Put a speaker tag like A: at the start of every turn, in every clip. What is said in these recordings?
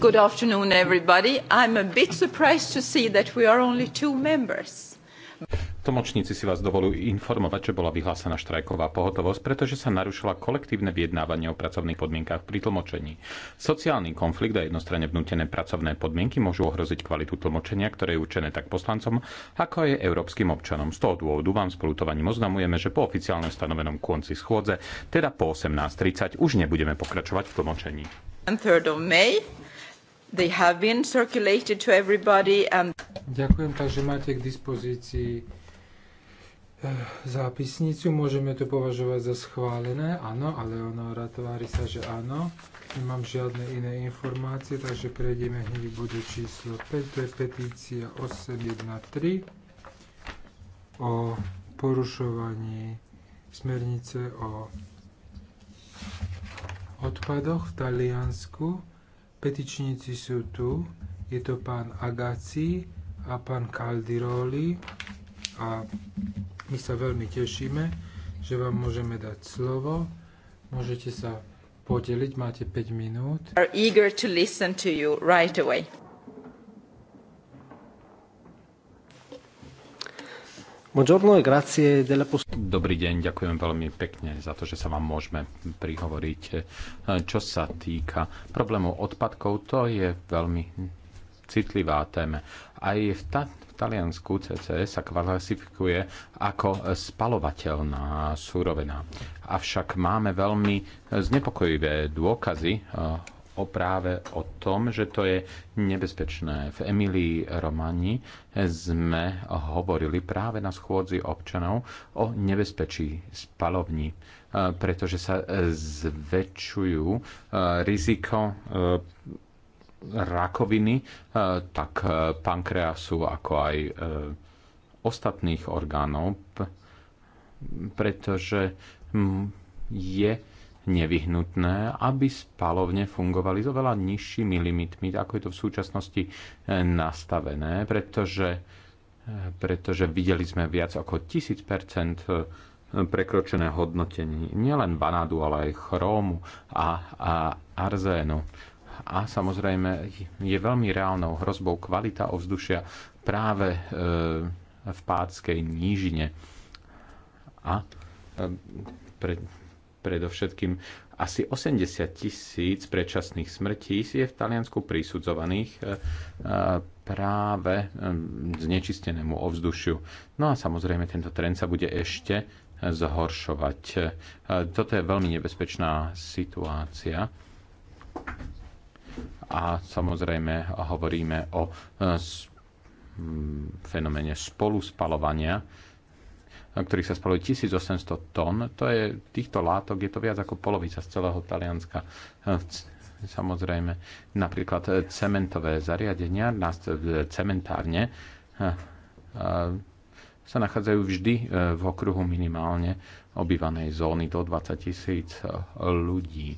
A: Good afternoon, everybody. I'm a bit surprised to see that we are only two members.
B: Tlmočníci si vás dovolujú informovať, že bola vyhlásená štrajková pohotovosť, pretože sa narušila kolektívne vyjednávanie o pracovných podmienkach pri tlmočení. Sociálny konflikt a jednostranne vnútené pracovné podmienky môžu ohroziť kvalitu tlmočenia, ktoré je určené tak poslancom, ako aj európskym občanom. Z toho dôvodu vám spolutovaním oznamujeme, že po oficiálnom stanovenom konci schôdze, teda po 18.30, už nebudeme pokračovať v
C: tlmočení.
A: May, and...
C: Ďakujem, takže máte k dispozícii eh, zápisnicu. Môžeme to považovať za schválené. Áno, ale ono tvári sa, že áno. Nemám žiadne iné informácie, takže prejdeme hneď k bodu číslo 5. To je petícia 813 o porušovaní smernice o odpadoch v Taliansku. Petičníci sú tu. Je to pán Agaci a pán Caldiroli. A my sa veľmi tešíme, že vám môžeme dať slovo. Môžete sa podeliť, máte 5 minút.
A: Are eager to listen to you right away.
C: E
B: Dobrý deň, ďakujem veľmi pekne za to, že sa vám môžeme prihovoriť. Čo sa týka problémov odpadkov, to je veľmi citlivá téma. Aj v, ta, v Taliansku CCS sa klasifikuje ako spalovateľná súrovina. Avšak máme veľmi znepokojivé dôkazy o práve o tom, že to je nebezpečné. V Emilii Romani sme hovorili práve na schôdzi občanov o nebezpečí spalovní, e, pretože sa zväčšujú e, riziko e, rakoviny, tak pankreasu, ako aj ostatných orgánov, pretože je nevyhnutné, aby spalovne fungovali s oveľa nižšími limitmi, ako je to v súčasnosti eh, nastavené, pretože, eh, pretože videli sme viac ako 1000 eh, prekročené hodnotení nielen banádu, ale aj chrómu a, a arzénu. A samozrejme je veľmi reálnou hrozbou kvalita ovzdušia práve v pátskej nížine. A pre, Predovšetkým asi 80 tisíc predčasných smrtí je v Taliansku prisudzovaných eh, eh, práve eh, znečistenému ovzdušiu. No a samozrejme tento trend sa bude ešte zhoršovať. Toto je veľmi nebezpečná situácia. A samozrejme hovoríme o mm, fenomene spoluspalovania, ktorých sa spaluje 1800 tón. To je, týchto látok je to viac ako polovica z celého Talianska. Hm, samozrejme, napríklad eh, cementové zariadenia, nás eh, eh, cementárne, sa nachádzajú vždy v okruhu minimálne obývanej zóny do 20 tisíc ľudí.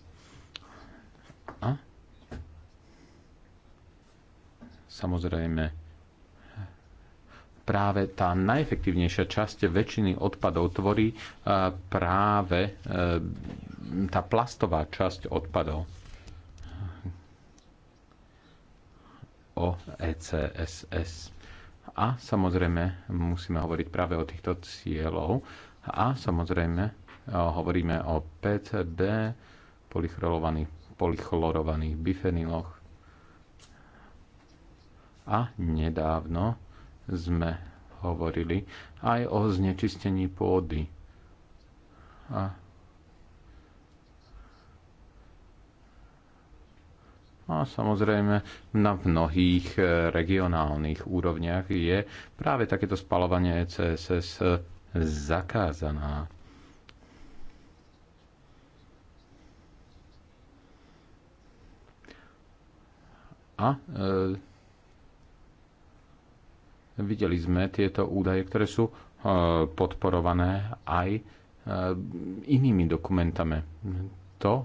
B: A? Samozrejme, práve tá najefektívnejšia časť väčšiny odpadov tvorí e, práve e, tá plastová časť odpadov. O ECSS. A samozrejme musíme hovoriť práve o týchto cieľov a samozrejme e, hovoríme o PCB, polychlorovaných, polychlorovaných bifeniloch a nedávno sme hovorili aj o znečistení pôdy. A A samozrejme na mnohých e, regionálnych úrovniach je práve takéto spalovanie ECSS e, zakázaná. A e, Videli sme tieto údaje, ktoré sú e, podporované aj e, inými dokumentami. To e,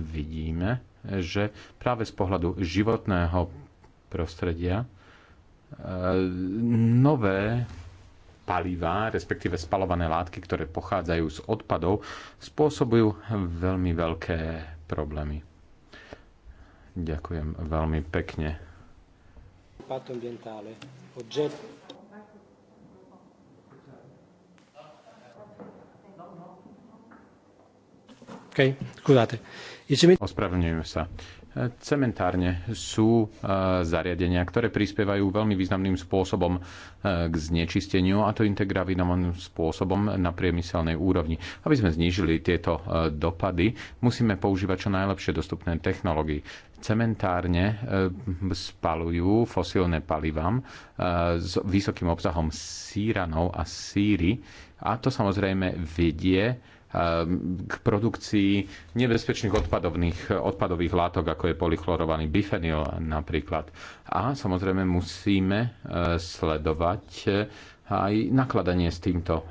B: vidíme, že práve z pohľadu životného prostredia nové palivá, respektíve spalované látky, ktoré pochádzajú z odpadov, spôsobujú veľmi veľké problémy. Ďakujem veľmi pekne
C: impatto ambientale, oggetto OK, skúdate.
B: Ospravedlňujem sa cementárne sú e, zariadenia, ktoré prispievajú veľmi významným spôsobom e, k znečisteniu a to integravinovaným spôsobom na priemyselnej úrovni. Aby sme znížili tieto e, dopady, musíme používať čo najlepšie dostupné technológie. Cementárne spalujú fosílne palivám s vysokým obsahom síranov a síry a to samozrejme vedie Ehm, k produkcii nebezpečných odpadovných, odpadových látok, ako je polychlorovaný bifenyl napríklad. A samozrejme musíme e, sledovať e, aj nakladanie s týmto e,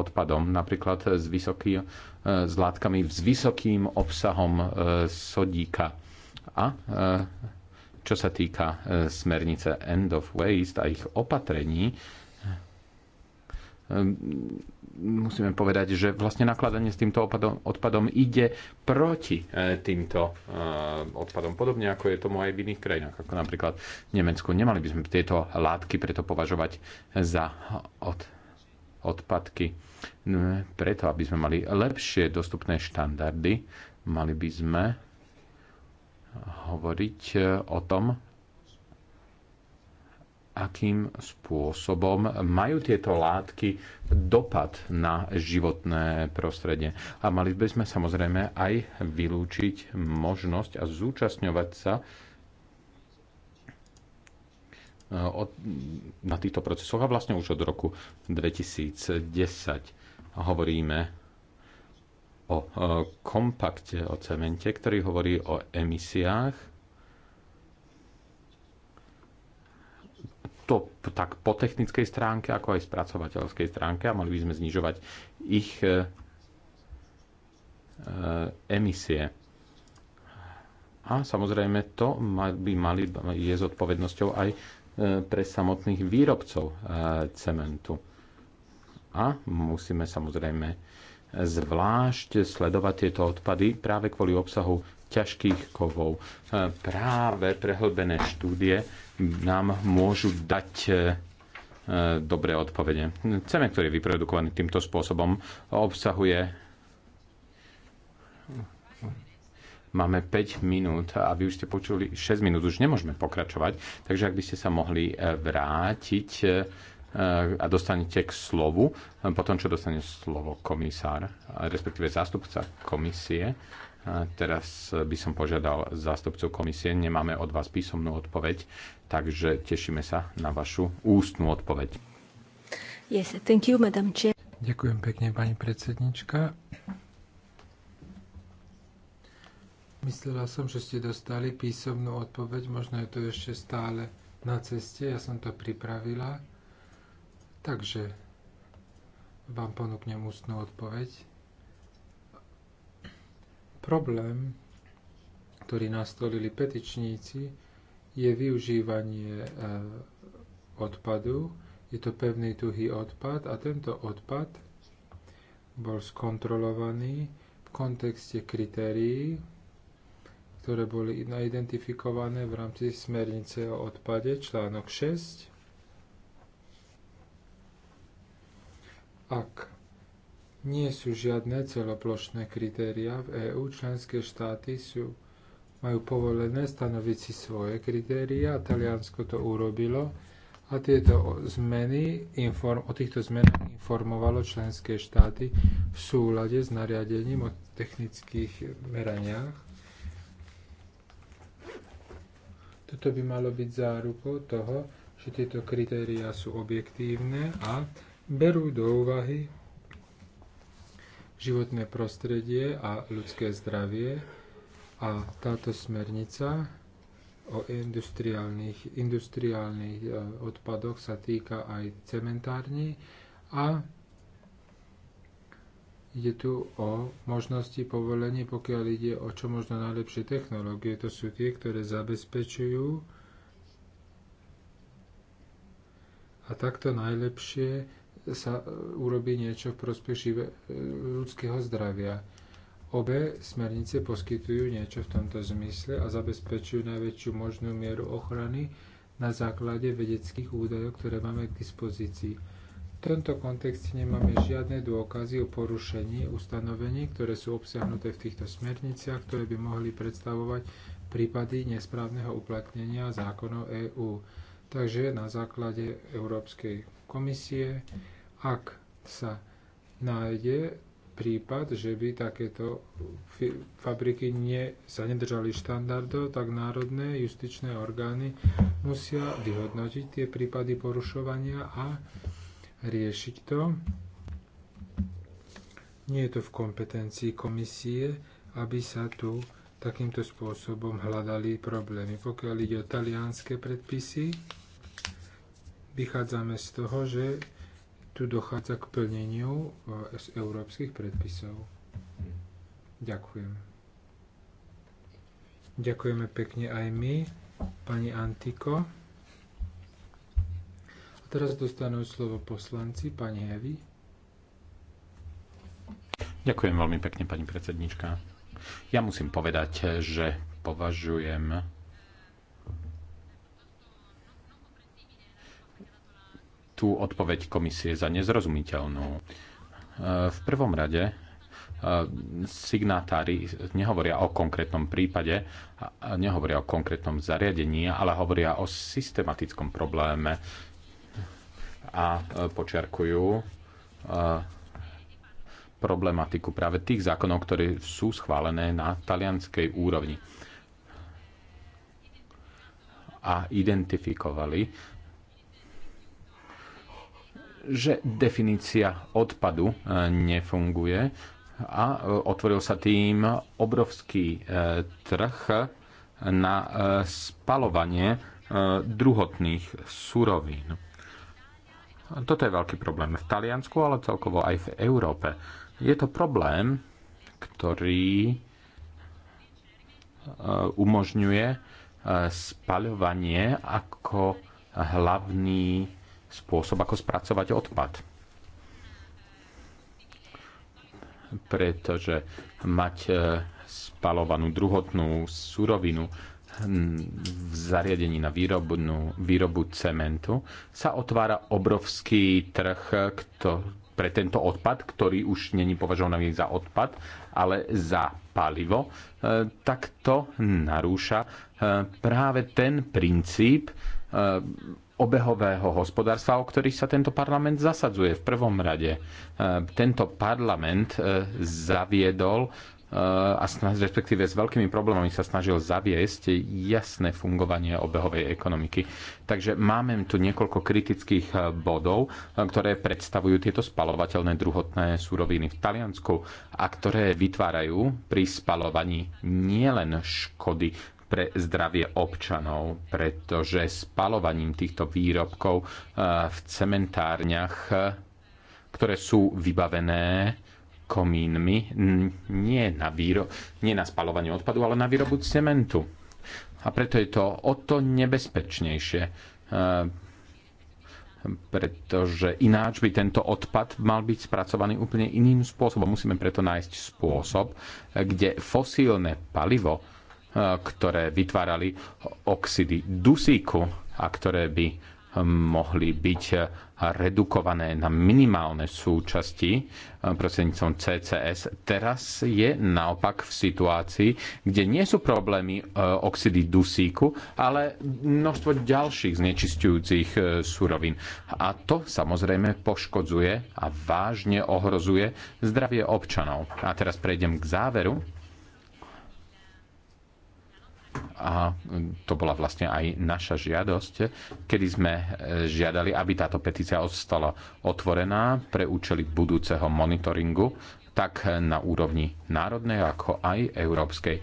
B: odpadom, napríklad s, vysoký, s látkami s vysokým obsahom sodíka. A čo sa týka smernice End of Waste a ich opatrení, musíme povedať, že vlastne nakladanie s týmto odpadom, odpadom ide proti e, týmto e, odpadom. Podobne ako je tomu aj v iných krajinách, ako napríklad v Nemecku. Nemali by sme tieto látky preto považovať za od, odpadky. No, preto, aby sme mali lepšie dostupné štandardy, mali by sme hovoriť e, o tom, akým spôsobom majú tieto látky dopad na životné prostredie. A mali by sme samozrejme aj vylúčiť možnosť a zúčastňovať sa e, od, na týchto procesoch a vlastne už od roku 2010 hovoríme o e, kompakte o cemente, ktorý hovorí o emisiách to tak po technickej stránke, ako aj spracovateľskej stránke a mali by sme znižovať ich e, e emisie. A samozrejme to by mali, je zodpovednosťou aj e, pre samotných výrobcov e, cementu. A musíme samozrejme zvlášť sledovať tieto odpady práve kvôli obsahu ťažkých kovov. E, práve prehlbené štúdie nám môžu dať e, e, dobré odpovede. Cement, ktorý je vyprodukovaný týmto spôsobom, obsahuje Máme 5 minút a vy už ste počuli 6 minút, už nemôžeme pokračovať, takže ak by ste sa mohli vrátiť a dostanete k slovu, potom čo dostane slovo komisár, respektíve zástupca komisie, Teraz by som požiadal zástupcov komisie. Nemáme od vás písomnú odpoveď, takže tešíme sa na vašu ústnú odpoveď.
C: Yes, thank you, Madam Chair. Ďakujem pekne, pani predsednička. Myslela som, že ste dostali písomnú odpoveď, možno je to ešte stále na ceste, ja som to pripravila. Takže vám ponúknem ústnú odpoveď. Problém, ktorý nastolili petičníci, je využívanie e, odpadu. Je to pevný tuhý odpad a tento odpad bol skontrolovaný v kontexte kritérií, ktoré boli identifikované v rámci smernice o odpade, článok 6. Ak nie sú žiadne celoplošné kritériá. V EÚ členské štáty sú, majú povolené stanoviť si svoje kritériá. Taliansko to urobilo a tieto zmeny, inform, o týchto zmenách informovalo členské štáty v súlade s nariadením o technických meraniach. Toto by malo byť zárukou toho, že tieto kritériá sú objektívne a berú do úvahy životné prostredie a ľudské zdravie a táto smernica o industriálnych, industriálnych e, odpadoch sa týka aj cementárni a ide tu o možnosti povolenie, pokiaľ ide o čo možno najlepšie technológie. To sú tie, ktoré zabezpečujú a takto najlepšie sa e, urobí niečo v prospech e, ľudského zdravia. Obe smernice poskytujú niečo v tomto zmysle a zabezpečujú najväčšiu možnú mieru ochrany na základe vedeckých údajov, ktoré máme k dispozícii. V tomto kontexte nemáme žiadne dôkazy o porušení ustanovení, ktoré sú obsiahnuté v týchto smerniciach, ktoré by mohli predstavovať prípady nesprávneho uplatnenia zákonov EÚ. Takže na základe Európskej komisie ak sa nájde prípad, že by takéto fabriky nie, sa nedržali štandardov, tak národné justičné orgány musia vyhodnotiť tie prípady porušovania a riešiť to. Nie je to v kompetencii komisie, aby sa tu takýmto spôsobom hľadali problémy. Pokiaľ ide o talianské predpisy, vychádzame z toho, že tu dochádza k plneniu z e, európskych predpisov. Ďakujem. Ďakujeme pekne aj my, pani Antiko. A teraz dostanú slovo poslanci, pani Hevi.
B: Ďakujem veľmi pekne, pani predsednička. Ja musím povedať, že považujem tú odpoveď komisie za nezrozumiteľnú. E, v prvom rade e, signátári nehovoria o konkrétnom prípade, nehovoria o konkrétnom zariadení, ale hovoria o systematickom probléme a e, počiarkujú problematiku práve tých zákonov, ktoré sú schválené na talianskej úrovni a identifikovali že definícia odpadu e, nefunguje a e, otvoril sa tým obrovský e, trh na spalovanie druhotných surovín. Toto je veľký problém v Taliansku, ale celkovo aj v Európe. Je to problém, ktorý umožňuje spaľovanie ako hlavný spôsob, ako spracovať odpad. Pretože mať e, spalovanú druhotnú surovinu hm, v zariadení na výrobnú, výrobu cementu sa otvára obrovský trh kto, pre tento odpad, ktorý už není považovaný za odpad, ale za palivo, e, tak to narúša e, práve ten princíp obehového hospodárstva, o ktorých sa tento parlament zasadzuje v prvom rade. E, tento parlament e, zaviedol e, a snaž, respektíve s veľkými problémami sa snažil zaviesť jasné fungovanie obehovej ekonomiky. Takže máme tu niekoľko kritických bodov, ktoré predstavujú tieto spalovateľné druhotné súroviny v Taliansku a ktoré vytvárajú pri spalovaní nielen škody pre zdravie občanov, pretože spalovaním týchto výrobkov eh, v cementárniach, eh, ktoré sú vybavené komínmi, nie na, výro- nie na spalovanie odpadu, ale na výrobu cementu. A preto je to o to nebezpečnejšie, eh, pretože ináč by tento odpad mal byť spracovaný úplne iným spôsobom. Musíme preto nájsť spôsob, kde fosílne palivo, ktoré vytvárali oxidy dusíku a ktoré by mohli byť redukované na minimálne súčasti prostredníctvom CCS. Teraz je naopak v situácii, kde nie sú problémy e, oxidy dusíku, ale množstvo ďalších znečistujúcich e, surovín. A to samozrejme poškodzuje a vážne ohrozuje zdravie občanov. A teraz prejdem k záveru a to bola vlastne aj naša žiadosť, kedy sme e, žiadali, aby táto petícia ostala otvorená pre účely budúceho monitoringu, tak na úrovni národnej, ako aj európskej.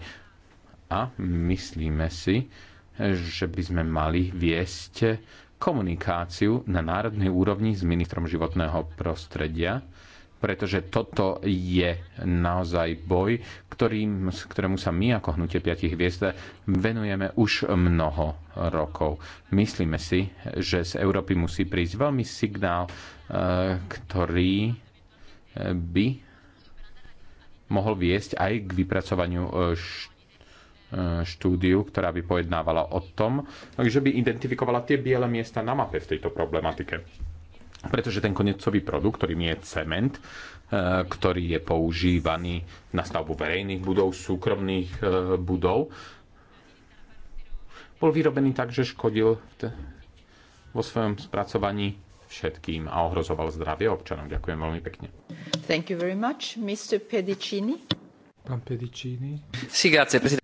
B: A myslíme si, že by sme mali viesť komunikáciu na národnej úrovni s ministrom životného prostredia, pretože toto je naozaj boj, ktorým, ktorému sa my ako hnutie 5 hviezd venujeme už mnoho rokov. Myslíme si, že z Európy musí prísť veľmi signál, e, ktorý e, by mohol viesť aj k vypracovaniu e, štúdiu, ktorá by pojednávala o tom, že by identifikovala tie biele miesta na mape v tejto problematike pretože ten konecový produkt, ktorým je cement, e, ktorý je používaný na stavbu verejných budov, súkromných e, budov, bol vyrobený tak, že škodil vo svojom spracovaní všetkým a ohrozoval zdravie občanov. Ďakujem veľmi pekne.
A: Thank you very much, Mr. Pedicini.
C: Pán Pedicini.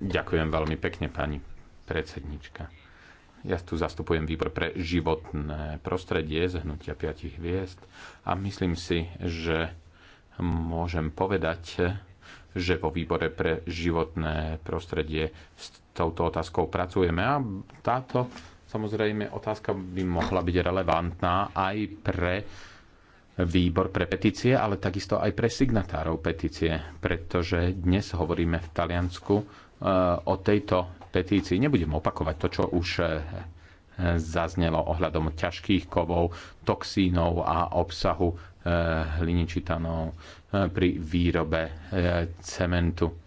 B: Ďakujem veľmi pekne, pani predsednička. Ja tu zastupujem výbor pre životné prostredie z hnutia piatich hviezd a myslím si, že môžem povedať, že vo výbore pre životné prostredie s touto otázkou pracujeme a táto samozrejme otázka by mohla byť relevantná aj pre výbor pre petície, ale takisto aj pre signatárov petície, pretože dnes hovoríme v Taliansku e, o tejto petícii. Nebudem opakovať to, čo už eh, zaznelo ohľadom ťažkých kovov, toxínov a obsahu eh, hliničitanov eh, pri výrobe cementu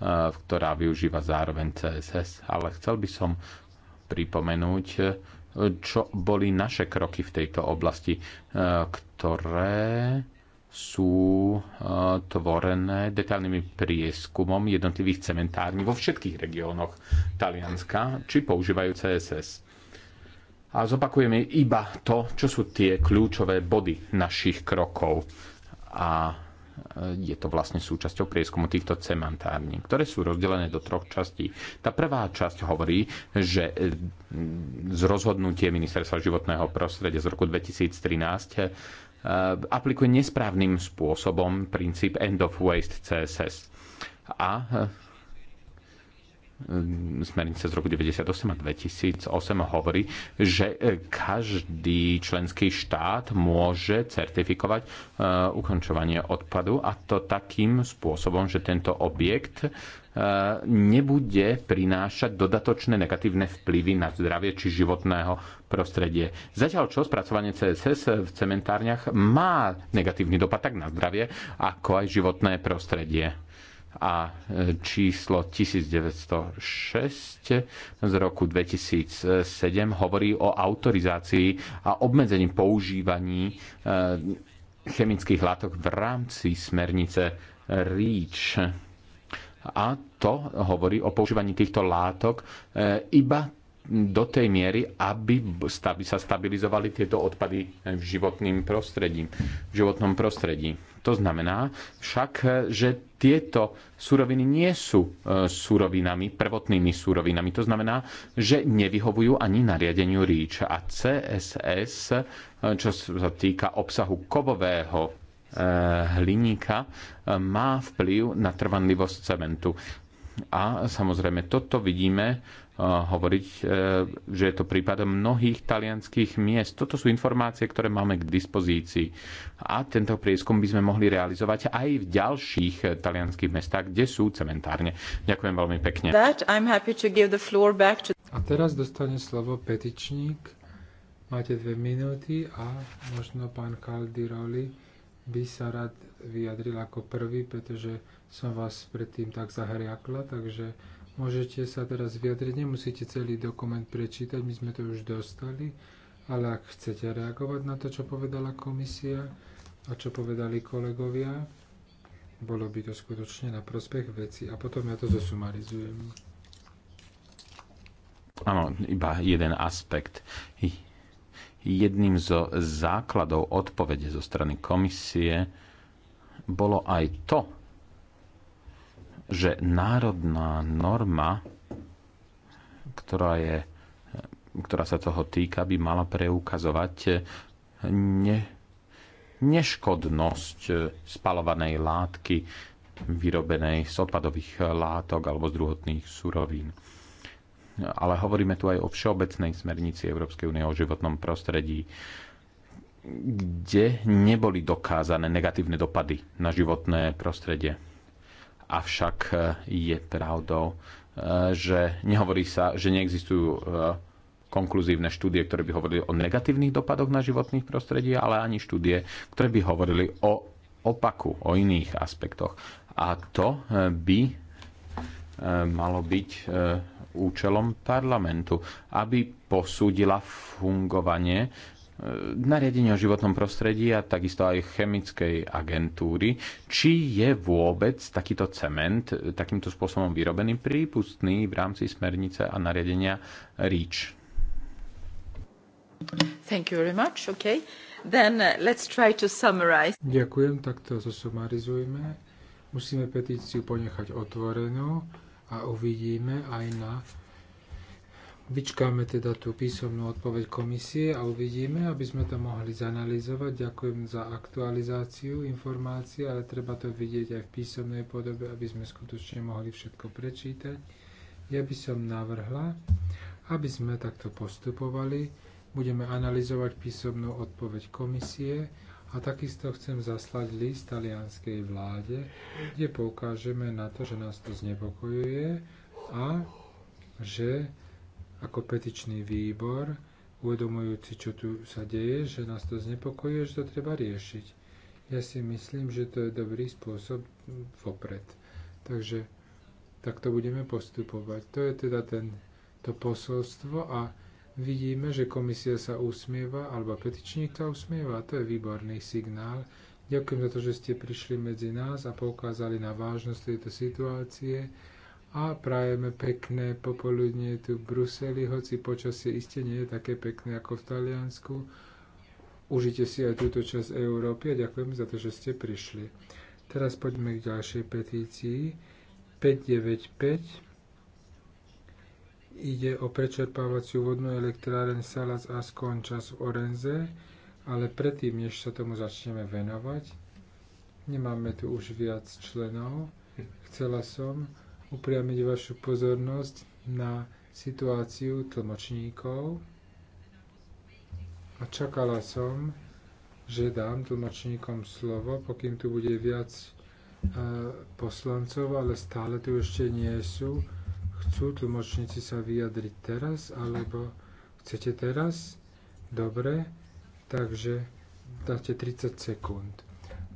B: ktorá využíva zároveň CSS. Ale chcel by som pripomenúť, čo boli naše kroky v tejto oblasti, ktoré sú eh, tvorené detálnymi prieskumom jednotlivých cementární vo všetkých regiónoch Talianska, či používajú CSS. A zopakujeme iba to, čo sú tie kľúčové body našich krokov. A eh, je to vlastne súčasťou prieskumu týchto cementární, ktoré sú rozdelené do troch častí. Tá prvá časť hovorí, že eh, z rozhodnutie Ministerstva životného prostredia z roku 2013 Eh, aplikuje nesprávnym spôsobom princíp end of waste CSS. A eh, Ehm, smernice z roku 98 a 2008 hovorí, že e, každý členský štát môže certifikovať e, ukončovanie odpadu a to takým spôsobom, že tento objekt e, nebude prinášať dodatočné negatívne vplyvy na zdravie či životného prostredie. Zatiaľ čo spracovanie CSS v cementárniach má negatívny dopad tak na zdravie, ako aj životné prostredie a e, číslo 1906 z roku 2007 hovorí o autorizácii a obmedzení používaní e, chemických látok v rámci smernice REACH. A to hovorí o používaní týchto látok e, iba do tej miery, aby sa stabilizovali tieto odpady v, životným prostredí, v životnom prostredí. To znamená však, že tieto suroviny nie sú e, surovinami, prvotnými surovinami. To znamená, že nevyhovujú ani nariadeniu REACH a CSS, e, čo sa týka obsahu kovového e, hliníka, má vplyv na trvanlivosť cementu. A samozrejme, toto vidíme hovoriť, e, že je to prípad mnohých talianských miest. Toto sú informácie, ktoré máme k dispozícii. A tento prieskum by sme mohli realizovať aj v ďalších e, talianských mestách, kde sú cementárne. Ďakujem veľmi pekne.
C: A teraz dostane slovo petičník. Máte dve minúty a možno pán Caldiroli by sa rád vyjadril ako prvý, pretože som vás predtým tak zahriakla, takže Môžete sa teraz vyjadriť, nemusíte celý dokument prečítať, my sme to už dostali, ale ak chcete reagovať na to, čo povedala komisia a čo povedali kolegovia, bolo by to skutočne na prospech veci. A potom ja to zosumarizujem.
B: Áno, iba jeden aspekt. Jedným zo základov odpovede zo strany komisie bolo aj to, že národná norma, ktorá, je, ktorá sa toho týka, by mala preukazovať ne, neškodnosť spalovanej látky vyrobenej z odpadových látok alebo z druhotných surovín ale hovoríme tu aj o všeobecnej smernici Európskej únie o životnom prostredí, kde neboli dokázané negatívne dopady na životné prostredie. Avšak eh, je pravdou, eh, že nehovorí sa, že neexistujú eh, konkluzívne štúdie, ktoré by hovorili o negatívnych dopadoch na životných prostredie, ale ani štúdie, ktoré by hovorili o opaku, o iných aspektoch. A to by malo byť účelom parlamentu, aby posúdila fungovanie E, nariadenia o životnom prostredí a takisto aj chemickej agentúry, či je vôbec takýto cement e, takýmto spôsobom vyrobený prípustný v rámci smernice a nariadenia REACH.
A: Thank you very much. Okay. Then uh, let's try to summarize.
C: Ďakujem, tak to zosumarizujme. Musíme petíciu ponechať otvorenú a uvidíme aj na Vyčkáme teda tú písomnú odpoveď komisie a uvidíme, aby sme to mohli zanalizovať. Ďakujem za aktualizáciu informácií, ale treba to vidieť aj v písomnej podobe, aby sme skutočne mohli všetko prečítať. Ja by som navrhla, aby sme takto postupovali. Budeme analyzovať písomnú odpoveď komisie a takisto chcem zaslať list talianskej vláde, kde poukážeme na to, že nás to znepokojuje a že ako petičný výbor, uvedomujúci, čo tu sa deje, že nás to znepokojuje, že to treba riešiť. Ja si myslím, že to je dobrý spôsob vopred. Takže takto budeme postupovať. To je teda ten, to posolstvo a vidíme, že komisia sa usmieva, alebo petičník sa usmieva. To je výborný signál. Ďakujem za to, že ste prišli medzi nás a poukázali na vážnosť tejto situácie a prajeme pekné popoludnie tu v Bruseli, hoci počasie iste nie je také pekné ako v Taliansku. Užite si aj túto časť Európy a ďakujem za to, že ste prišli. Teraz poďme k ďalšej petícii. 595 ide o prečerpávaciu vodnú elektráreň Salac a Skončas v Orenze, ale predtým, než sa tomu začneme venovať, nemáme tu už viac členov. Chcela som, upriamiť vašu pozornosť na situáciu tlmočníkov. A čakala som, že dám tlmočníkom slovo, pokým tu bude viac e, poslancov, ale stále tu ešte nie sú. Chcú tlmočníci sa vyjadriť teraz, alebo chcete teraz? Dobre, takže dáte 30 sekúnd.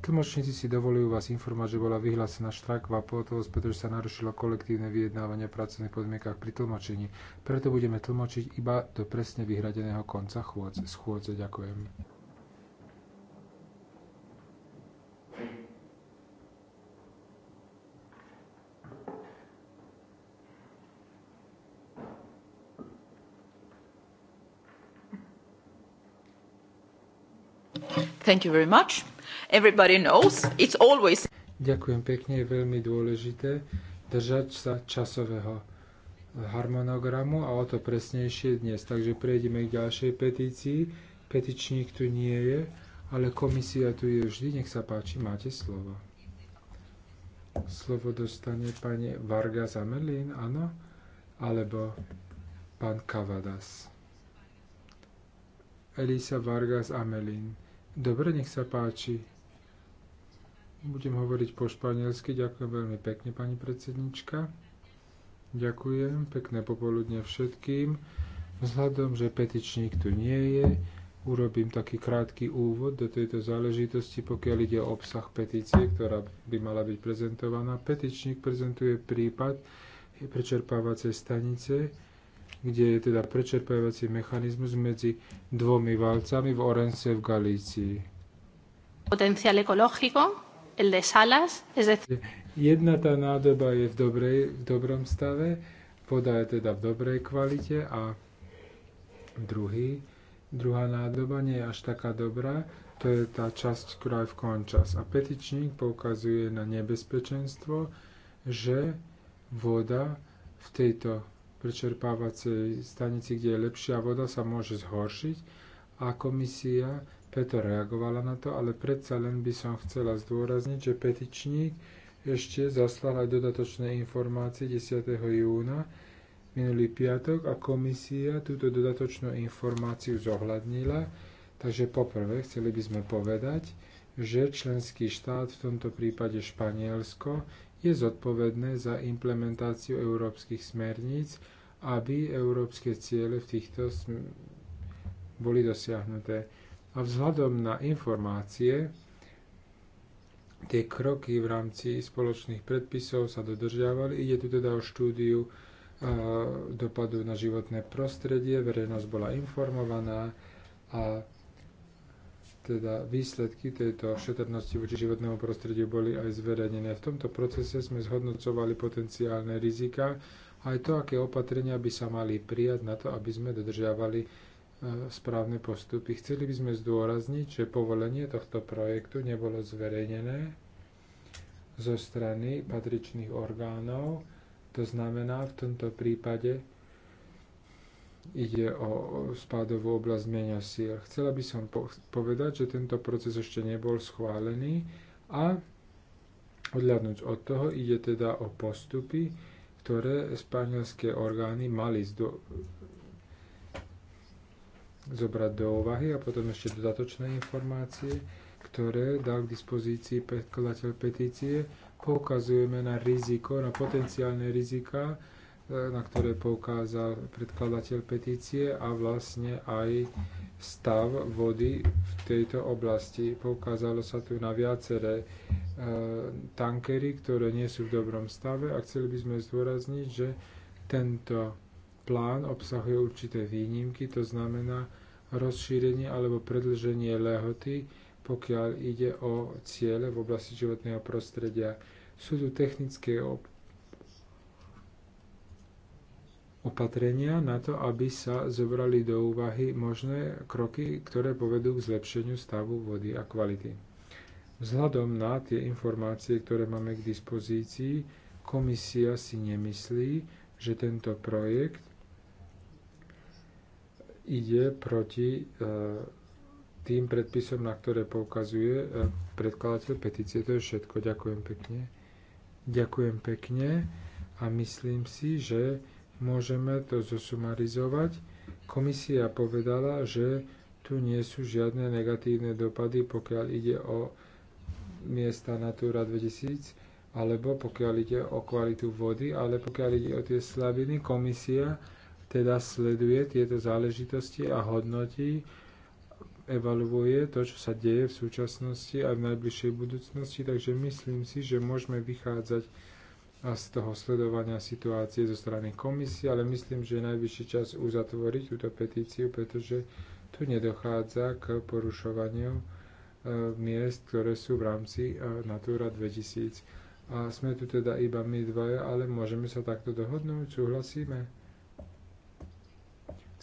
C: Tlmočníci si dovolujú vás informovať, že bola vyhlásená štrajková pohotovosť, pretože sa narušilo kolektívne vyjednávanie o pracovných podmienkach pri tlmočení. Preto budeme tlmočiť iba do presne vyhradeného konca chôdze. schôdze. Ďakujem.
A: Thank you very much everybody knows. It's always...
C: Ďakujem pekne, je veľmi dôležité držať sa časového harmonogramu a o to presnejšie dnes. Takže prejdeme k ďalšej petícii. Petičník tu nie je, ale komisia tu je vždy. Nech sa páči, máte slovo. Slovo dostane pani Varga Zamelín, áno? Alebo pán Kavadas. Elisa Vargas Amelin. Dobre, nech sa páči. Budem hovoriť po španielsky. Ďakujem veľmi pekne, pani predsednička. Ďakujem. Pekné popoludne všetkým. Vzhľadom, že petičník tu nie je, urobím taký krátky úvod do tejto záležitosti, pokiaľ ide o obsah petície, ktorá by mala byť prezentovaná. Petičník prezentuje prípad prečerpávacej stanice, kde je teda prečerpávací mechanizmus medzi dvomi valcami v Orense v Galícii.
A: Potenciál ekológico el de Salas, es decir...
C: Jedna tá nádoba je v, dobrej, v dobrom stave, voda je teda v dobrej kvalite a druhý, druhá nádoba nie je až taká dobrá, to je tá časť, ktorá je v končas. A petičník poukazuje na nebezpečenstvo, že voda v tejto prečerpávacej stanici, kde je lepšia voda, sa môže zhoršiť a komisia preto reagovala na to, ale predsa len by som chcela zdôrazniť, že petičník ešte zaslal aj dodatočné informácie 10. júna minulý piatok a komisia túto dodatočnú informáciu zohľadnila. Takže poprvé chceli by sme povedať, že členský štát, v tomto prípade Španielsko, je zodpovedné za implementáciu európskych smerníc, aby európske ciele v týchto boli dosiahnuté. A vzhľadom na informácie, tie kroky v rámci spoločných predpisov sa dodržiavali. Ide tu teda o štúdiu e, dopadu na životné prostredie, verejnosť bola informovaná a teda výsledky tejto šetrnosti voči životnému prostrediu boli aj zverejnené. V tomto procese sme zhodnocovali potenciálne rizika, aj to, aké opatrenia by sa mali prijať na to, aby sme dodržiavali E, správne postupy. Chceli by sme zdôrazniť, že povolenie tohto projektu nebolo zverejnené zo strany patričných orgánov. To znamená, v tomto prípade ide o spádovú oblasť zmenia síl. Chcela by som povedať, že tento proces ešte nebol schválený a odľadnúť od toho ide teda o postupy, ktoré španielské orgány mali zobrať do úvahy a potom ešte dodatočné informácie, ktoré dal k dispozícii predkladateľ petície. Poukazujeme na riziko, na potenciálne rizika, e, na ktoré poukázal predkladateľ petície a vlastne aj stav vody v tejto oblasti. Poukázalo sa tu na viaceré e, tankery, ktoré nie sú v dobrom stave a chceli by sme zdôrazniť, že tento plán obsahuje určité výnimky, to znamená rozšírenie alebo predlženie lehoty, pokiaľ ide o ciele v oblasti životného prostredia. Sú tu technické opatrenia na to, aby sa zobrali do úvahy možné kroky, ktoré povedú k zlepšeniu stavu vody a kvality. Vzhľadom na tie informácie, ktoré máme k dispozícii, komisia si nemyslí, že tento projekt ide proti e, tým predpisom, na ktoré poukazuje e, predkladateľ petície. To je všetko. Ďakujem pekne. Ďakujem pekne a myslím si, že môžeme to zosumarizovať. Komisia povedala, že tu nie sú žiadne negatívne dopady, pokiaľ ide o miesta Natura 2000 alebo pokiaľ ide o kvalitu vody, ale pokiaľ ide o tie slabiny, komisia teda sleduje tieto záležitosti a hodnotí, evaluuje to, čo sa deje v súčasnosti a v najbližšej budúcnosti, takže myslím si, že môžeme vychádzať z toho sledovania situácie zo strany komisie, ale myslím, že je najvyšší čas uzatvoriť túto petíciu, pretože tu nedochádza k porušovaniu e, miest, ktoré sú v rámci e, Natura 2000. A sme tu teda iba my dvaja, ale môžeme sa takto dohodnúť, súhlasíme.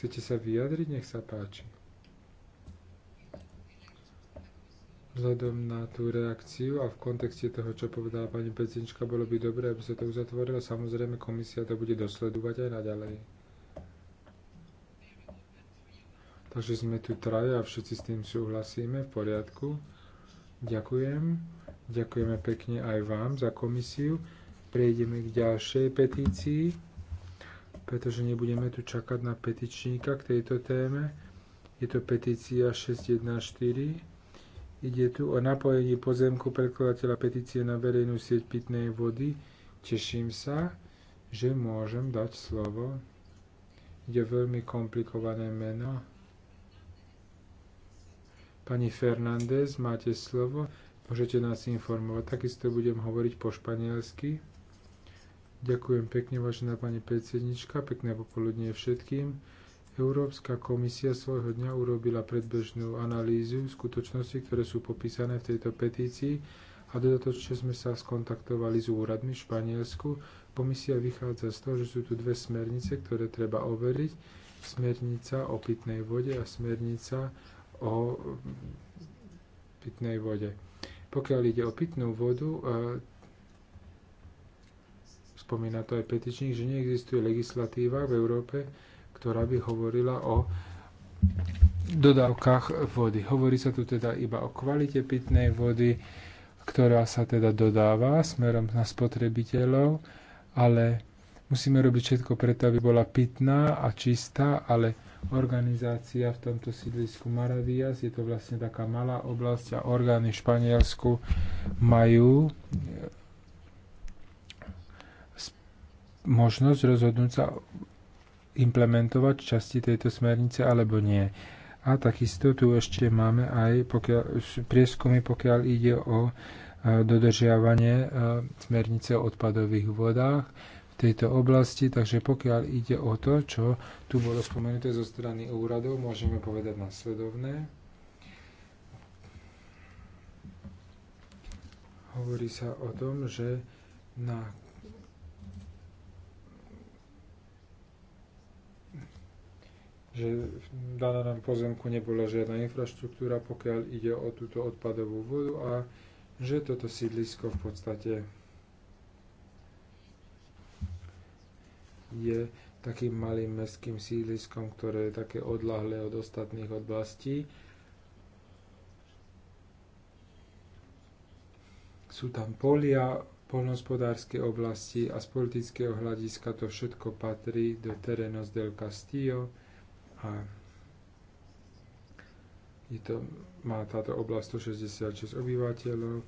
C: Chcete sa vyjadriť? Nech sa páči. Vzhľadom na tú reakciu a v kontexte toho, čo povedala pani Pecinčka, bolo by dobré, aby sa to uzatvorilo. Samozrejme, komisia to bude dosledovať aj naďalej. Takže sme tu traja a všetci s tým súhlasíme v poriadku. Ďakujem. Ďakujeme pekne aj vám za komisiu. Prejdeme k ďalšej petícii pretože nebudeme tu čakať na petičníka k tejto téme. Je to petícia 614. Ide tu o napojenie pozemku predkladateľa petície na verejnú sieť pitnej vody. Teším sa, že môžem dať slovo. Ide veľmi komplikované meno. Pani Fernández, máte slovo. Môžete nás informovať. Takisto budem hovoriť po španielsky. Ďakujem pekne, vážená pani predsednička, pekné popoludnie všetkým. Európska komisia svojho dňa urobila predbežnú analýzu skutočnosti, ktoré sú popísané v tejto petícii a dodatočne sme sa skontaktovali s úradmi v Španielsku. Komisia vychádza z toho, že sú tu dve smernice, ktoré treba overiť. Smernica o pitnej vode a smernica o pitnej vode. Pokiaľ ide o pitnú vodu, e, spomína to aj petičník, že neexistuje legislatíva v Európe, ktorá by hovorila o dodávkach vody. Hovorí sa tu teda iba o kvalite pitnej vody, ktorá sa teda dodáva smerom na spotrebiteľov, ale musíme robiť všetko preto, aby bola pitná a čistá, ale organizácia v tomto sídlisku Maradias je to vlastne taká malá oblasť a orgány v Španielsku majú možnosť rozhodnúť sa implementovať časti tejto smernice alebo nie. A takisto tu ešte máme aj pokiaľ, prieskumy, pokiaľ ide o e, dodržiavanie e, smernice o odpadových vodách v tejto oblasti. Takže pokiaľ ide o to, čo tu bolo spomenuté zo strany úradov, môžeme povedať nasledovné. Hovorí sa o tom, že na že v danom pozemku nebola žiadna infraštruktúra, pokiaľ ide o túto odpadovú vodu a že toto sídlisko v podstate je takým malým mestským sídliskom, ktoré je také odlahlé od ostatných oblastí. Sú tam polia, polnospodárske oblasti a z politického hľadiska to všetko patrí do Terenos del Castillo, a je to, má táto oblasť 166 obyvateľov.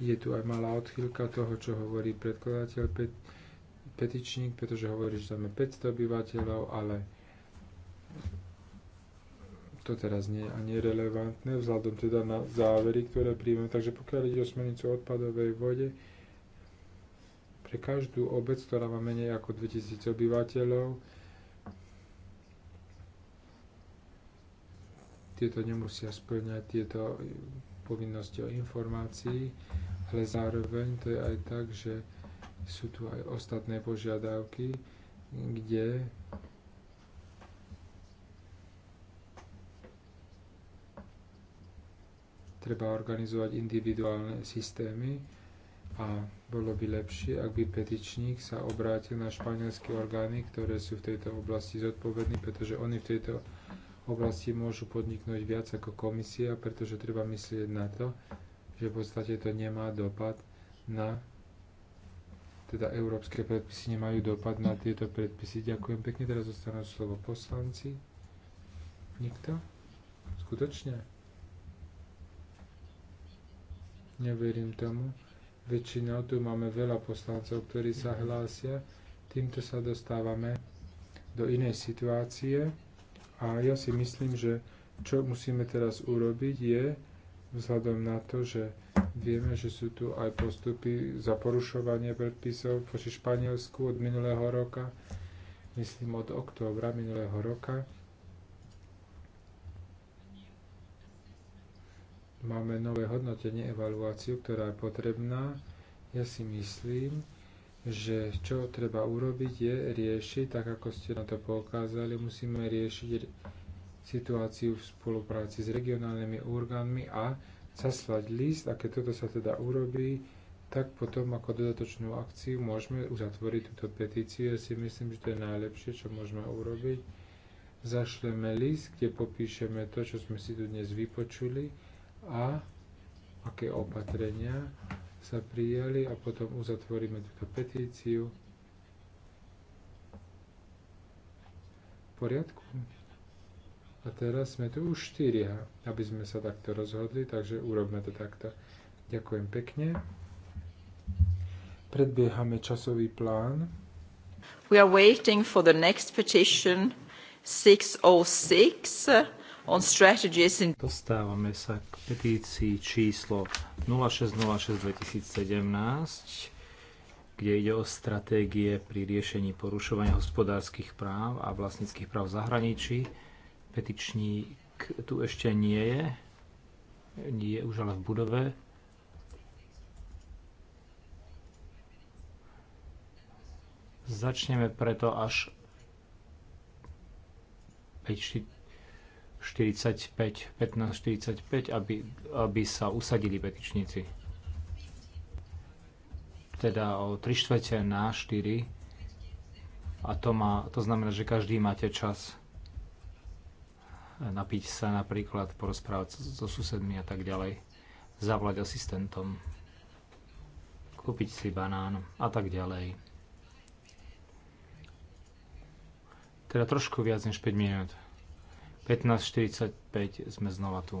C: Je tu aj malá odchýlka toho, čo hovorí predkladateľ pet, petičník, pretože hovorí, že tam je 500 obyvateľov, ale to teraz nie je ani relevantné, vzhľadom teda na závery, ktoré príjmeme. Takže pokiaľ ide o smernicu odpadovej vode, pre každú obec, ktorá má menej ako 2000 obyvateľov, tieto nemusia splňať tieto povinnosti o informácií, ale zároveň to je aj tak, že sú tu aj ostatné požiadavky, kde treba organizovať individuálne systémy a bolo by lepšie, ak by petičník sa obrátil na španielské orgány, ktoré sú v tejto oblasti zodpovední, pretože oni v tejto oblasti môžu podniknúť viac ako komisia, pretože treba myslieť na to, že v podstate to nemá dopad na teda európske predpisy nemajú dopad na tieto predpisy. Ďakujem pekne, teraz zostanú slovo poslanci. Nikto? Skutočne? Neverím tomu. Väčšinou tu máme veľa poslancov, ktorí sa hlásia. Týmto sa dostávame do inej situácie. A ja si myslím, že čo musíme teraz urobiť je, vzhľadom na to, že vieme, že sú tu aj postupy za porušovanie predpisov voči Španielsku od minulého roka, myslím od októbra minulého roka. Máme nové hodnotenie, evaluáciu, ktorá je potrebná. Ja si myslím, že čo treba urobiť je riešiť, tak ako ste na to poukázali, musíme riešiť situáciu v spolupráci s regionálnymi orgánmi a zaslať list a keď toto sa teda urobí, tak potom ako dodatočnú akciu môžeme uzatvoriť túto petíciu. Ja si myslím, že to je najlepšie, čo môžeme urobiť. Zašleme list, kde popíšeme to, čo sme si tu dnes vypočuli a aké opatrenia sa prijali a potom uzatvoríme túto petíciu. V poriadku? A teraz sme tu už štyria, aby sme sa takto rozhodli, takže urobme to takto. Ďakujem pekne. Predbiehame časový plán.
A: We are waiting for the next petition 606 on
D: strategies in... Dostávame sa k petícii číslo 0606-2017, kde ide o stratégie pri riešení porušovania hospodárskych práv a vlastnických práv v zahraničí. Petičník tu ešte nie je, nie je už ale v budove. Začneme preto až 5, 45, 15.45, aby, aby sa usadili petičníci. Teda o 3 štvrte na 4. A to, má, to znamená, že každý máte čas napiť sa napríklad, porozprávať so susedmi a tak ďalej, zavolať asistentom, kúpiť si banán a tak ďalej. Teda trošku viac než 5 minút. 15.45 sme znova tu.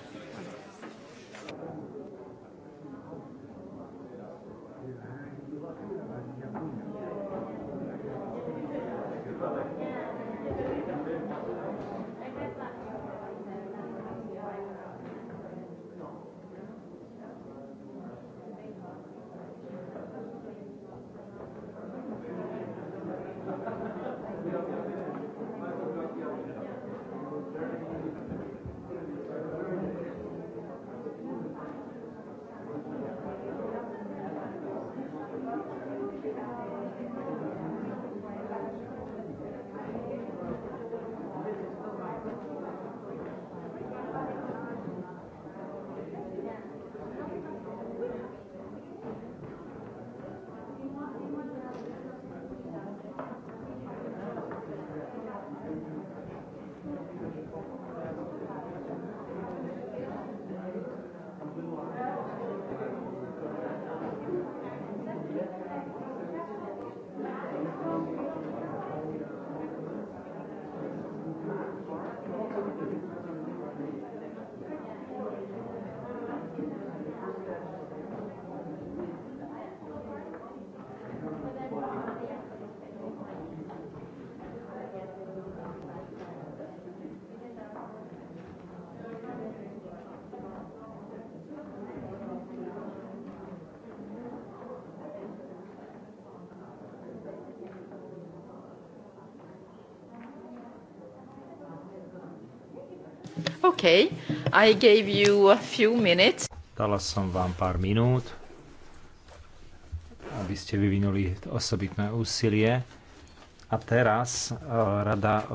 A: Okay. I gave you a few minutes.
D: Dala som vám pár minút, aby ste vyvinuli osobitné úsilie. A teraz eh, rada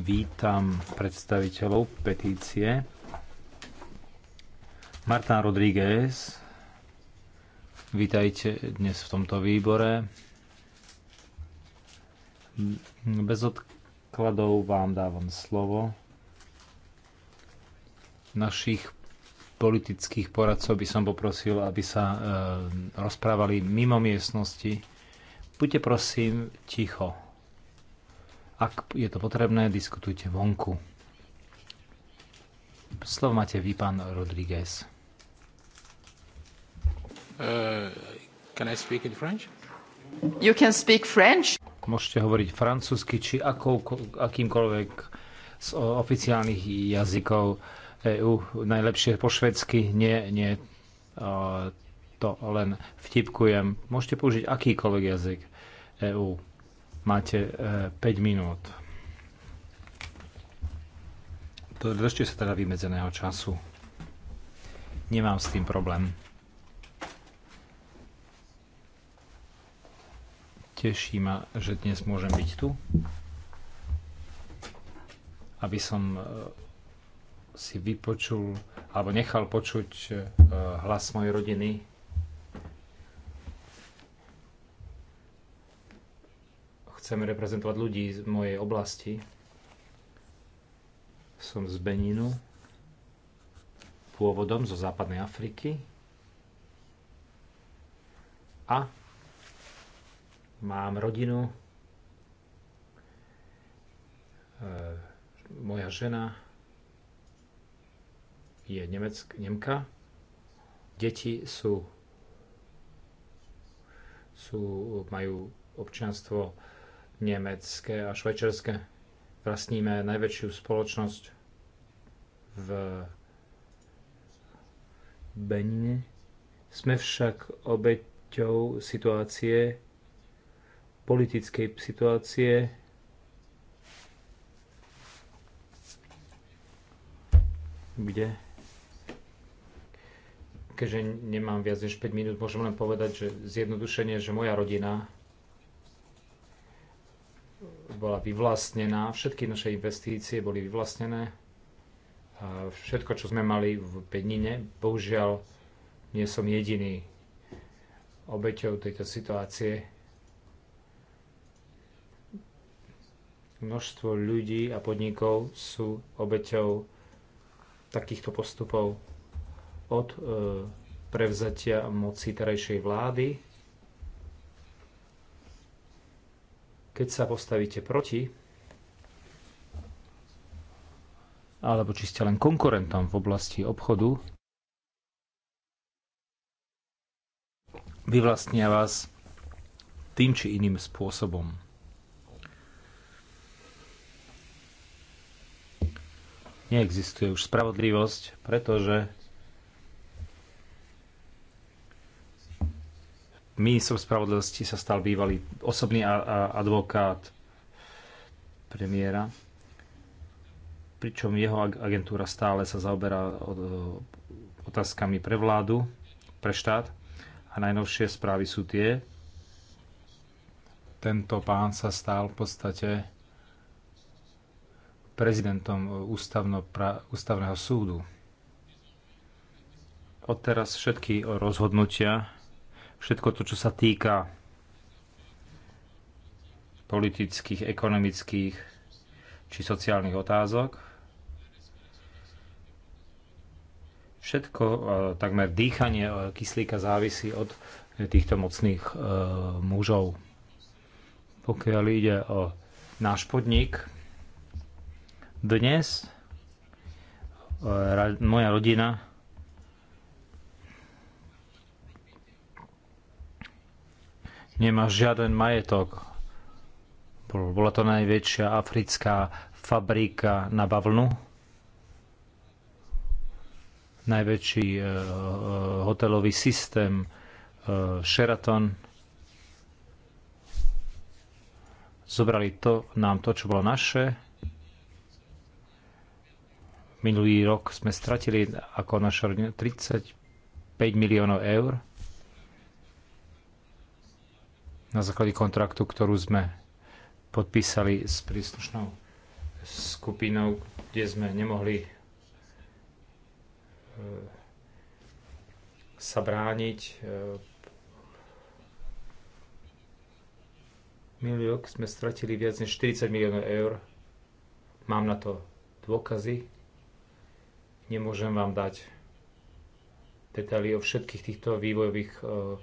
D: vítam predstaviteľov petície. Martin Rodríguez, vítajte dnes v tomto výbore. Bez odkladov vám dávam slovo. Našich politických poradcov by som poprosil, aby sa e, rozprávali mimo miestnosti. Buďte prosím ticho. Ak je to potrebné, diskutujte vonku. Slovo máte vy, pán Rodríguez.
B: Uh, can I speak in French?
D: You can speak French? Môžete hovoriť francúzsky či akou, akýmkoľvek z oficiálnych jazykov. Uh, EÚ najlepšie po švedsky. Nie, nie, e, to len vtipkujem. Môžete použiť akýkoľvek jazyk EÚ. Máte 5 e, minút. Držte sa teda vymedzeného času. Nemám s tým problém. Teší ma, že dnes môžem byť tu, aby som e, si vypočul alebo nechal počuť eh, hlas mojej rodiny. Chcem reprezentovať ľudí z mojej oblasti. Som z Beninu, pôvodom zo západnej Afriky. A mám rodinu, eh, moja žena, je Nemeck, Nemka. Deti sú, sú, majú občianstvo nemecké a švajčerské. Vlastníme najväčšiu spoločnosť v Benine. Sme však obeťou situácie, politickej situácie, kde keďže nemám viac než 5 minút, môžem len povedať, že zjednodušenie, že moja rodina bola vyvlastnená, všetky naše investície boli vyvlastnené, a všetko, čo sme mali v Penine, bohužiaľ nie som jediný obeťou tejto situácie. Množstvo ľudí a podnikov sú obeťou takýchto postupov od e, prevzatia moci terajšej vlády. Keď sa postavíte proti, alebo či ste len konkurentom v oblasti obchodu, vyvlastnia vás tým či iným spôsobom. Neexistuje už spravodlivosť, pretože ministrom spravodlivosti sa stal bývalý osobný advokát premiéra, pričom jeho agentúra stále sa zaoberá e, otázkami pre vládu, pre štát a najnovšie správy sú tie. Tento pán sa stal v podstate prezidentom e, ústavného súdu. Odteraz všetky rozhodnutia všetko to, čo sa týka politických, ekonomických či sociálnych otázok. Všetko, e, takmer dýchanie e, kyslíka závisí od týchto mocných e, mužov. Pokiaľ ide o náš podnik, dnes e, moja rodina nemá žiaden majetok. Bola to najväčšia africká fabrika na bavlnu, najväčší e, e, hotelový systém e, Sheraton. Zobrali to, nám to, čo bolo naše. Minulý rok sme stratili ako naša 35 miliónov eur na základe kontraktu, ktorú sme podpísali s príslušnou skupinou, kde sme nemohli e, sa brániť. E, Minulý rok sme stratili viac než 40 miliónov eur. Mám na to dôkazy. Nemôžem vám dať detaily o všetkých týchto vývojových uh,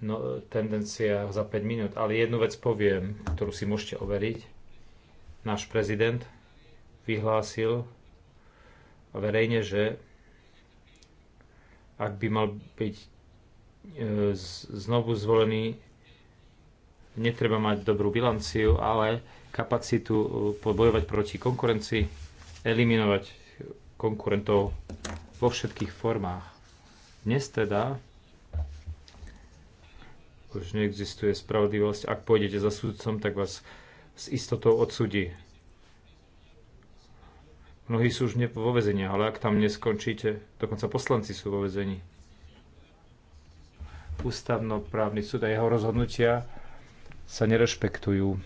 D: no, e, tendencia za 5 minút. Ale jednu vec poviem, ktorú si môžete overiť. Náš prezident vyhlásil verejne, že ak by mal byť e, znovu zvolený, netreba mať dobrú bilanciu, ale kapacitu e, bojovať proti konkurencii, eliminovať konkurentov vo všetkých formách. Dnes teda pretože neexistuje spravodlivosť. Ak pôjdete za sudcom, tak vás s istotou odsudí. Mnohí sú už vo vezení, ale ak tam neskončíte, dokonca poslanci sú vo vezení. Ústavnoprávny súd a jeho rozhodnutia sa nerešpektujú.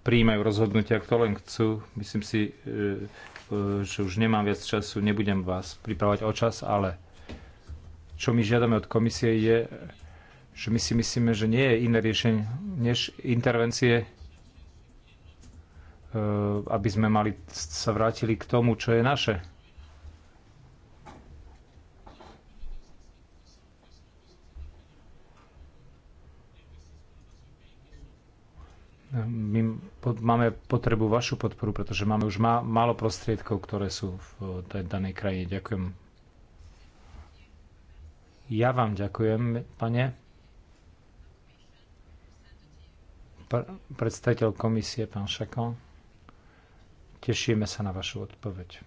D: Príjmajú rozhodnutia, kto len chcú. Myslím si, e, e, že už nemám viac času, nebudem vás pripravať o čas, ale čo my žiadame od komisie je, že my si myslíme, že nie je iné riešenie než intervencie, e, aby sme mali, sa vrátili k tomu, čo je naše. my máme potrebu vašu podporu, pretože máme už málo prostriedkov, ktoré sú v danej krajine. Ďakujem. Ja vám ďakujem, pane. Predstaviteľ komisie, pán Šakon. Tešíme sa na vašu odpoveď.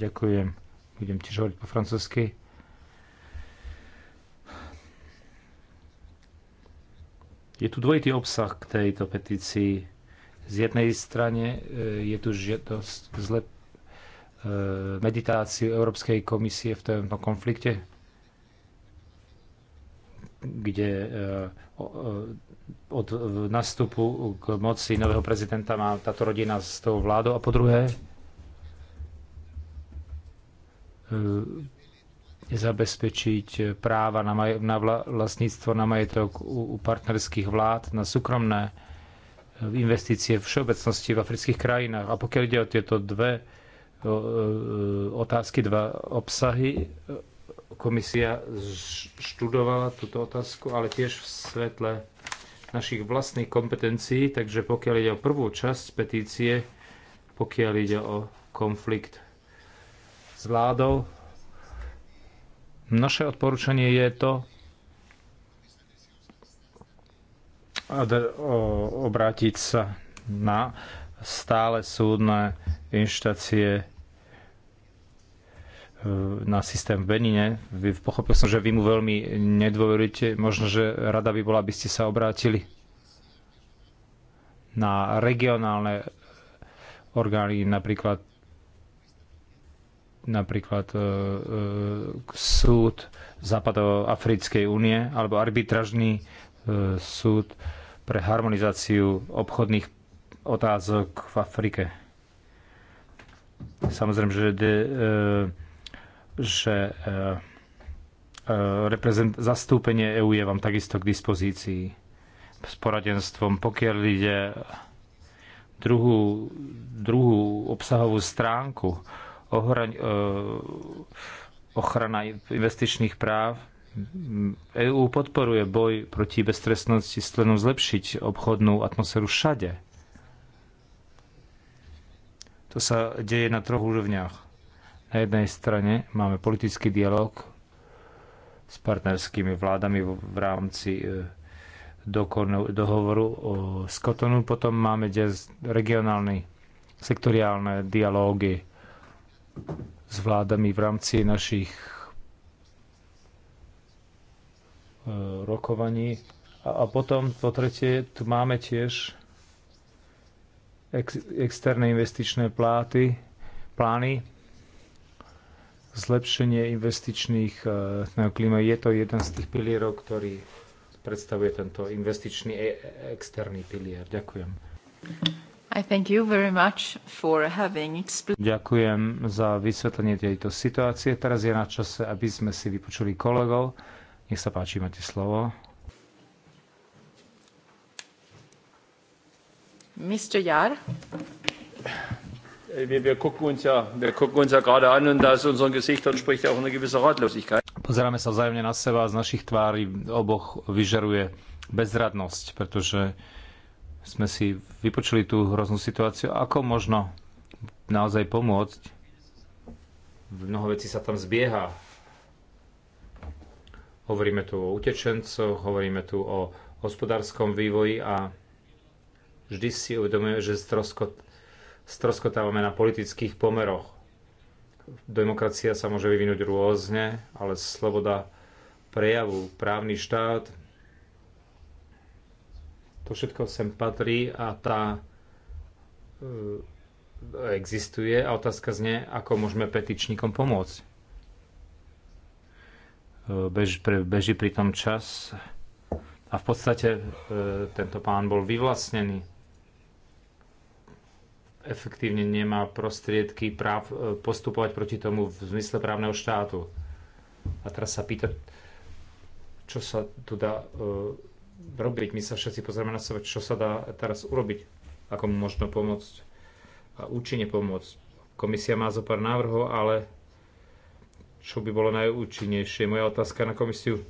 D: Ďakujem. Budem tiež hovoriť po francúzsky. Je tu dvojitý obsah k tejto petícii. Z jednej strane e, je tu žiadosť zlepšenia E, meditáciu Európskej komisie v tomto konflikte, kde e, e, od nastupu k moci nového prezidenta má táto rodina s tou vládou a po druhé zabezpečiť práva na, maj- na vla- vlastníctvo na majetok u, u partnerských vlád, na súkromné investície v všeobecnosti v afrických krajinách. A pokiaľ ide o tieto dve E, otázky, dva obsahy. Komisia študovala túto otázku, ale tiež v svetle našich vlastných kompetencií, takže pokiaľ ide o prvú časť petície, pokiaľ ide o konflikt s vládou, naše odporúčanie je to obrátiť sa na stále súdne inštácie E, na systém v Benine. Pochopil som, že vy mu veľmi nedôverujete. Možno, že rada by bola, aby ste sa obrátili na regionálne orgány, napríklad napríklad e, e, súd Západoafrickej únie alebo arbitražný e, súd pre harmonizáciu obchodných otázok v Afrike. Samozrejme, že de, e, že e, e, zastúpenie EÚ je vám takisto k dispozícii s poradenstvom, pokiaľ ide druhú, druhú obsahovú stránku ohraň, e, ochrana investičných práv. EÚ podporuje boj proti beztrestnosti s tlenom zlepšiť obchodnú atmosféru všade. To sa deje na troch úrovniach na jednej strane máme politický dialog s partnerskými vládami v rámci e, dohovoru o Kotonu. Potom máme regionálne sektoriálne dialógy s vládami v rámci našich e, rokovaní. A, a potom po tretie, tu máme tiež ex, externé investičné pláty, plány, Zlepšenie investičných eh, klíma je to jeden z tých pilierov, ktorý predstavuje tento investičný e-, externý pilier. Ďakujem.
A: I thank you very much for having
D: Ďakujem za vysvetlenie tejto situácie. Teraz je na čase, aby sme si vypočuli kolegov. Nech sa páči, máte slovo.
A: Mr. Jar.
D: Äh, Pozeráme sa vzájomne na seba a z našich tvári oboch vyžaruje bezradnosť, pretože sme si vypočuli tú hroznú situáciu. Ako možno naozaj pomôcť? Mnoho vecí sa tam zbieha. Hovoríme tu o utečencoch, hovoríme tu o hospodárskom vývoji a vždy si uvedomujeme, že stroskot stroskotávame na politických pomeroch. Demokracia sa môže vyvinúť rôzne, ale sloboda prejavu, právny štát, to všetko sem patrí a tá e, existuje a otázka znie, ako môžeme petičníkom pomôcť. E, bež, pre, beží pritom čas a v podstate e, tento pán bol vyvlastnený efektívne nemá prostriedky práv e, postupovať proti tomu v zmysle právneho štátu. A teraz sa pýta, čo sa tu dá uh, robiť. My sa všetci pozrieme na sebe, čo sa dá teraz urobiť, ako mu možno pomôcť a účinne pomôcť. Komisia má zo pár návrhov, ale čo by bolo najúčinnejšie? Moja otázka na komisiu.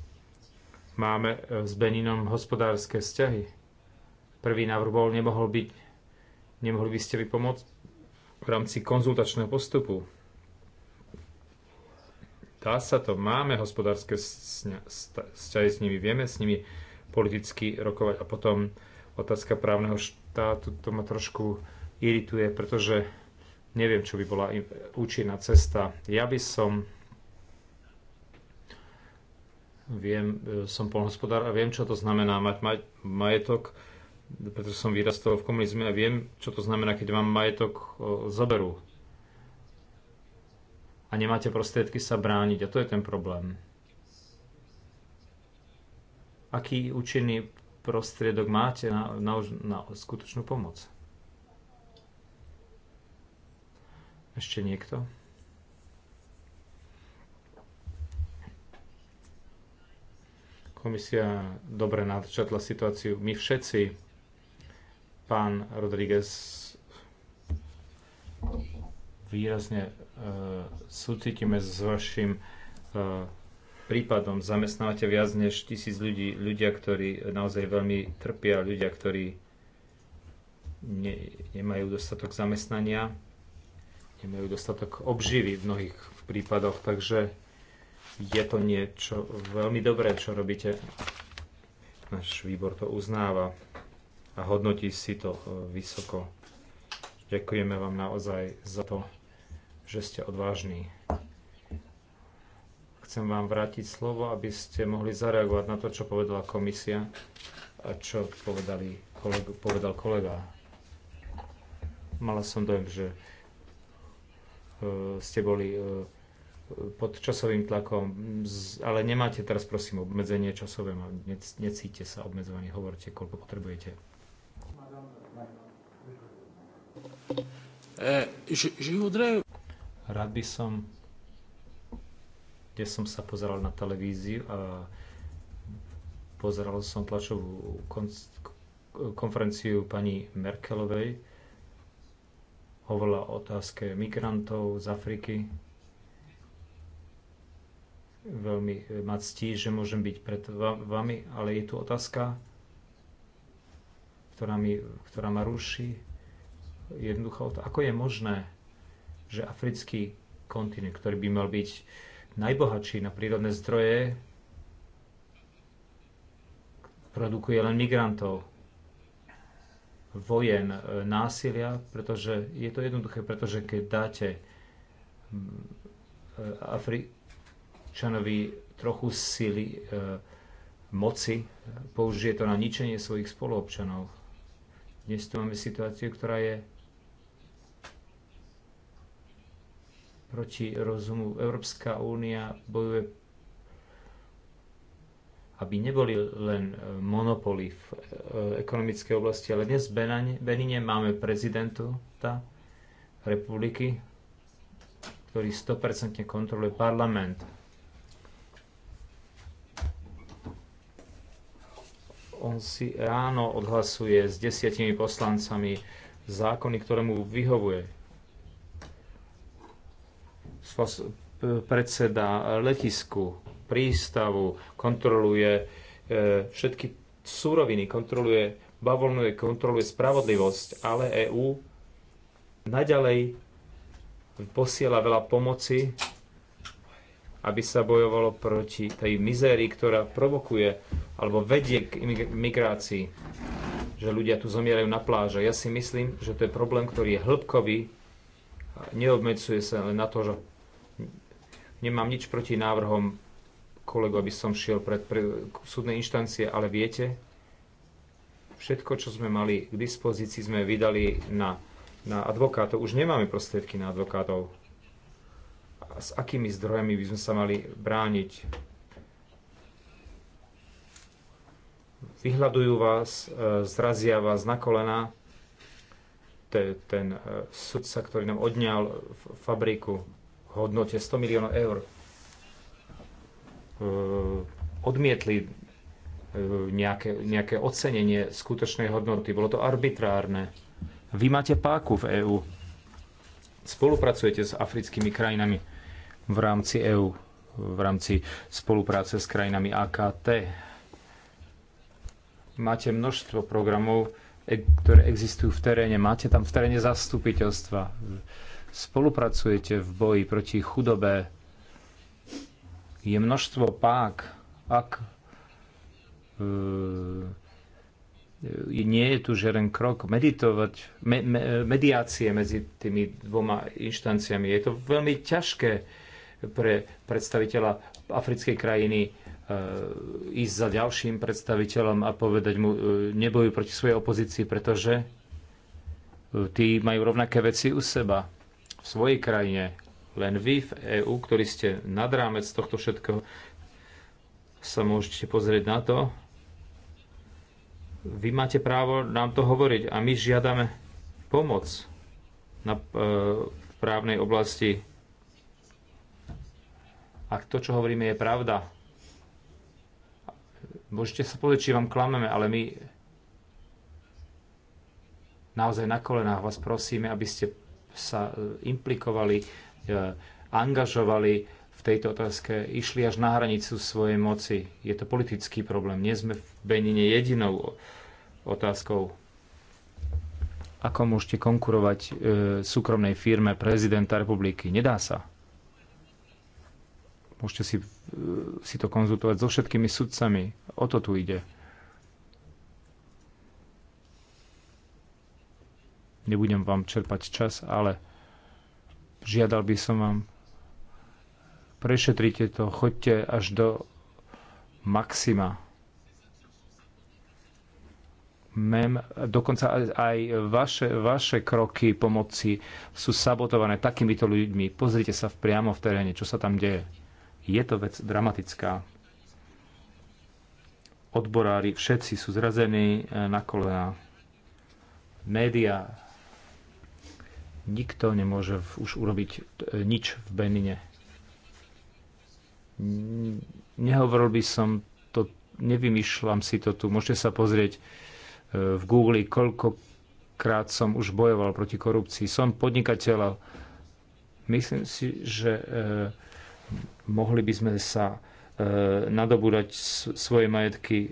D: Máme e, s Beninom hospodárske vzťahy. Prvý návrh bol, nemohol byť Nemohli by ste mi pomôcť v rámci konzultačného postupu? Dá sa to, máme hospodárske vzťahy s nimi, vieme s nimi politicky rokovať a potom otázka právneho štátu, to ma trošku irituje, pretože neviem, čo by bola účinná cesta. Ja by som viem, e, som polnohospodár a viem, čo to znamená mať, mať majetok, pretože som vyrastol v komunizme a viem, čo to znamená, keď vám majetok zoberú a nemáte prostriedky sa brániť. A to je ten problém. Aký účinný prostriedok máte na, na, na skutočnú pomoc? Ešte niekto? Komisia dobre nadčatla situáciu. My všetci Pán rodriguez výrazne uh, súcitíme s vašim uh, prípadom. Zamestnávate viac než tisíc ľudí, ľudia, ktorí naozaj veľmi trpia, ľudia, ktorí ne, nemajú dostatok zamestnania, nemajú dostatok obživy v mnohých prípadoch, takže je to niečo veľmi dobré, čo robíte. Náš výbor to uznáva a hodnotí si to e, vysoko. Ďakujeme vám naozaj za to, že ste odvážni. Chcem vám vrátiť slovo, aby ste mohli zareagovať na to, čo povedala komisia a čo povedali, povedal kolega. Mala som dojem, že e, ste boli e, pod časovým tlakom, ale nemáte teraz prosím obmedzenie časové, necíte sa obmedzovaní, hovorte, koľko potrebujete. Eh, Rád by som, kde som sa pozeral na televíziu a pozeral som tlačovú konferenciu pani Merkelovej, hovorila o otázke migrantov z Afriky. Veľmi eh, ma ctí, že môžem byť pred vami, ale je tu otázka, ktorá, mi, ktorá ma ruší jednoducho, ako je možné, že africký kontinent, ktorý by mal byť najbohatší na prírodné zdroje, produkuje len migrantov, vojen, e, násilia, pretože je to jednoduché, pretože keď dáte e, Afričanovi trochu sily, e, moci, použije to na ničenie svojich spoluobčanov. Dnes tu máme situáciu, ktorá je proti rozumu. Európska únia bojuje, aby neboli len e, monopoly v e, ekonomickej oblasti, ale dnes v Benine máme prezidenta republiky, ktorý 100% kontroluje parlament. On si ráno odhlasuje s desiatimi poslancami zákony, ktoré mu vyhovuje predseda letisku, prístavu, kontroluje e, všetky súroviny, kontroluje bavlnu, kontroluje spravodlivosť, ale EÚ naďalej posiela veľa pomoci, aby sa bojovalo proti tej mizérii, ktorá provokuje alebo vedie k migrácii, že ľudia tu zomierajú na pláže. Ja si myslím, že to je problém, ktorý je hĺbkový, neobmedzuje sa len na to, že Nemám nič proti návrhom kolegu, aby som šiel pred, pred inštancie, ale viete, všetko, čo sme mali k dispozícii, sme vydali na, na advokátov. Už nemáme prostriedky na advokátov. A s akými zdrojami by sme sa mali brániť? Vyhľadujú vás, e, zrazia vás na kolena. ten e, sudca, ktorý nám odňal fabriku, hodnote 100 miliónov eur e, odmietli e, nejaké, nejaké ocenenie skutočnej hodnoty. Bolo to arbitrárne. Vy máte páku v EÚ. Spolupracujete s africkými krajinami v rámci EÚ, v rámci spolupráce s krajinami AKT. Máte množstvo programov, e, ktoré existujú v teréne. Máte tam v teréne zastupiteľstva spolupracujete v boji proti chudobe. Je množstvo pák, ak e, nie je tu žiaden krok meditovať, me, me, mediácie medzi tými dvoma inštanciami. Je to veľmi ťažké pre predstaviteľa africkej krajiny e, ísť za ďalším predstaviteľom a povedať mu, e, proti svojej opozícii, pretože e, tí majú rovnaké veci u seba v svojej krajine, len vy v EÚ, ktorí ste nad rámec tohto všetkého, sa môžete pozrieť na to. Vy máte právo nám to hovoriť a my žiadame pomoc na, e, v právnej oblasti. Ak to, čo hovoríme, je pravda, môžete sa povedať, či vám klameme, ale my naozaj na kolenách vás prosíme, aby ste sa e, implikovali, e, angažovali v tejto otázke, išli až na hranicu svojej moci. Je to politický problém. Nie sme v Benine jedinou otázkou. Ako môžete konkurovať e, súkromnej firme prezidenta republiky? Nedá sa. Môžete si, e, si to konzultovať so všetkými sudcami. O to tu ide. nebudem vám čerpať čas, ale žiadal by som vám, prešetrite to, choďte až do maxima. Mem, dokonca aj vaše, vaše kroky pomoci sú sabotované takýmito ľuďmi. Pozrite sa v, priamo v teréne, čo sa tam deje. Je to vec dramatická. Odborári, všetci sú zrazení e, na kolená. Média Nikto nemôže už urobiť e, nič v Benine. Nehovoril by som to, nevymýšľam si to tu. Môžete sa pozrieť e, v Google, koľkokrát som už bojoval proti korupcii. Som podnikateľ. Myslím si, že e, mohli by sme sa nadobúdať svoje majetky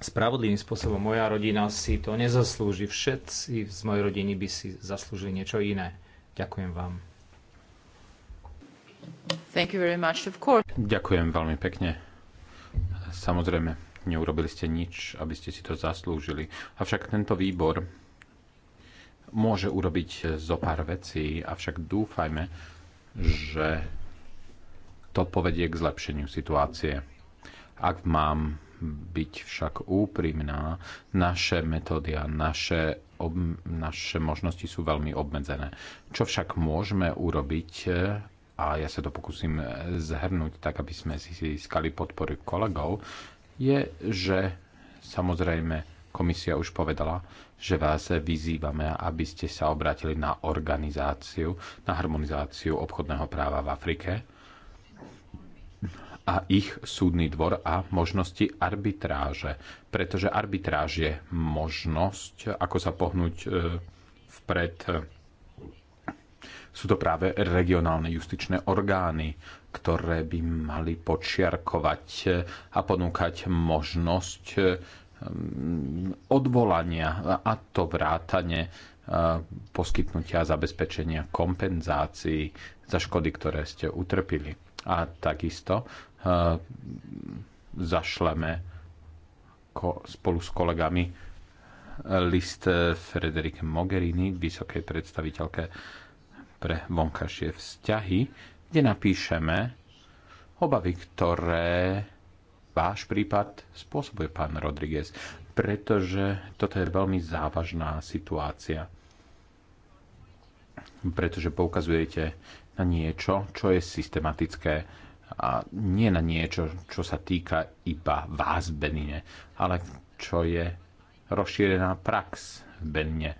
D: spravodlivým spôsobom. Moja rodina si to nezaslúži. Všetci z mojej rodiny by si zaslúžili niečo iné. Ďakujem vám.
A: Thank you very much, of course.
B: Ďakujem veľmi pekne. Samozrejme, neurobili ste nič, aby ste si to zaslúžili. Avšak tento výbor môže urobiť zo pár vecí, avšak dúfajme, že to povedie k zlepšeniu situácie. Ak mám byť však úprimná. Naše metódy a naše, ob, naše možnosti sú veľmi obmedzené. Čo však môžeme urobiť, e, a ja sa to pokúsim e, zhrnúť tak, aby sme si získali podpory kolegov, je, že samozrejme komisia už povedala, že vás vyzývame, aby ste sa obrátili na organizáciu, na harmonizáciu obchodného práva v Afrike a ich súdny dvor a možnosti arbitráže. Pretože arbitráž je možnosť, ako sa pohnúť e, vpred. Sú to práve regionálne justičné orgány, ktoré by mali počiarkovať a ponúkať možnosť e, odvolania a to vrátane e, poskytnutia zabezpečenia kompenzácií za škody, ktoré ste utrpili a takisto eh, zašleme spolu s kolegami eh, list eh, Frederike Mogherini, vysokej predstaviteľke pre vonkajšie vzťahy, kde napíšeme obavy, ktoré váš prípad spôsobuje pán Rodriguez, pretože toto je veľmi závažná situácia. Pretože poukazujete na niečo, čo je systematické a nie na niečo, čo sa týka iba vás, Benine, ale čo je rozšírená prax v Benine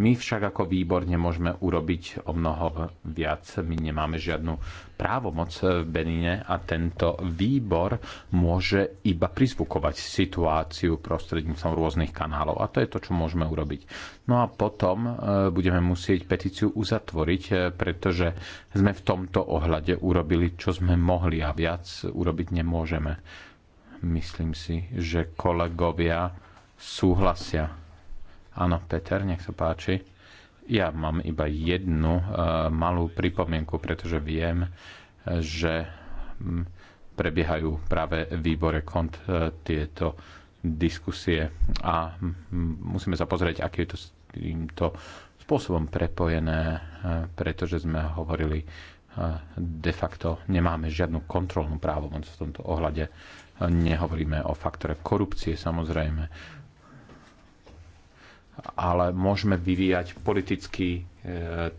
B: my však ako výbor nemôžeme urobiť o mnoho viac. My nemáme žiadnu právomoc v Benine a tento výbor môže iba prizvukovať situáciu prostredníctvom rôznych kanálov. A to je to, čo môžeme urobiť. No a potom e, budeme musieť petíciu uzatvoriť, e, pretože sme v tomto ohľade urobili, čo sme mohli a viac urobiť nemôžeme. Myslím si, že kolegovia súhlasia Áno, Peter, nech sa páči. Ja mám iba jednu eh, malú pripomienku, pretože viem, že hm, prebiehajú práve výbore kont eh, tieto diskusie a hm, musíme sa pozrieť, aký je to s týmto spôsobom prepojené, eh, pretože sme hovorili de facto nemáme žiadnu kontrolnú právo v tomto ohľade. Nehovoríme o faktore korupcie samozrejme, ale môžeme vyvíjať politický e,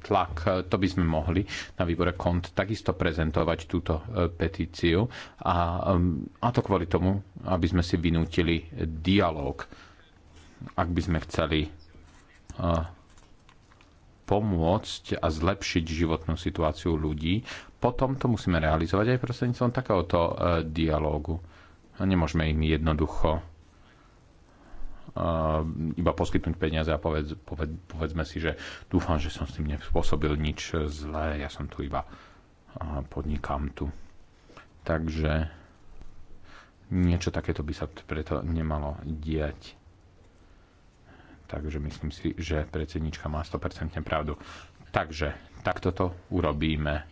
B: tlak. To by sme mohli na výbore KONT takisto prezentovať túto e, petíciu a, e, a to kvôli tomu, aby sme si vynútili dialog. Ak by sme chceli pomôcť a zlepšiť životnú situáciu ľudí, potom to musíme realizovať aj prostredníctvom takéhoto dialógu. Nemôžeme im jednoducho iba poskytnúť peniaze a povedz, poved, povedzme si, že dúfam, že som s tým nespôsobil nič zlé, ja som tu iba podnikám tu. Takže niečo takéto by sa preto nemalo diať. Takže myslím si, že predsednička má 100% pravdu. Takže takto to urobíme.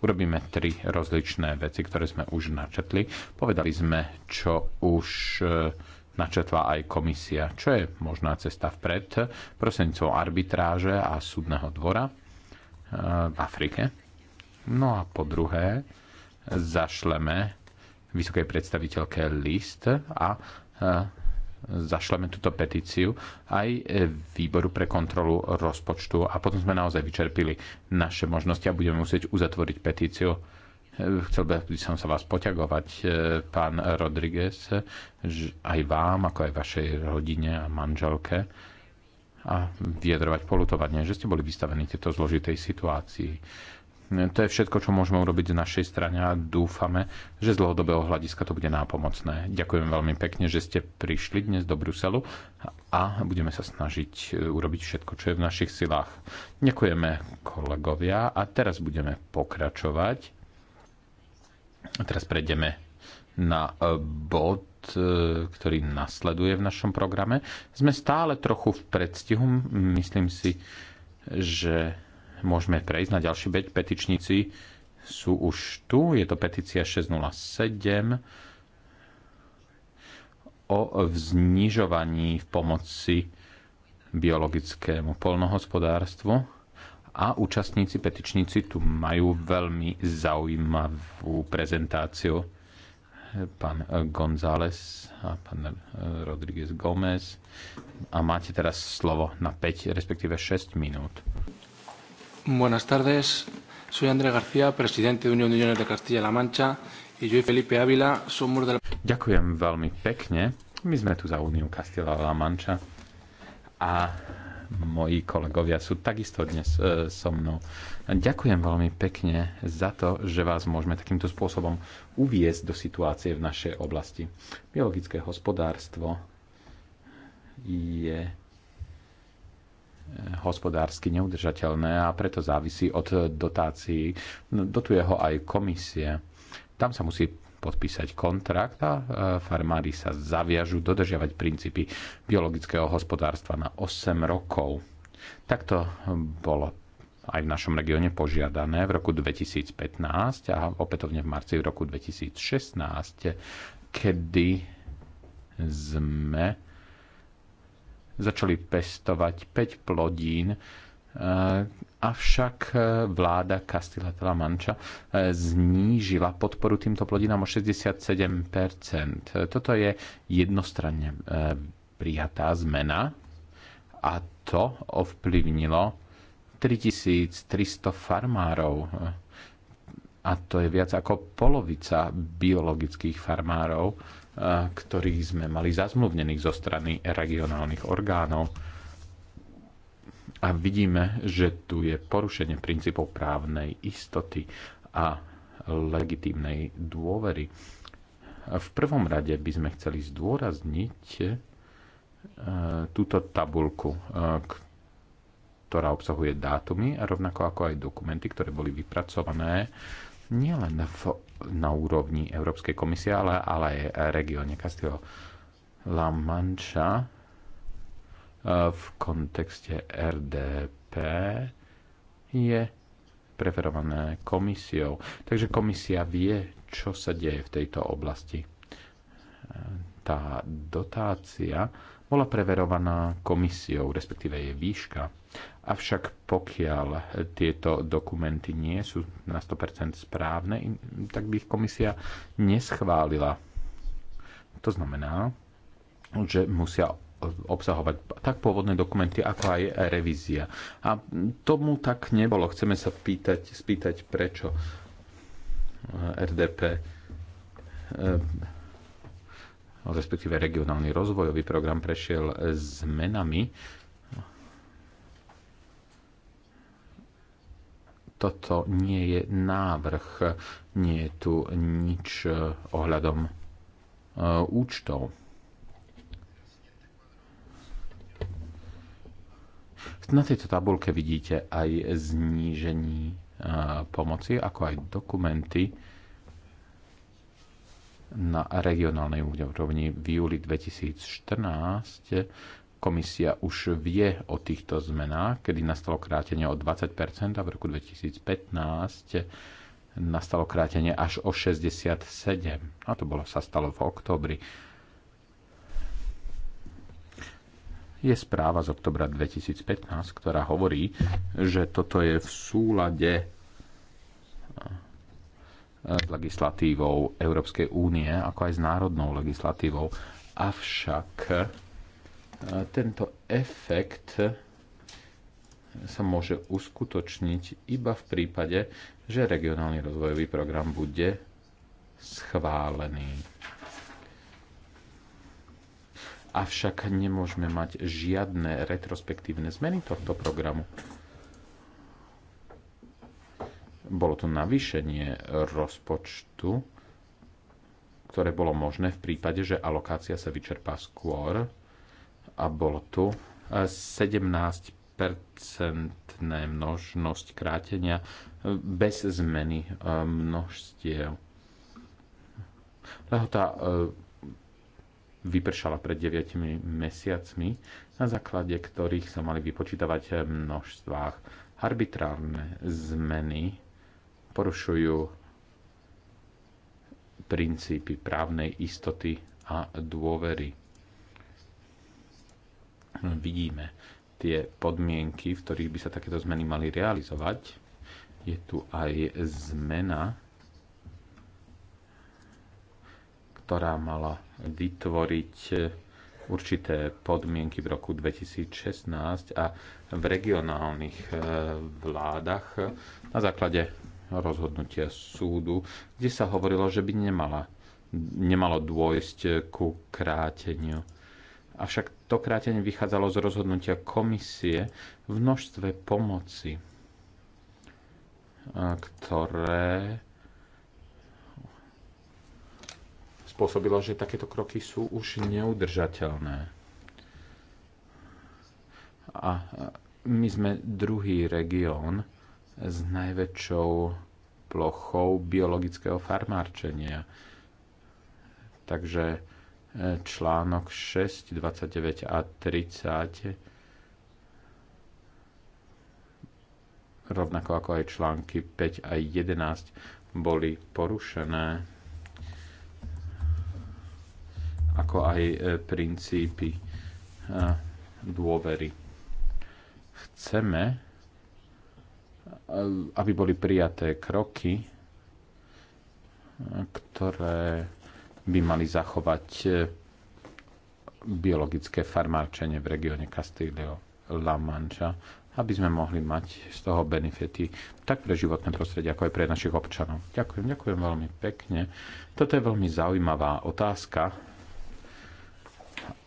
B: Urobíme tri rozličné veci, ktoré sme už načetli. Povedali sme, čo už e, načetla aj komisia. Čo je možná cesta vpred? Prosenicou arbitráže a súdneho dvora eh, v Afrike. No a po druhé, zašleme vysokej predstaviteľke list a eh, zašleme túto petíciu aj výboru pre kontrolu rozpočtu a potom sme naozaj vyčerpili naše možnosti a budeme musieť uzatvoriť petíciu Chcel by som sa vás poťagovať, e, pán Rodriguez, aj vám, ako aj vašej rodine a manželke a vyjadrovať polutovanie, že ste boli vystavení tejto zložitej situácii. To je všetko, čo môžeme urobiť z našej strany a dúfame, že z dlhodobého hľadiska to bude nápomocné. Ďakujem veľmi pekne, že ste prišli dnes do Bruselu a budeme sa snažiť e, urobiť všetko, čo je v našich silách. Ďakujeme kolegovia a teraz budeme pokračovať a teraz prejdeme na e, bod, e, ktorý nasleduje v našom programe. Sme stále trochu v predstihu. Myslím si, že môžeme prejsť na ďalší beď. Petičníci sú už tu. Je to petícia 607 o vznižovaní v pomoci biologickému polnohospodárstvu a účastníci, petičníci tu majú veľmi zaujímavú prezentáciu. Pán González a pán Rodríguez Gómez. A máte teraz slovo na 5, respektíve 6 minút.
C: Buenas tardes. Soy André García, presidente de Unión de Uniones de Castilla-La Mancha y yo y Felipe Ávila somos de la...
B: Ďakujem veľmi pekne. My sme tu za Uniu Castilla-La Mancha a moji kolegovia sú takisto dnes e, so mnou. Ďakujem veľmi pekne za to, že vás môžeme takýmto spôsobom uviezť do situácie v našej oblasti. Biologické hospodárstvo je e, hospodársky neudržateľné a preto závisí od dotácií. No, dotuje ho aj komisie. Tam sa musí podpísať kontrakt a e, farmári sa zaviažu dodržiavať princípy biologického hospodárstva na 8 rokov. Takto bolo aj v našom regióne požiadané v roku 2015 a opätovne v marci v roku 2016, kedy sme začali pestovať 5 plodín e, Avšak eh, vláda Castilla la Mancha eh, znížila podporu týmto plodinám o 67%. Eh, toto je jednostranne prijatá zmena a to ovplyvnilo 3300 farmárov a to je viac ako polovica biologických farmárov, ktorých sme mali zazmluvnených zo strany regionálnych orgánov a vidíme, že tu je porušenie princípov právnej istoty a legitímnej dôvery. V prvom rade by sme chceli zdôrazniť e, túto tabulku, e, ktorá obsahuje dátumy a rovnako ako aj dokumenty, ktoré boli vypracované nielen na úrovni Európskej komisie, ale, ale aj regióne Castillo La Mancha, v kontexte RDP je preferované komisiou. Takže komisia vie, čo sa deje v tejto oblasti. Tá dotácia bola preverovaná komisiou, respektíve je výška. Avšak pokiaľ tieto dokumenty nie sú na 100% správne, tak by ich komisia neschválila. To znamená, že musia obsahovať tak pôvodné dokumenty, ako aj revízia. A tomu tak nebolo. Chceme sa pýtať, spýtať, prečo eh, RDP eh, no, respektíve regionálny rozvojový program prešiel eh, zmenami. Toto nie je návrh, nie je tu nič ohľadom účtov. Na tejto tabulke vidíte aj znížení pomoci, ako aj dokumenty na regionálnej úrovni. V júli 2014 komisia už vie o týchto zmenách, kedy nastalo krátenie o 20% a v roku 2015 nastalo krátenie až o 67%. A to bolo, sa stalo v oktobri. je správa z oktobra 2015, ktorá hovorí, že toto je v súlade eh, s legislatívou Európskej únie, ako aj s národnou legislatívou. Avšak eh, tento efekt eh, sa môže uskutočniť iba v prípade, že regionálny rozvojový program bude schválený avšak nemôžeme mať žiadne retrospektívne zmeny tohto programu. Bolo to navýšenie rozpočtu, ktoré bolo možné v prípade, že alokácia sa vyčerpá skôr a bolo tu 17-percentné e, množnosť krátenia e, bez zmeny e, množstiev. Lehota vypršala pred 9 mesiacmi, na základe ktorých sa mali vypočítavať v množstvách. Arbitrárne zmeny porušujú princípy právnej istoty a dôvery. Vidíme tie podmienky, v ktorých by sa takéto zmeny mali realizovať. Je tu aj zmena ktorá mala vytvoriť e, určité podmienky v roku 2016 a v regionálnych e, vládach e, na základe rozhodnutia súdu, kde sa hovorilo, že by nemala, nemalo dôjsť ku kráteniu. Avšak to krátenie vychádzalo z rozhodnutia komisie v množstve pomoci, ktoré spôsobilo, že takéto kroky sú už neudržateľné. A my sme druhý región s najväčšou plochou biologického farmárčenia. Takže e, článok 6, 29 a 30 rovnako ako aj články 5 a 11 boli porušené ako aj e, princípy e, dôvery. Chceme, e, aby boli prijaté kroky, ktoré by mali zachovať biologické farmárčenie v regióne Castilio-La Mancha, aby sme mohli mať z toho benefity tak pre životné prostredie, ako aj pre našich občanov. Ďakujem, ďakujem veľmi pekne. Toto je veľmi zaujímavá otázka,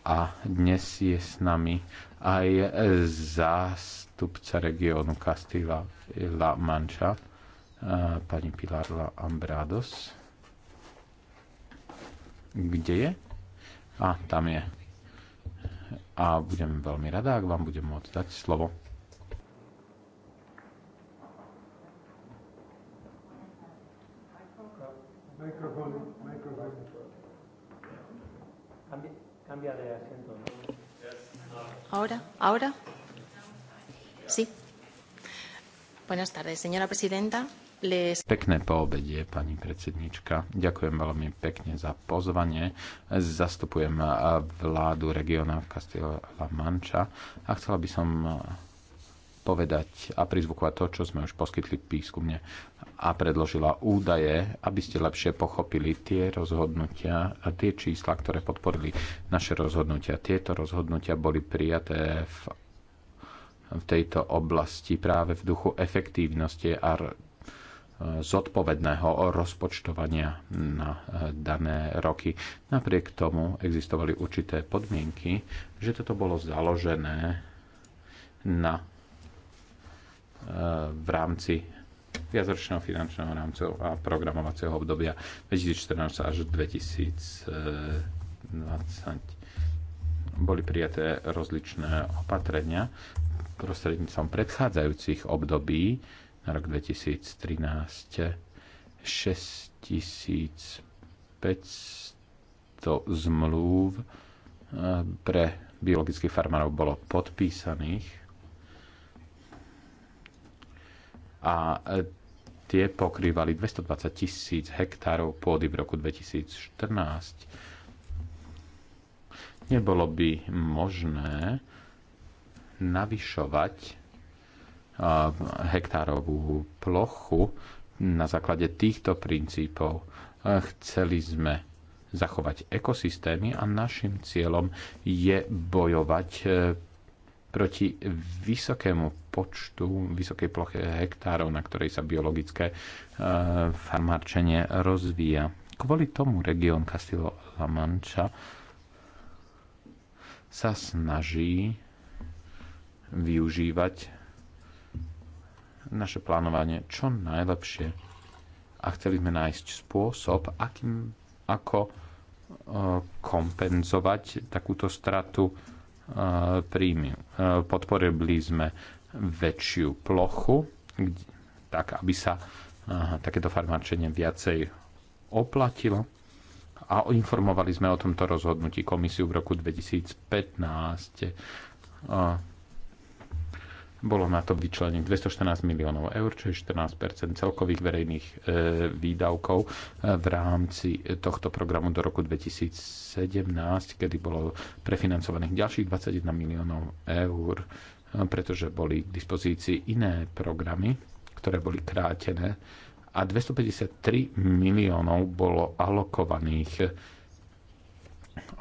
B: a dnes je s nami aj zástupca regiónu Castilla La Mancha, pani Pilar La Ambrados. Kde je? A, tam je. A budem veľmi rada, ak vám budem môcť dať slovo.
C: Mikrofón.
E: Cambia de asiento. ¿no? Ahora,
A: ahora. Sí. Buenas tardes, señora presidenta. Les...
B: Pekné poobedie, pani predsednička. Ďakujem veľmi pekne za pozvanie. Zastupujem vládu regióna Castilla-La Mancha a chcela by som povedať a prizvukovať to, čo sme už poskytli pískumne a predložila údaje, aby ste lepšie pochopili tie rozhodnutia a tie čísla, ktoré podporili naše rozhodnutia. Tieto rozhodnutia boli prijaté v, v tejto oblasti práve v duchu efektívnosti a zodpovedného rozpočtovania na e, dané roky. Napriek tomu existovali určité podmienky, že toto bolo založené na Eh, v rámci viacročného finančného rámcov a programovacieho obdobia 2014 až 2020. Boli prijaté rozličné opatrenia prostredníctvom predchádzajúcich období na rok 2013 6500 zmluv eh, pre biologických farmárov bolo podpísaných a e, tie pokrývali 220 tisíc hektárov pôdy v roku 2014. Nebolo by možné navyšovať e, hektárovú plochu na základe týchto princípov. E, chceli sme zachovať ekosystémy a našim cieľom je bojovať proti vysokému počtu, vysokej ploche hektárov, na ktorej sa biologické e, farmárčenie rozvíja. Kvôli tomu región Castillo la Mancha sa snaží využívať naše plánovanie čo najlepšie. A chceli sme nájsť spôsob, akým, ako e, kompenzovať takúto stratu príjmy. E, podporili sme väčšiu plochu, tak aby sa e, takéto farmáčenie viacej oplatilo a informovali sme o tomto rozhodnutí komisiu v roku 2015. Bolo na to vyčlených 214 miliónov eur, čo je 14 celkových verejných e, výdavkov e, v rámci tohto programu do roku 2017, kedy bolo prefinancovaných ďalších 21 miliónov eur, e, pretože boli k dispozícii iné programy, ktoré boli krátené a 253 miliónov bolo alokovaných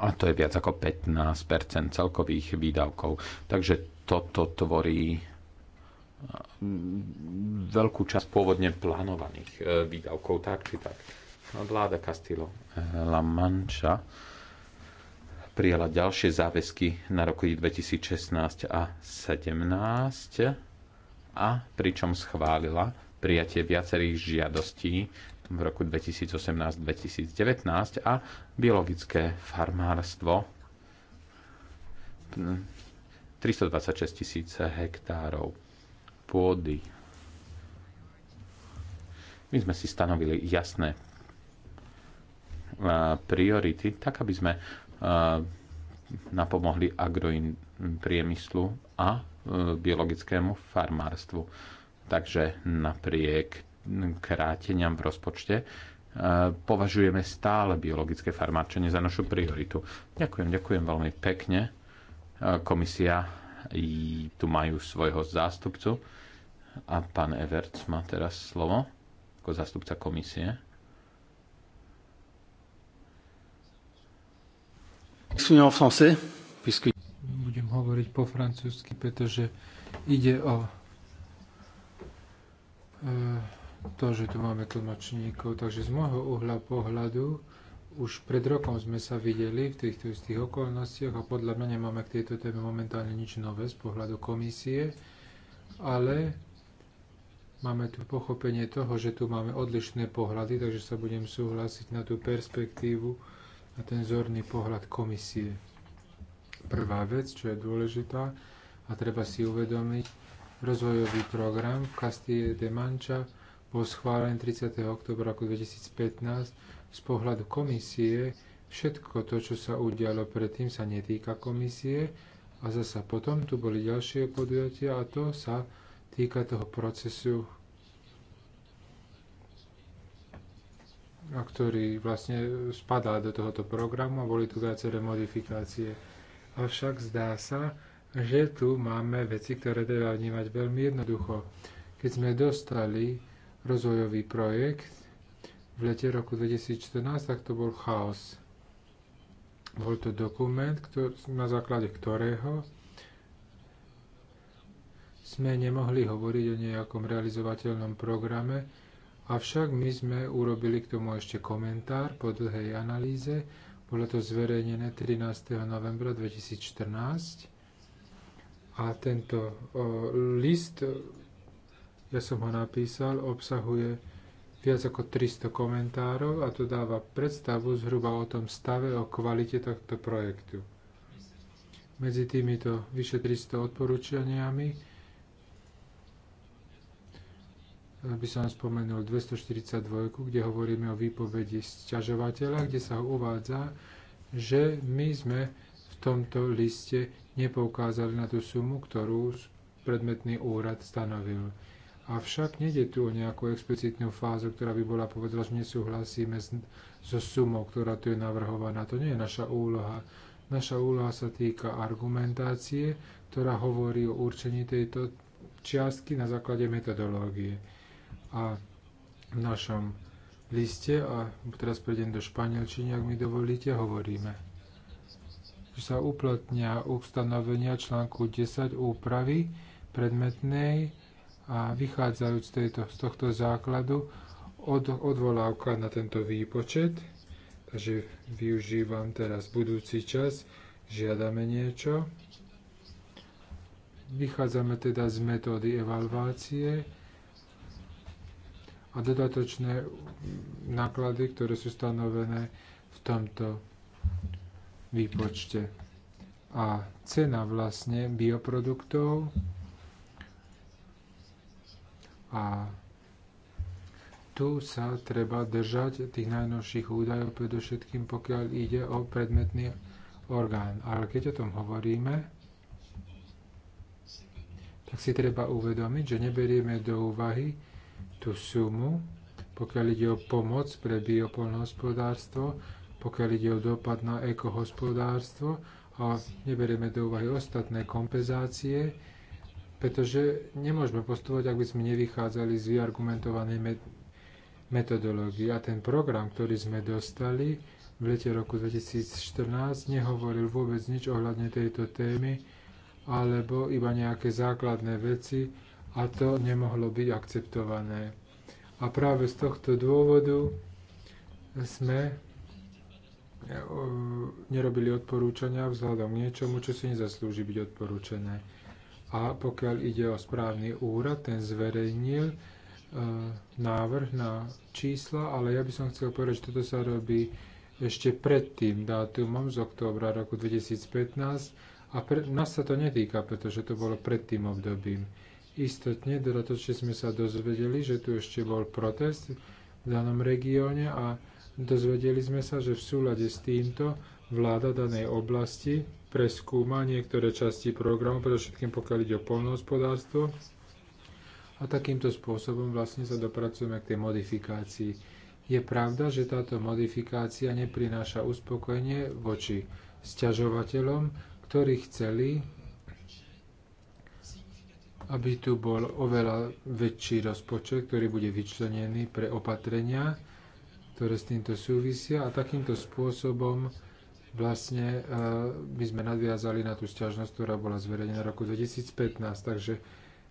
B: a to je viac ako 15 celkových výdavkov. Takže toto tvorí veľkú časť pôvodne plánovaných e, výdavkov, tak či tak. No, vláda Castillo e, La Mancha prijala ďalšie záväzky na roky 2016 a 2017 a pričom schválila prijatie viacerých žiadostí v roku 2018-2019 a biologické farmárstvo 326 hm, tisíc hektárov pôdy. My sme si stanovili jasné priority, tak aby sme napomohli agroin priemyslu a e, biologickému farmárstvu. Takže napriek kráteniam v rozpočte považujeme stále biologické farmárčenie za našu prioritu. Ďakujem, ďakujem veľmi pekne. Komisia tu majú svojho zástupcu a pán Everts má teraz slovo ako zastupca komisie.
C: Budem hovoriť po francúzsky, pretože ide o e, to, že tu máme tlmočníkov. Takže z môjho uhla pohľadu už pred rokom sme sa videli v týchto istých okolnostiach a podľa mňa nemáme k tejto téme momentálne nič nové z pohľadu komisie, ale Máme tu pochopenie toho, že tu máme odlišné pohľady, takže sa budem súhlasiť na tú perspektívu a ten zorný pohľad komisie. Prvá vec, čo je dôležitá a treba si uvedomiť, rozvojový program v Castille de Mancha bol schválený 30. oktobra roku 2015 z pohľadu komisie. Všetko to, čo sa udialo predtým, sa netýka komisie a zasa potom tu boli ďalšie podujatia a to sa týka toho procesu a ktorý vlastne spadá do tohoto programu a boli tu viaceré modifikácie. Avšak zdá sa, že tu máme veci, ktoré treba vnímať veľmi jednoducho. Keď sme dostali rozvojový projekt v lete roku 2014, tak to bol chaos. Bol to dokument, ktorý, na základe ktorého sme nemohli hovoriť o nejakom realizovateľnom programe, Avšak my sme urobili k tomu ešte komentár po dlhej analýze. Bolo to zverejnené 13. novembra 2014. A tento o, list, ja som ho napísal, obsahuje viac ako 300 komentárov a to dáva predstavu zhruba o tom stave, o kvalite tohto projektu. Medzi týmito vyše 300 odporúčaniami by som spomenul 242, kde hovoríme o výpovedi sťažovateľa, kde sa uvádza, že my sme v tomto liste nepoukázali na tú sumu, ktorú predmetný úrad stanovil. Avšak nejde tu o nejakú explicitnú fázu, ktorá by bola povedala, že nesúhlasíme so sumou, ktorá tu je navrhovaná. To nie je naša úloha. Naša úloha sa týka argumentácie, ktorá hovorí o určení tejto čiastky na základe metodológie a v našom liste, a teraz prejdem do španielčiny, ak mi dovolíte, hovoríme, že sa uplatnia ustanovenia článku 10 úpravy predmetnej a vychádzajúc z, tejto, z tohto základu od, odvolávka na tento výpočet. Takže využívam teraz budúci čas, žiadame niečo. Vychádzame teda z metódy evalvácie, a dodatočné náklady, ktoré sú stanovené v tomto výpočte. A cena vlastne bioproduktov a tu sa treba držať tých najnovších údajov, predovšetkým pokiaľ ide o predmetný orgán. Ale keď o tom hovoríme, tak si treba uvedomiť, že neberieme do úvahy tú sumu, pokiaľ ide o pomoc pre biopolnohospodárstvo, pokiaľ ide o dopad na ekohospodárstvo a neberieme do úvahy ostatné kompenzácie, pretože nemôžeme postupovať, ak by sme nevychádzali z vyargumentovanej metodológie. A ten program, ktorý sme dostali v lete roku 2014, nehovoril vôbec nič ohľadne tejto témy, alebo iba nejaké základné veci, a to nemohlo byť akceptované. A práve z tohto dôvodu sme e, nerobili odporúčania vzhľadom k niečomu, čo si nezaslúži byť odporúčené. A pokiaľ ide o správny úrad, ten zverejnil e, návrh na čísla, ale ja by som chcel povedať, že toto sa robí ešte pred tým dátumom z októbra roku 2015 a pre, nás sa to netýka, pretože to bolo pred tým obdobím. Istotne, dodatočne sme sa dozvedeli, že tu ešte bol protest v danom regióne a dozvedeli sme sa, že v súlade s týmto vláda danej oblasti preskúma niektoré časti programu, predovšetkým pokiaľ ide o polnohospodárstvo. A takýmto spôsobom vlastne sa dopracujeme k tej modifikácii. Je pravda, že táto modifikácia neprináša uspokojenie voči sťažovateľom, ktorí chceli aby tu bol oveľa väčší rozpočet, ktorý bude vyčlenený pre opatrenia, ktoré s týmto súvisia a takýmto spôsobom vlastne by e, sme nadviazali na tú sťažnosť, ktorá bola zverejnená v roku 2015. Takže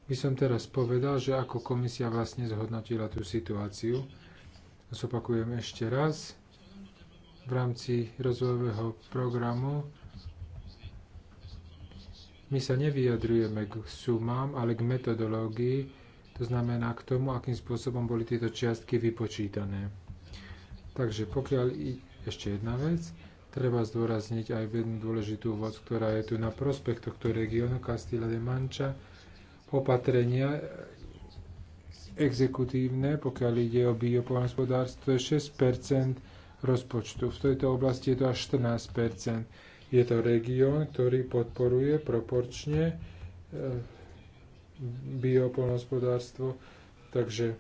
C: by som teraz povedal, že ako komisia vlastne zhodnotila tú situáciu. Zopakujem ešte raz. V rámci rozvojového programu my sa nevyjadrujeme k sumám, ale k metodológii, to znamená k tomu, akým spôsobom boli tieto čiastky vypočítané. Takže pokiaľ i ešte jedna vec, treba zdôrazniť aj jednu dôležitú vec, ktorá je tu na prospech tohto regiónu Castilla de Mancha, opatrenia exekutívne, pokiaľ ide o to je 6 rozpočtu. V tejto oblasti je to až 14 je to región, ktorý podporuje proporčne e, biopolnospodárstvo, takže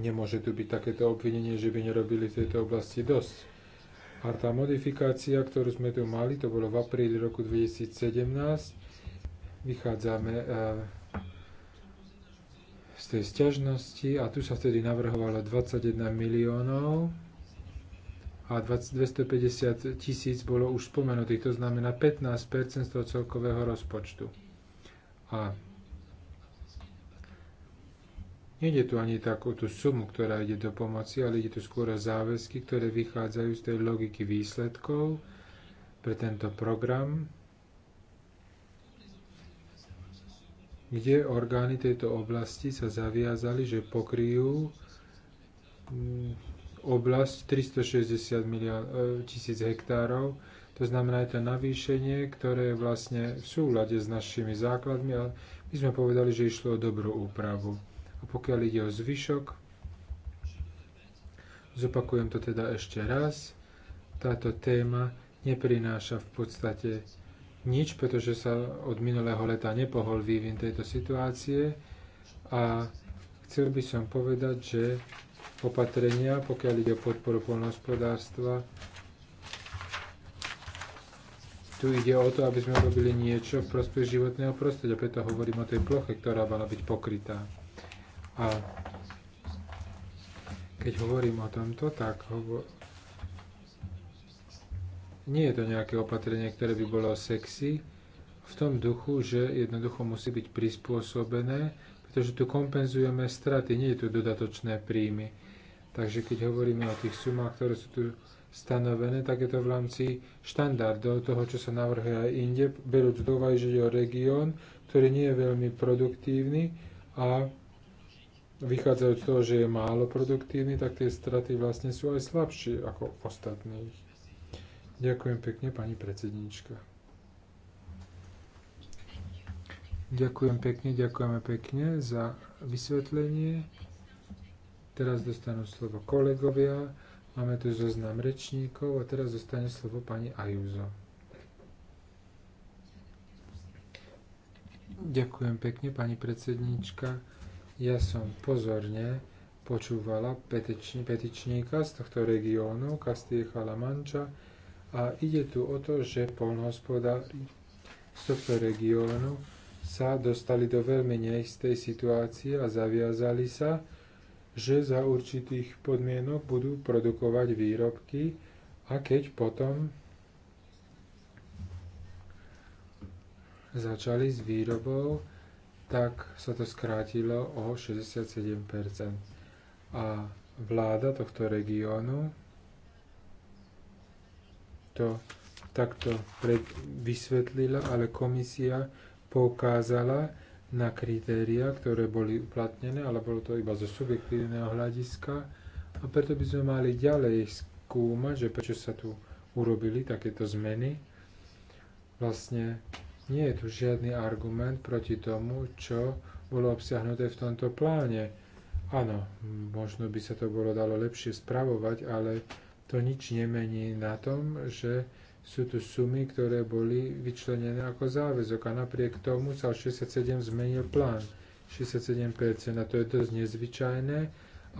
C: nemôže tu byť takéto obvinenie, že by nerobili v tejto oblasti dosť. A tá modifikácia, ktorú sme tu mali, to bolo v apríli roku 2017, vychádzame e, z tej sťažnosti a tu sa vtedy navrhovalo 21 miliónov a 250 tisíc bolo už spomenutých, to znamená 15 z toho celkového rozpočtu. A nejde tu ani tak o tú sumu, ktorá ide do pomoci, ale ide tu skôr o záväzky, ktoré vychádzajú z tej logiky výsledkov pre tento program, kde orgány tejto oblasti sa zaviazali, že pokryjú mm, oblasť 360 milión, e, tisíc hektárov. To znamená, je to navýšenie, ktoré je vlastne v súlade s našimi základmi a my sme povedali, že išlo o dobrú úpravu. A pokiaľ ide o zvyšok, zopakujem to teda ešte raz, táto téma neprináša v podstate nič, pretože sa od minulého leta nepohol vývin tejto situácie a chcel by som povedať, že opatrenia, pokiaľ ide o podporu poľnohospodárstva. Tu ide o to, aby sme robili niečo v prospech životného prostredia, preto hovorím o tej ploche, ktorá mala byť pokrytá. A keď hovorím o tomto, tak hovo... nie je to nejaké opatrenie, ktoré by bolo sexy, v tom duchu, že jednoducho musí byť prispôsobené, pretože tu kompenzujeme straty, nie je tu dodatočné príjmy. Takže keď hovoríme o tých sumách, ktoré sú tu stanovené, tak je to v rámci štandardov toho, čo sa navrhuje aj inde, berúc do úvahy, že je o región, ktorý nie je veľmi produktívny a vychádzajú z toho, že je málo produktívny, tak tie straty vlastne sú aj slabšie ako ostatných. Ďakujem pekne, pani predsednička. Ďakujem pekne, ďakujeme pekne za vysvetlenie. Teraz dostanú slovo kolegovia, máme tu zoznam rečníkov a teraz dostane slovo pani Ajúzo. Ďakujem pekne, pani predsedníčka. Ja som pozorne počúvala petičný, petičníka z tohto regiónu, Castilleja La Mancha, a ide tu o to, že polnohospodári z tohto regiónu sa dostali do veľmi neistej situácie a zaviazali sa, že za určitých podmienok budú produkovať výrobky a keď potom začali s výrobou, tak sa to skrátilo o 67%. A vláda tohto regiónu to takto vysvetlila, ale komisia poukázala, na kritéria, ktoré boli uplatnené, ale bolo to iba zo subjektívneho hľadiska. A preto by sme mali ďalej skúmať, že prečo sa tu urobili takéto zmeny. Vlastne nie je tu žiadny argument proti tomu, čo bolo obsiahnuté v tomto pláne. Áno, možno by sa to bolo dalo lepšie spravovať, ale to nič nemení na tom, že sú tu sumy, ktoré boli vyčlenené ako záväzok a napriek tomu sa 67 zmenil plán. 67% a to je dosť nezvyčajné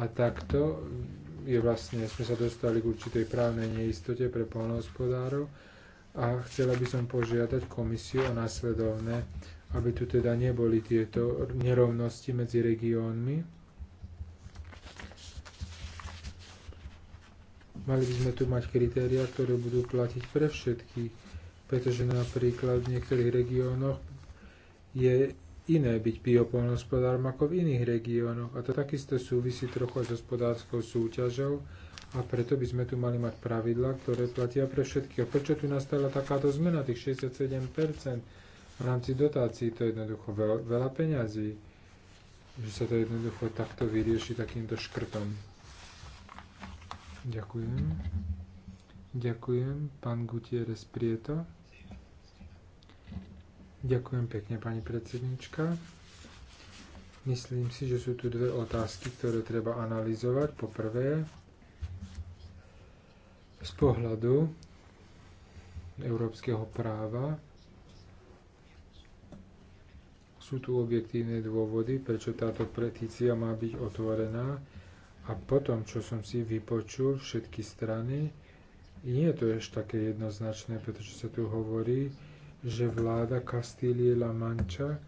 C: a takto je vlastne, sme sa dostali k určitej právnej neistote pre polnohospodárov a chcela by som požiadať komisiu o následovné, aby tu teda neboli tieto nerovnosti medzi regiónmi Mali by sme tu mať kritériá, ktoré budú platiť pre všetkých, pretože napríklad v niektorých regiónoch je iné byť biopolnohospodárom ako v iných regiónoch a to takisto súvisí trochu aj s hospodárskou súťažou a preto by sme tu mali mať pravidlá, ktoré platia pre všetkých. Prečo tu nastala takáto zmena, tých 67% v rámci dotácií? To je jednoducho veľa, veľa peňazí, že sa to jednoducho takto vyrieši takýmto škrtom. Ďakujem. Ďakujem, pán Gutierrez Prieto. Ďakujem pekne, pani predsednička. Myslím si, že sú tu dve otázky, ktoré treba analyzovať. Po prvé, z pohľadu európskeho práva sú tu objektívne dôvody, prečo táto petícia má byť otvorená. A potom, čo som si vypočul všetky strany, nie je to ešte také jednoznačné, pretože sa tu hovorí, že vláda Kastílie La Mancha,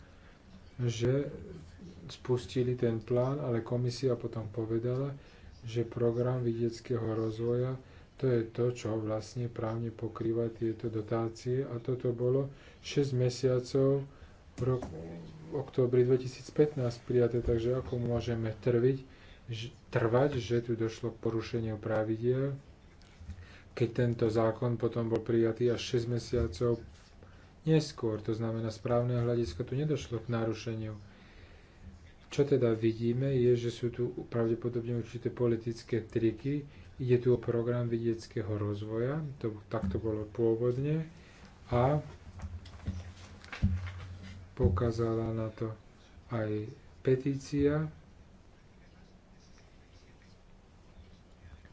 C: že spustili ten plán, ale komisia potom povedala, že program vidieckého rozvoja to je to, čo vlastne právne pokrýva tieto dotácie a toto bolo 6 mesiacov v roku, v oktobri 2015 prijaté, takže ako môžeme trviť trvať, že tu došlo k porušeniu pravidiel, keď tento zákon potom bol prijatý až 6 mesiacov neskôr. To znamená, správne hľadisko tu nedošlo k narušeniu. Čo teda vidíme, je, že sú tu pravdepodobne určité politické triky. Ide tu o program vidieckého rozvoja, to, tak to bolo pôvodne. A pokázala na to aj petícia,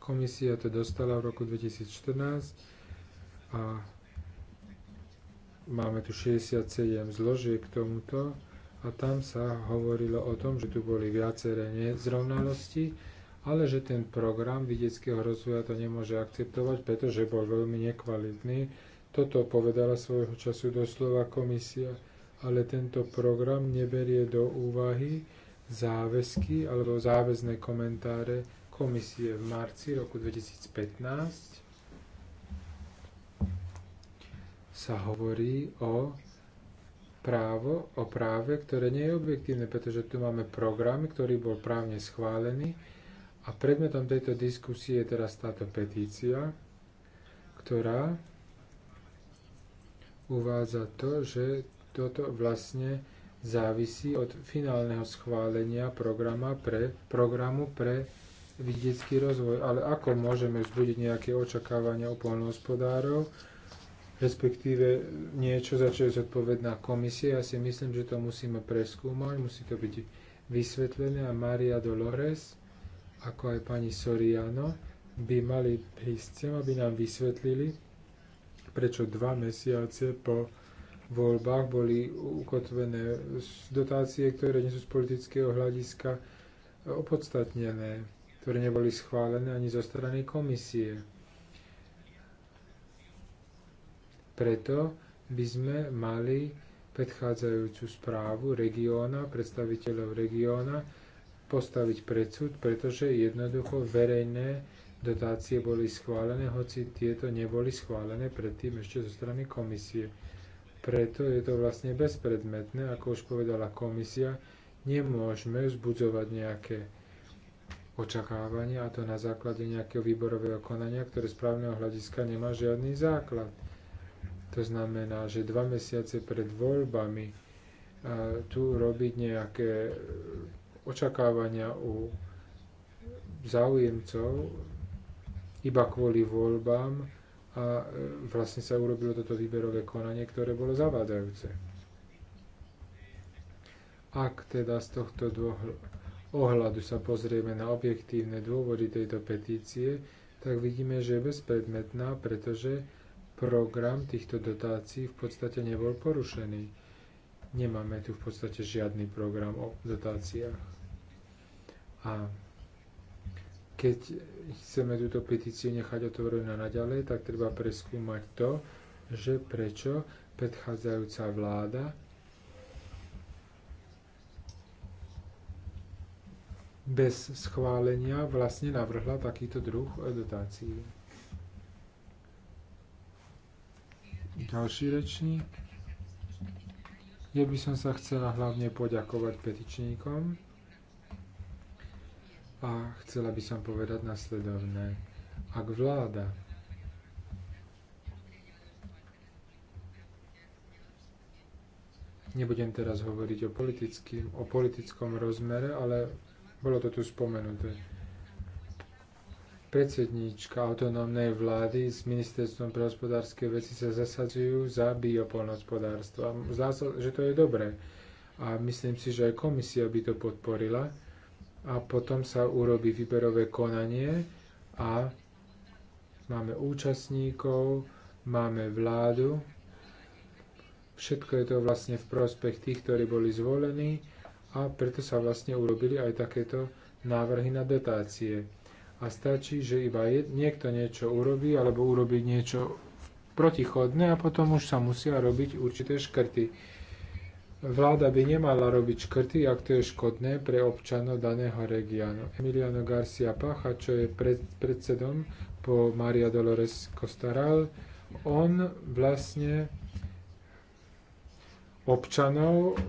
C: Komisia to dostala v roku 2014 a máme tu 67 zložiek k tomuto a tam sa hovorilo o tom, že tu boli viaceré nezrovnalosti, ale že ten program vidieckého rozvoja to nemôže akceptovať, pretože bol veľmi nekvalitný. Toto povedala svojho času doslova komisia, ale tento program neberie do úvahy záväzky alebo záväzné komentáre komisie v marci roku 2015 sa hovorí o právo, o práve, ktoré nie je objektívne, pretože tu máme program, ktorý bol právne schválený a predmetom tejto diskusie je teraz táto petícia, ktorá uvádza to, že toto vlastne závisí od finálneho schválenia programa pre, programu pre vidiecký rozvoj. Ale ako môžeme vzbudiť nejaké očakávania u polnohospodárov, respektíve niečo, za čo je zodpovedná komisia. Ja si myslím, že to musíme preskúmať, musí to byť vysvetlené a Maria Dolores, ako aj pani Soriano, by mali prísť sem, aby nám vysvetlili, prečo dva mesiace po voľbách boli ukotvené dotácie, ktoré nie sú z politického hľadiska opodstatnené ktoré neboli schválené ani zo strany komisie. Preto by sme mali predchádzajúcu správu regióna, predstaviteľov regióna, postaviť predsud, pretože jednoducho verejné dotácie boli schválené, hoci tieto neboli schválené predtým ešte zo strany komisie. Preto je to vlastne bezpredmetné, ako už povedala komisia, nemôžeme vzbudzovať nejaké očakávania a to na základe nejakého výborového konania, ktoré z právneho hľadiska nemá žiadny základ. To znamená, že dva mesiace pred voľbami tu robiť nejaké očakávania u záujemcov iba kvôli voľbám a e, vlastne sa urobilo toto výberové konanie, ktoré bolo zavádzajúce. Ak teda z tohto dvoch ohľadu sa pozrieme na objektívne dôvody tejto petície, tak vidíme, že je bezpredmetná, pretože program týchto dotácií v podstate nebol porušený. Nemáme tu v podstate žiadny program o dotáciách. A keď chceme túto petíciu nechať otvorenú na naďalej, tak treba preskúmať to, že prečo predchádzajúca vláda bez schválenia vlastne navrhla takýto druh eh, dotácií. Ďalší rečník. Ja by som sa chcela hlavne poďakovať petičníkom a chcela by som povedať nasledovné. Ak vláda nebudem teraz hovoriť o, o politickom rozmere, ale bolo to tu spomenuté. Predsedníčka autonómnej vlády s ministerstvom pre hospodárske veci sa zasadzujú za biopolnospodárstvo. Zdá sa, že to je dobré. A myslím si, že aj komisia by to podporila. A potom sa urobí výberové konanie a máme účastníkov, máme vládu. Všetko je to vlastne v prospech tých, ktorí boli zvolení a preto sa vlastne urobili aj takéto návrhy na dotácie. A stačí, že iba je, niekto niečo urobí alebo urobí niečo protichodné a potom už sa musia robiť určité škrty. Vláda by nemala robiť škrty, ak to je škodné pre občanov daného regiónu. Emiliano Garcia Pacha, čo je pred, predsedom po Maria Dolores Costaral, on vlastne občanov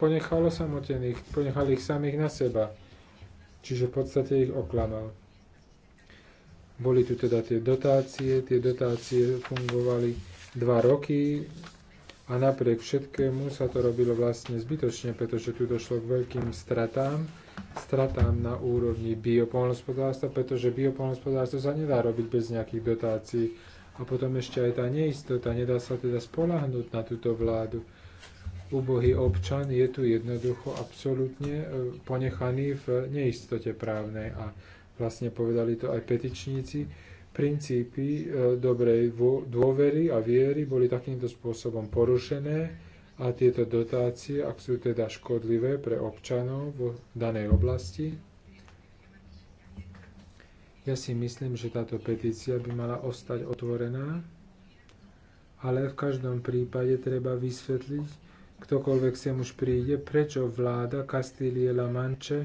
C: ponechalo osamotených, ponechali ich samých na seba. Čiže v podstate ich oklamal. Boli tu teda tie dotácie, tie dotácie fungovali dva roky a napriek všetkému sa to robilo vlastne zbytočne, pretože tu došlo k veľkým stratám, stratám na úrovni biopolnospodárstva, pretože biopolnospodárstvo sa nedá robiť bez nejakých dotácií. A potom ešte aj tá neistota, nedá sa teda spolahnúť na túto vládu ubohý občan je tu jednoducho absolútne e, ponechaný v neistote právnej a vlastne povedali to aj petičníci, princípy e, dobrej dôvery a viery boli takýmto spôsobom porušené a tieto dotácie, ak sú teda škodlivé pre občanov v danej oblasti, ja si myslím, že táto petícia by mala ostať otvorená, ale v každom prípade treba vysvetliť, ktokoľvek sem už príde, prečo vláda Kastílie La Manche,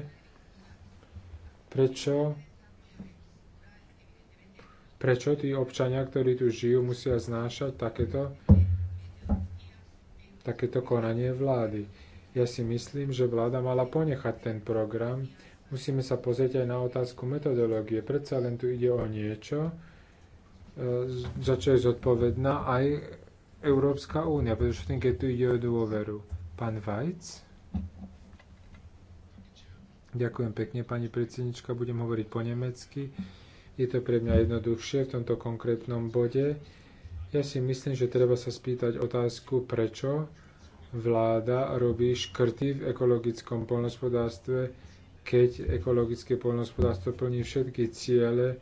C: prečo, prečo tí občania, ktorí tu žijú, musia znášať takéto, takéto konanie vlády. Ja si myslím, že vláda mala ponechať ten program. Musíme sa pozrieť aj na otázku metodológie. Predsa len tu ide o niečo, e, za čo je zodpovedná aj Európska únia, predovšetkým keď tu ide o dôveru. Pán Vajc? Ďakujem pekne, pani predsednička, budem hovoriť po nemecky. Je to pre mňa jednoduchšie v tomto konkrétnom bode. Ja si myslím, že treba sa spýtať otázku, prečo vláda robí škrty v ekologickom poľnohospodárstve, keď ekologické poľnohospodárstvo plní všetky ciele,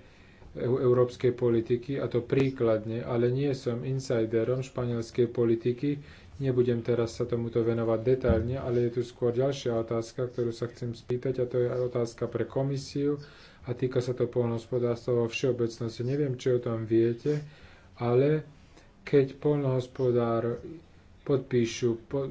C: európskej politiky, a to príkladne, ale nie som insiderom španielskej politiky, nebudem teraz sa tomuto venovať detailne, ale je tu skôr ďalšia otázka, ktorú sa chcem spýtať, a to je otázka pre komisiu a týka sa to poľnohospodárstva vo všeobecnosti. Neviem, či o tom viete, ale keď poľnohospodár podpíšu po,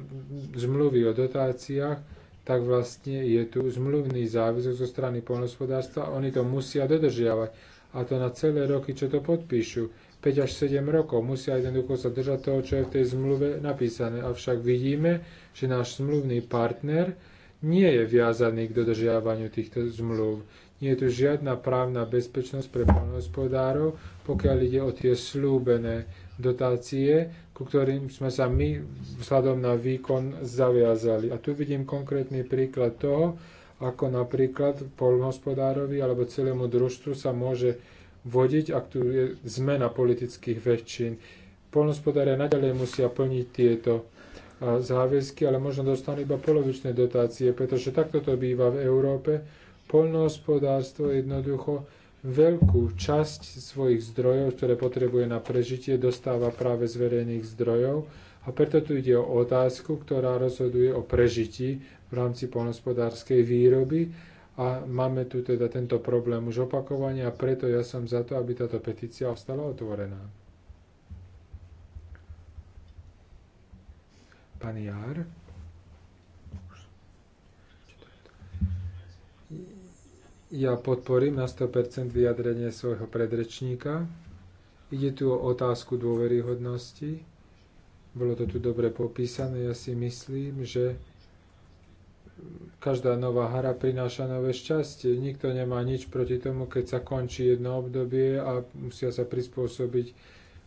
C: zmluvy o dotáciách, tak vlastne je tu zmluvný záväzok zo strany poľnohospodárstva, oni to musia dodržiavať a to na celé roky, čo to podpíšu. 5 až 7 rokov musia jednoducho sa držať toho, čo je v tej zmluve napísané. Avšak vidíme, že náš zmluvný partner nie je viazaný k dodržiavaniu týchto zmluv. Nie je tu žiadna právna bezpečnosť pre poľnohospodárov, pokiaľ ide o tie slúbené dotácie, ku ktorým sme sa my vzhľadom na výkon zaviazali. A tu vidím konkrétny príklad toho, ako napríklad polnohospodárovi alebo celému družstvu sa môže vodiť, ak tu je zmena politických väčšín. Polnohospodária nadalej musia plniť tieto záväzky, ale možno dostanú iba polovičné dotácie, pretože takto to býva v Európe. Polnohospodárstvo jednoducho veľkú časť svojich zdrojov, ktoré potrebuje na prežitie, dostáva práve z verejných zdrojov a preto tu ide o otázku, ktorá rozhoduje o prežití v rámci poľnospodárskej výroby a máme tu teda tento problém už opakovania a preto ja som za to, aby táto petícia ostala otvorená. Pán Jár? Ja podporím na 100% vyjadrenie svojho predrečníka. Ide tu o otázku dôveryhodnosti. Bolo to tu dobre popísané. Ja si myslím, že každá nová hra prináša nové šťastie. Nikto nemá nič proti tomu, keď sa končí jedno obdobie a musia sa prispôsobiť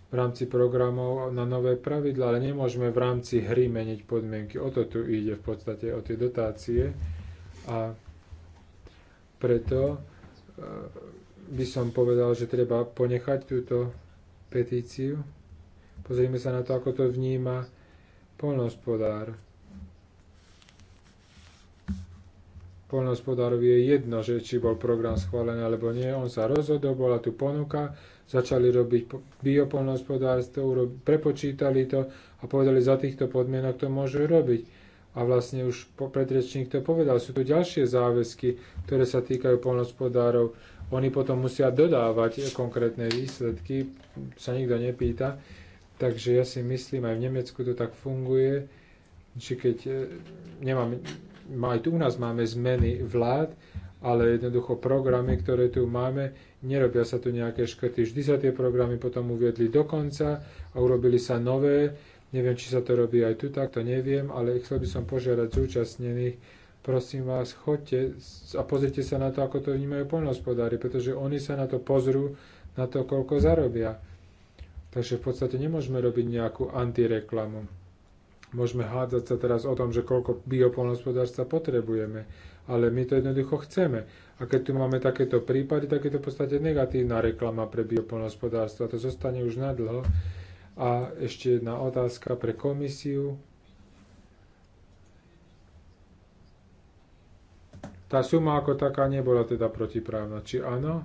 C: v rámci programov na nové pravidla, ale nemôžeme v rámci hry meniť podmienky. O to tu ide v podstate, o tie dotácie. A preto eh, by som povedal, že treba ponechať túto petíciu. Pozrime sa na to, ako to vníma polnospodár. Poľnohospodárovi je jedno, že či bol program schválený alebo nie. On sa rozhodol, bola tu ponuka, začali robiť biopolnohospodárstvo, prepočítali to a povedali, za týchto podmienok to môžu robiť. A vlastne už predrečník to povedal, sú tu ďalšie záväzky, ktoré sa týkajú poľnohospodárov. Oni potom musia dodávať konkrétne výsledky, sa nikto nepýta. Takže ja si myslím, aj v Nemecku to tak funguje, či keď e, nemám aj tu u nás máme zmeny vlád, ale jednoducho programy, ktoré tu máme, nerobia sa tu nejaké škrty. Vždy sa tie programy potom uviedli do konca a urobili sa nové. Neviem, či sa to robí aj tu, tak to neviem, ale chcel by som požiadať zúčastnených, prosím vás, choďte a pozrite sa na to, ako to vnímajú poľnohospodári, pretože oni sa na to pozrú, na to, koľko zarobia. Takže v podstate nemôžeme robiť nejakú antireklamu. Môžeme hádzať sa teraz o tom, že koľko biopolnospodárstva potrebujeme, ale my to jednoducho chceme. A keď tu máme takéto prípady, tak je to v podstate negatívna reklama pre biopolnospodárstvo. To zostane už nadlho. A ešte jedna otázka pre komisiu. Tá suma ako taká nebola teda protiprávna. Či áno?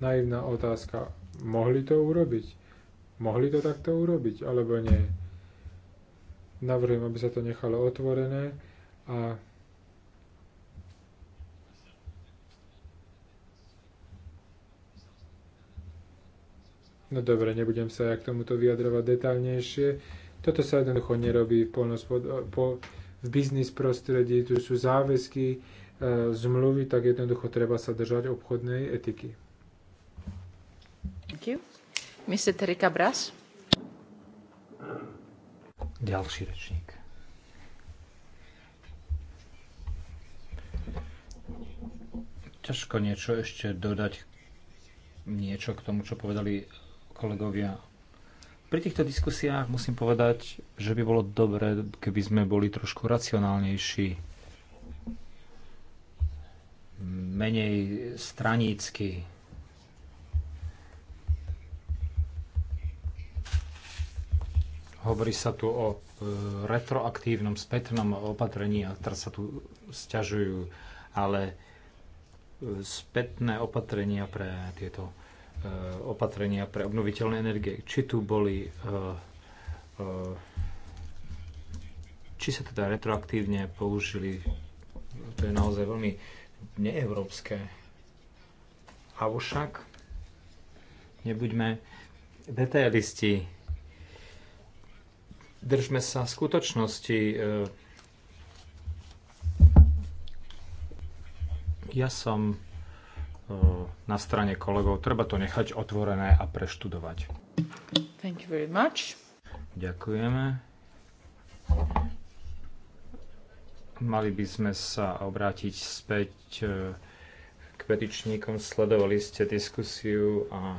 C: Naivná otázka. Mohli to urobiť? Mohli to takto urobiť, alebo nie? Navrhujem, aby sa to nechalo otvorené a No dobre, nebudem sa ja k tomuto vyjadrovať detaľnejšie. Toto sa jednoducho nerobí v, polnospod- po, v biznis prostredí, tu sú záväzky, e, zmluvy, tak jednoducho treba sa držať obchodnej etiky.
A: Thank you. Mr. Terry Cabras.
C: Ďalší rečník.
D: Ťažko niečo ešte dodať, niečo k tomu, čo povedali kolegovia. Pri týchto diskusiách musím povedať, že by bolo dobré, keby sme boli trošku racionálnejší, menej stranícky, Hovorí sa tu o e, retroaktívnom spätnom opatrení a teraz sa tu sťažujú, ale e, spätné opatrenia pre tieto e, opatrenia pre obnoviteľné energie, či tu boli či sa teda retroaktívne použili to je naozaj veľmi neevropské avšak nebuďme detailisti Držme sa skutočnosti. Eh, ja som eh, na strane kolegov. Treba to nechať otvorené a preštudovať.
A: Thank you very much.
D: Ďakujeme. Mali by sme sa obrátiť späť eh, k petičníkom. Sledovali ste diskusiu a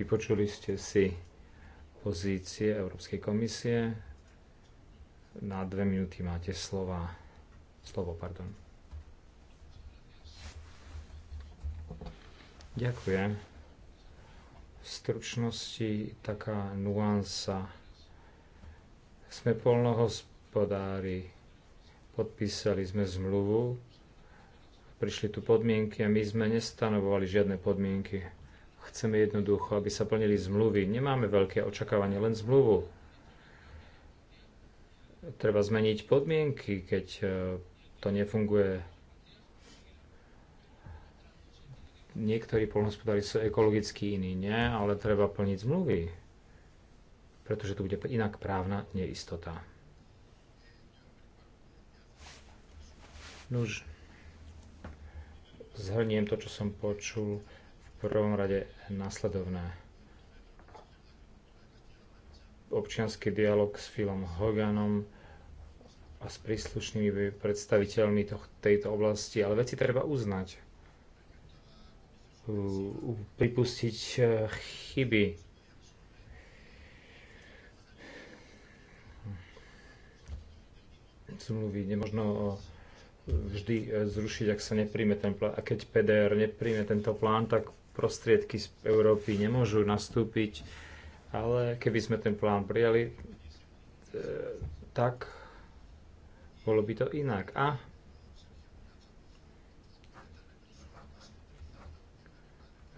D: vypočuli ste si pozície Európskej komisie. Na dve minúty máte slova. Slovo, pardon. Ďakujem. V stručnosti taká nuansa. Sme polnohospodári, podpísali sme zmluvu, prišli tu podmienky a my sme nestanovovali žiadne podmienky Chceme jednoducho, aby sa plnili zmluvy. Nemáme veľké očakávanie, len zmluvu. Treba zmeniť podmienky, keď e, to nefunguje. Niektorí polnospodári sú ekologickí, iní nie, ale treba plniť zmluvy, pretože tu bude inak právna neistota. Nuž, zhrniem to, čo som počul prvom rade nasledovné. Občianský dialog s Philom Hoganom a s príslušnými predstaviteľmi tejto oblasti, ale veci treba uznať. Pripustiť eh, chyby. Zmluvy nemožno eh, vždy eh, zrušiť, ak sa nepríjme ten plán. A keď PDR nepríjme tento plán, tak prostriedky z Európy nemôžu nastúpiť, ale keby sme ten plán prijali, e, tak bolo by to inak. A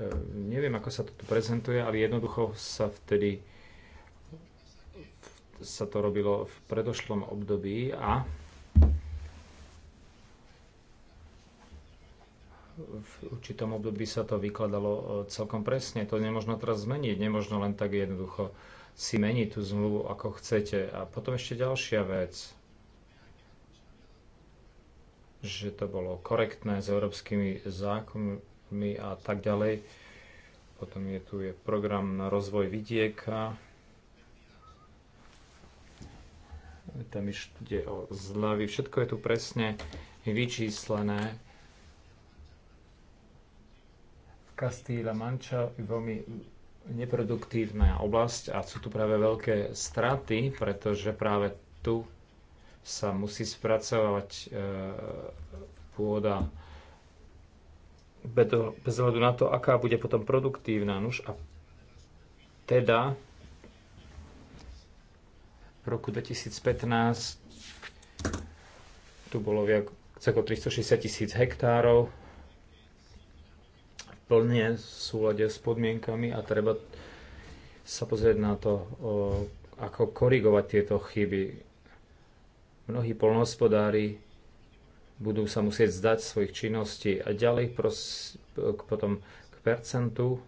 D: e, neviem, ako sa to tu prezentuje, ale jednoducho sa vtedy sa to robilo v predošlom období a v určitom období sa to vykladalo e, celkom presne. To nemožno teraz zmeniť, nemožno len tak jednoducho si meniť tú zmluvu, ako chcete. A potom ešte ďalšia vec, že to bolo korektné s európskymi zákonmi a tak ďalej. Potom je tu je program na rozvoj vidieka. Tam ide o zľavy. Všetko je tu presne vyčíslené Castilla Mancha veľmi neproduktívna oblasť a sú tu práve veľké straty, pretože práve tu sa musí spracovať e, pôda bez hľadu na to, aká bude potom produktívna. Nuž a teda v roku 2015 tu bolo viac ako 360 tisíc hektárov plne v súlade s podmienkami a treba sa pozrieť na to, ako korigovať tieto chyby. Mnohí polnohospodári budú sa musieť zdať svojich činností a ďalej pros, k, potom k percentu.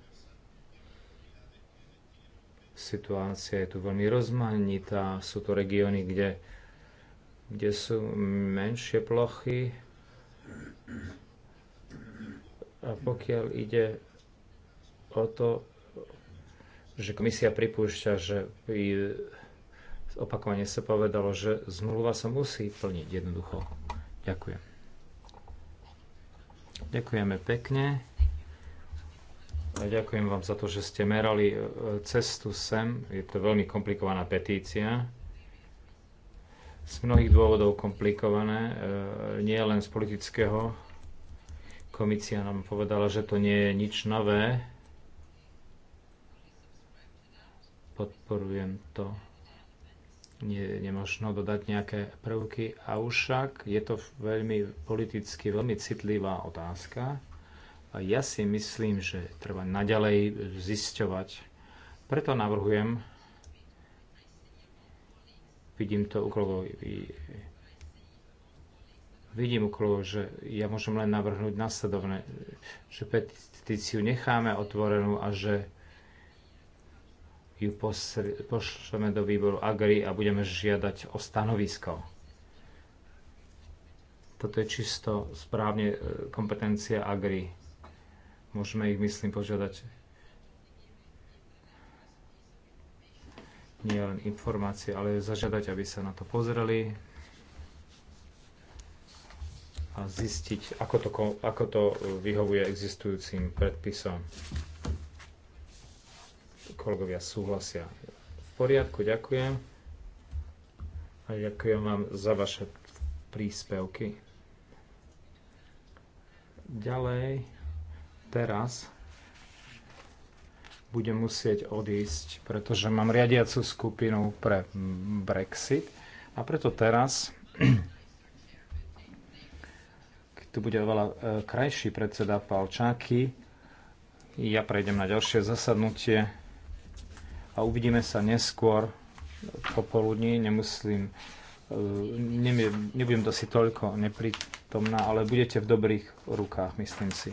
D: Situácia je tu veľmi rozmanitá. Sú to regióny, kde, kde sú menšie plochy a pokiaľ ide o to, že komisia pripúšťa, že pri opakovane sa povedalo, že zmluva sa musí plniť jednoducho. Ďakujem. Ďakujeme pekne. A ďakujem vám za to, že ste merali e, cestu sem. Je to veľmi komplikovaná petícia. Z mnohých dôvodov komplikované, e, nie len z politického, Komisia nám povedala, že to nie je nič nové. Podporujem to. Nie, nemožno dodať nejaké prvky. A však je to veľmi politicky veľmi citlivá otázka. A ja si myslím, že treba naďalej zisťovať. Preto navrhujem, vidím to u kolegovi, vidím okolo, že ja môžem len navrhnúť nasledovne, že petíciu necháme otvorenú a že ju pošleme do výboru Agri a budeme žiadať o stanovisko. Toto je čisto správne e, kompetencia Agri. Môžeme ich, myslím, požiadať nie len informácie, ale zažiadať, aby sa na to pozreli, a zistiť, ako to, ako to e, vyhovuje existujúcim predpisom. Kolegovia súhlasia. V poriadku, ďakujem. A ďakujem vám za vaše príspevky. Ďalej, teraz budem musieť odísť, pretože mám riadiacu skupinu pre Brexit a preto teraz tu bude oveľa e, krajší predseda Palčáky. Ja prejdem na ďalšie zasadnutie a uvidíme sa neskôr popoludní. Nemusím, e, nebudem to si toľko neprítomná, ale budete v dobrých rukách, myslím si.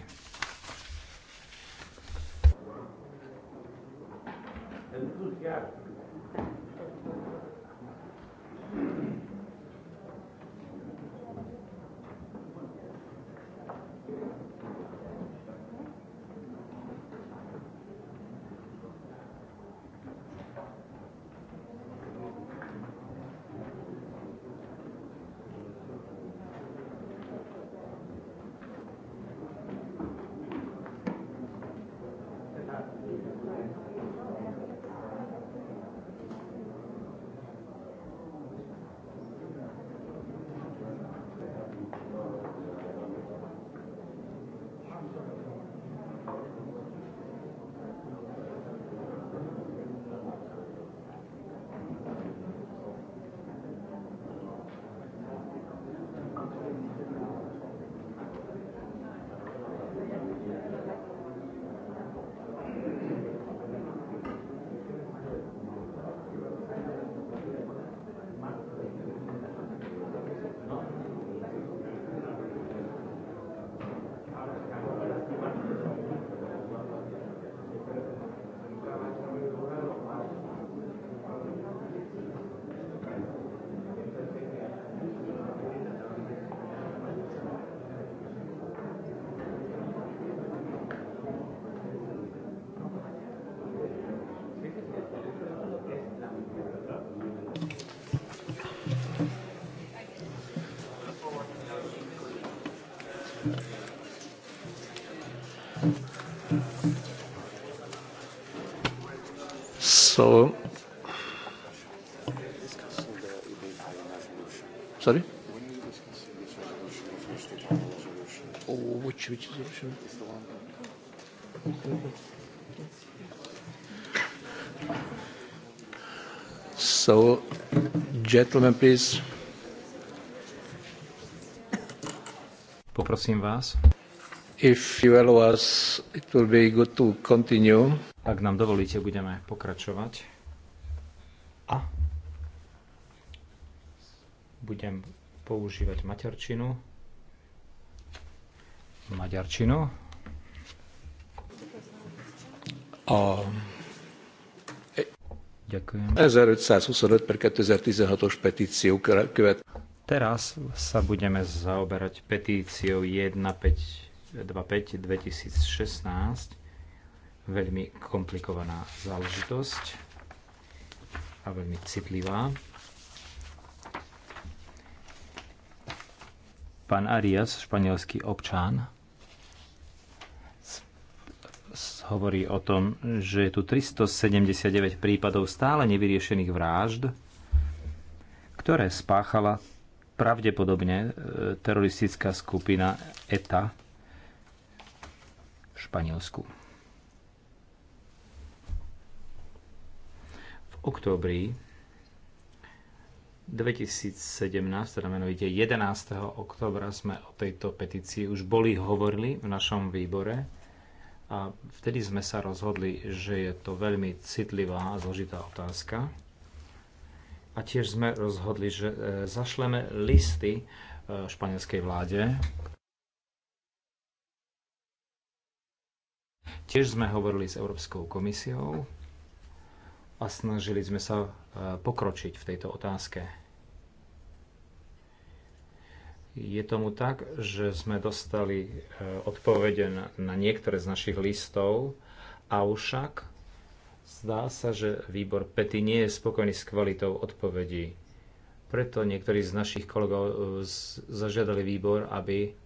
B: slovo. sorry? So, gentlemen, please.
D: Poprosím vás. If you allow us, it will be good to continue. Ak nám dovolíte, budeme pokračovať. A budem používať materčinu. Maďarčinu.
B: A... Ďakujem. 1525 per 2016 už petíciu kvet.
D: Teraz sa budeme zaoberať petíciou 1525 2016 veľmi komplikovaná záležitosť a veľmi citlivá. Pán Arias, španielský občan, hovorí o tom, že je tu 379 prípadov stále nevyriešených vražd, ktoré spáchala pravdepodobne e, teroristická skupina ETA v Španielsku. októbri 2017, teda menovite 11. oktobra sme o tejto petícii už boli hovorili v našom výbore a vtedy sme sa rozhodli, že je to veľmi citlivá a zložitá otázka. A tiež sme rozhodli, že e, zašleme listy e, španielskej vláde. Tiež sme hovorili s Európskou komisiou a snažili sme sa e, pokročiť v tejto otázke. Je tomu tak, že sme dostali e, odpovede na niektoré z našich listov, avšak zdá sa, že výbor PETI nie je spokojný s kvalitou odpovedí. Preto niektorí z našich kolegov e, zažiadali výbor, aby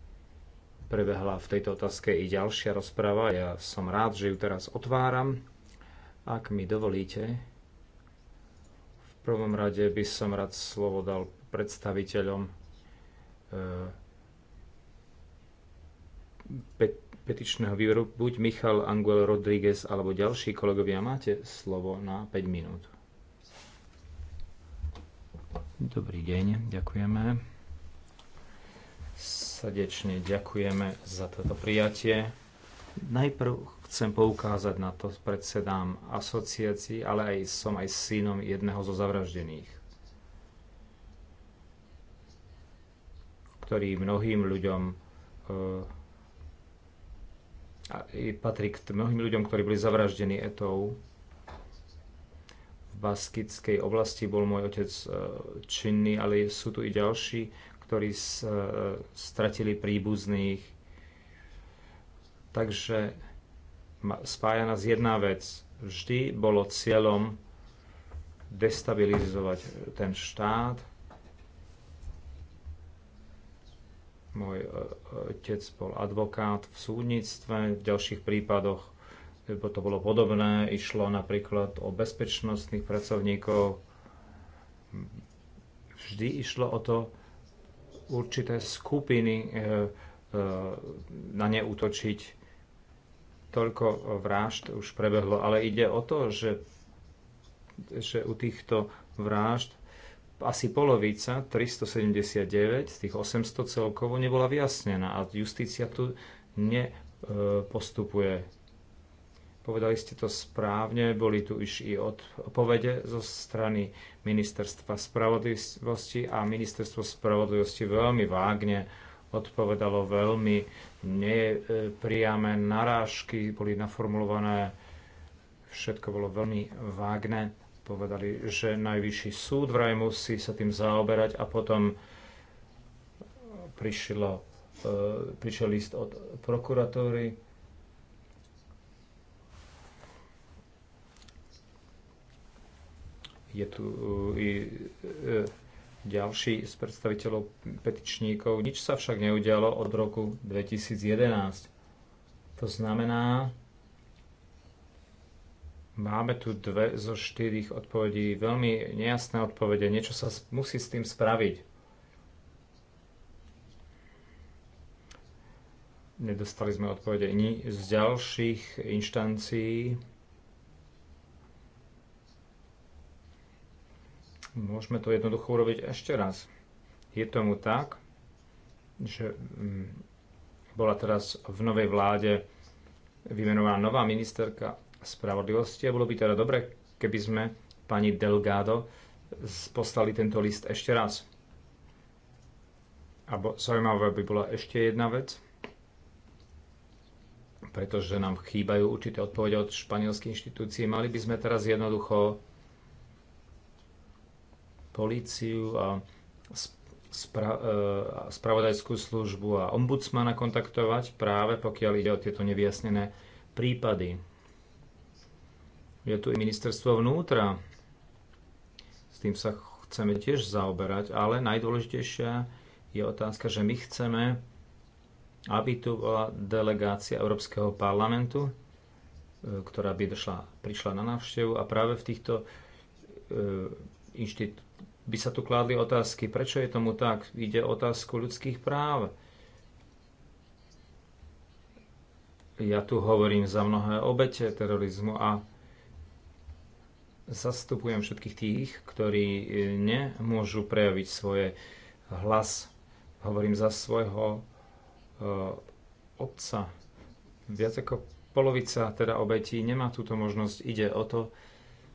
D: prebehla v tejto otázke i ďalšia rozpráva. Ja som rád, že ju teraz otváram ak mi dovolíte, v prvom rade by som rád slovo dal predstaviteľom eh, petičného výboru, buď Michal Anguel Rodríguez alebo ďalší kolegovia, máte slovo na 5 minút. Dobrý deň, ďakujeme. Srdečne ďakujeme za toto prijatie. Najprv Chcem poukázať na to, predsedám asociácii, ale aj som aj synom jedného zo zavraždených, ktorý mnohým ľuďom e, patrí k mnohým ľuďom, ktorí boli zavraždení etou. V baskickej oblasti bol môj otec e, činný, ale sú tu i ďalší, ktorí s, e, stratili príbuzných. Takže spája nás jedna vec. Vždy bolo cieľom destabilizovať ten štát. Môj e, otec bol advokát v súdnictve, v ďalších prípadoch e, to bolo podobné. Išlo napríklad o bezpečnostných pracovníkov. Vždy išlo o to určité skupiny e, na ne útočiť toľko vražd už prebehlo, ale ide o to, že, že u týchto vražd asi polovica, 379 z tých 800 celkovo, nebola vyjasnená a justícia tu nepostupuje. E, Povedali ste to správne, boli tu už i odpovede zo strany Ministerstva spravodlivosti a Ministerstvo spravodlivosti veľmi vágne odpovedalo veľmi nepriame narážky boli naformulované, všetko bolo veľmi vágne. Povedali, že najvyšší súd vraj musí sa tým zaoberať a potom prišlo, e, prišiel list od prokuratúry. Je tu i e, e, ďalší z predstaviteľov petičníkov. Nič sa však neudialo od roku 2011. To znamená, máme tu dve zo štyrých odpovedí, veľmi nejasné odpovede, niečo sa musí s tým spraviť. Nedostali sme odpovede ani z ďalších inštancií, Môžeme to jednoducho urobiť ešte raz. Je tomu tak, že mm, bola teraz v novej vláde vymenovaná nová ministerka spravodlivosti a bolo by teda dobre, keby sme pani Delgado poslali tento list ešte raz. A zaujímavá by bola ešte jedna vec, pretože nám chýbajú určité odpovede od španielských inštitúcií. Mali by sme teraz jednoducho políciu a spra- e, spravodajskú službu a ombudsmana kontaktovať práve pokiaľ ide o tieto nevyjasnené prípady. Je tu i ministerstvo vnútra. S tým sa chceme tiež zaoberať, ale najdôležitejšia je otázka, že my chceme, aby tu bola delegácia Európskeho parlamentu, e, ktorá by došla, prišla na návštevu a práve v týchto e, inštitúciách by sa tu kládli otázky, prečo je tomu tak. Ide otázku ľudských práv. Ja tu hovorím za mnohé obete terorizmu a zastupujem všetkých tých, ktorí e, nemôžu prejaviť svoje hlas. Hovorím za svojho uh, otca. Viac ako polovica teda obetí nemá túto možnosť. Ide o to,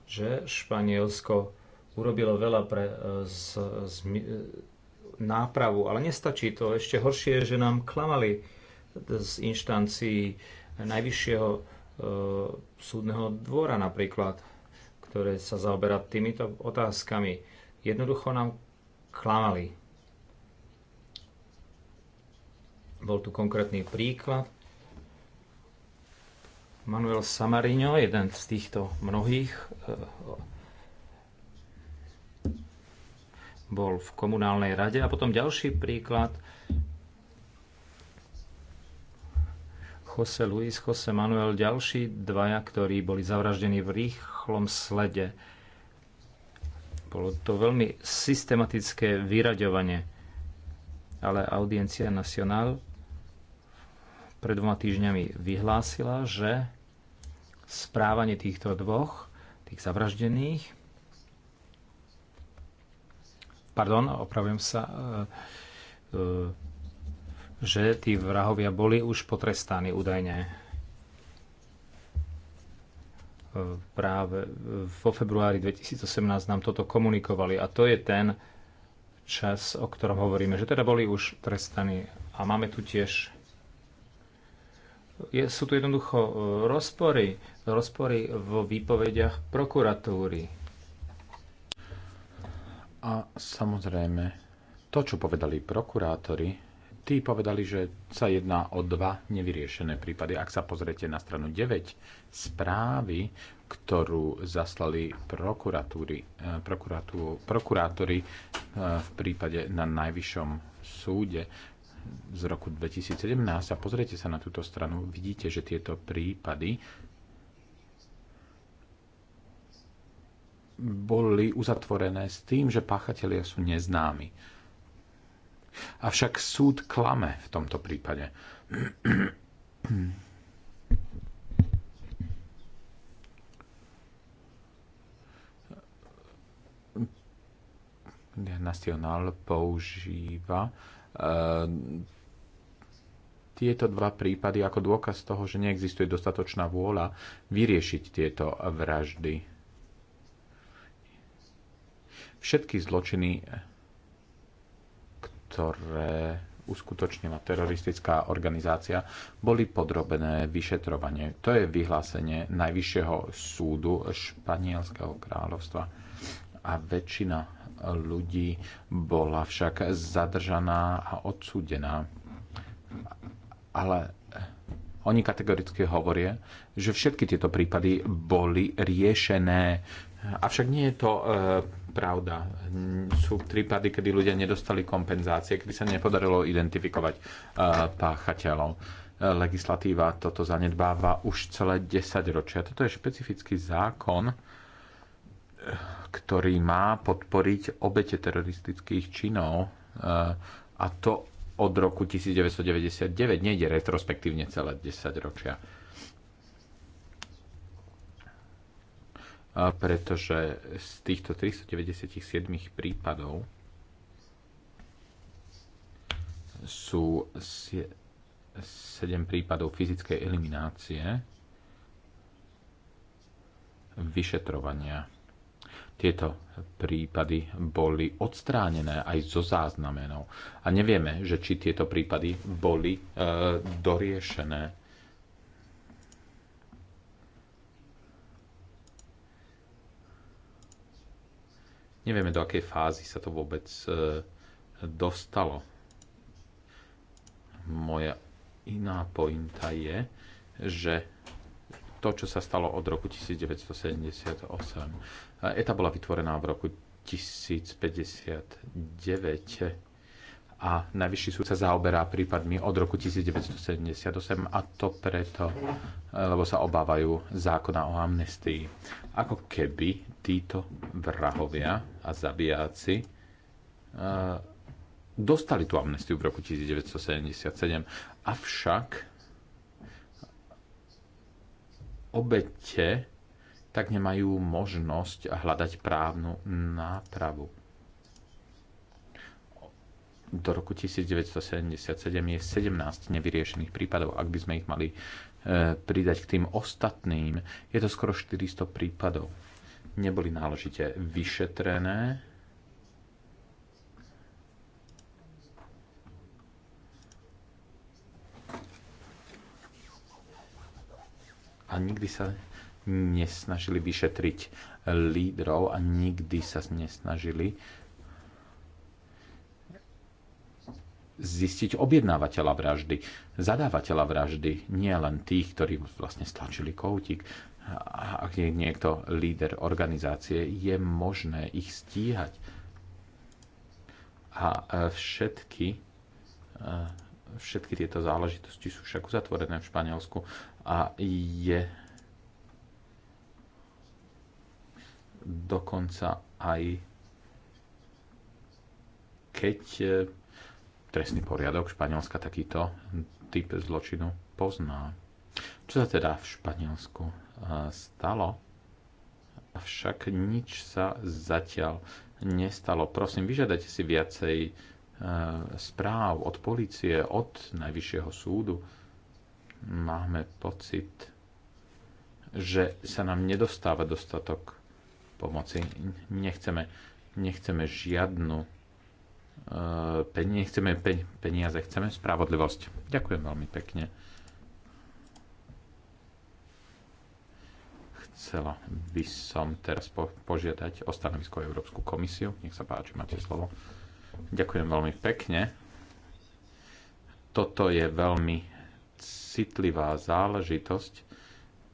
D: že Španielsko urobilo veľa pre z, e, z, e, nápravu, ale nestačí to. Ešte horšie je, že nám klamali z inštancií Najvyššieho e, súdneho dvora napríklad, ktoré sa zaoberá týmito otázkami. Jednoducho nám klamali. Bol tu konkrétny príklad. Manuel Samarino, jeden z týchto mnohých e, bol v komunálnej rade. A potom ďalší príklad. Jose Luis, Jose Manuel, ďalší dvaja, ktorí boli zavraždení v rýchlom slede. Bolo to veľmi systematické vyraďovanie. Ale Audiencia Nacional pred dvoma týždňami vyhlásila, že správanie týchto dvoch, tých zavraždených, pardon, opravujem sa, e, e, že tí vrahovia boli už potrestaní údajne. E, práve vo februári 2018 nám toto komunikovali a to je ten čas, o ktorom hovoríme, že teda boli už trestaní a máme tu tiež je, sú tu jednoducho rozpory, rozpory vo výpovediach prokuratúry
B: a samozrejme, to, čo povedali prokurátori, tí povedali, že sa jedná o dva nevyriešené prípady. Ak sa pozriete na stranu 9 správy, ktorú zaslali eh, prokurátori eh, v prípade na najvyššom súde z roku 2017 a pozriete sa na túto stranu, vidíte, že tieto prípady boli uzatvorené s tým, že páchatelia sú neznámi. Avšak súd klame v tomto prípade. Nacional používa eh, tieto dva prípady ako dôkaz toho, že neexistuje dostatočná vôľa vyriešiť tieto vraždy všetky zločiny, ktoré uskutočnila teroristická organizácia, boli podrobené vyšetrovanie. To je vyhlásenie Najvyššieho súdu Španielského kráľovstva. A väčšina ľudí bola však zadržaná a odsúdená. Ale oni kategoricky hovoria, že všetky tieto prípady boli riešené Avšak nie je to e, pravda. Sú prípady, kedy ľudia nedostali kompenzácie, kedy sa nepodarilo identifikovať e, páchateľov. E, legislatíva toto zanedbáva už celé 10 ročia. Toto je špecifický zákon, e, ktorý má podporiť obete teroristických činov e, a to od roku 1999. Nejde retrospektívne celé 10 ročia pretože z týchto 397 prípadov sú 7 prípadov fyzickej eliminácie vyšetrovania. Tieto prípady boli odstránené aj zo záznamenou a nevieme, že či tieto prípady boli e, doriešené Nevieme, do akej fázy sa to vôbec e, dostalo. Moja iná pointa je, že to, čo sa stalo od roku 1978, e, ETA bola vytvorená v roku 1059 a najvyšší súd sa zaoberá prípadmi od roku 1978 a to preto, e, lebo sa obávajú zákona o amnestii. Ako keby títo vrahovia a zabijáci e, dostali tú amnestiu v roku 1977, avšak obete tak nemajú možnosť hľadať právnu nápravu do roku 1977 je 17 nevyriešených prípadov. Ak by sme ich mali e, pridať k tým ostatným, je to skoro 400 prípadov. Neboli náležite vyšetrené. A nikdy sa nesnažili vyšetriť lídrov a nikdy sa nesnažili zistiť objednávateľa vraždy, zadávateľa vraždy, nie len tých, ktorí vlastne stlačili koutík. A ak je niekto líder organizácie, je možné ich stíhať. A e, všetky, e, všetky tieto záležitosti sú však uzatvorené v Španielsku a je dokonca aj keď e, trestný poriadok Španielska takýto typ zločinu pozná. Čo sa teda v Španielsku e, stalo? Avšak nič sa zatiaľ nestalo. Prosím, vyžiadajte si viacej e, správ od policie, od Najvyššieho súdu. Máme pocit, že sa nám nedostáva dostatok pomoci. Nechceme, nechceme žiadnu Eh, peniaze, chceme peniaze, chceme spravodlivosť. Ďakujem veľmi pekne. Chcela by som teraz po, požiadať o stanovisko Európsku komisiu. Nech sa páči, máte slovo. Ďakujem veľmi pekne. Toto je veľmi citlivá záležitosť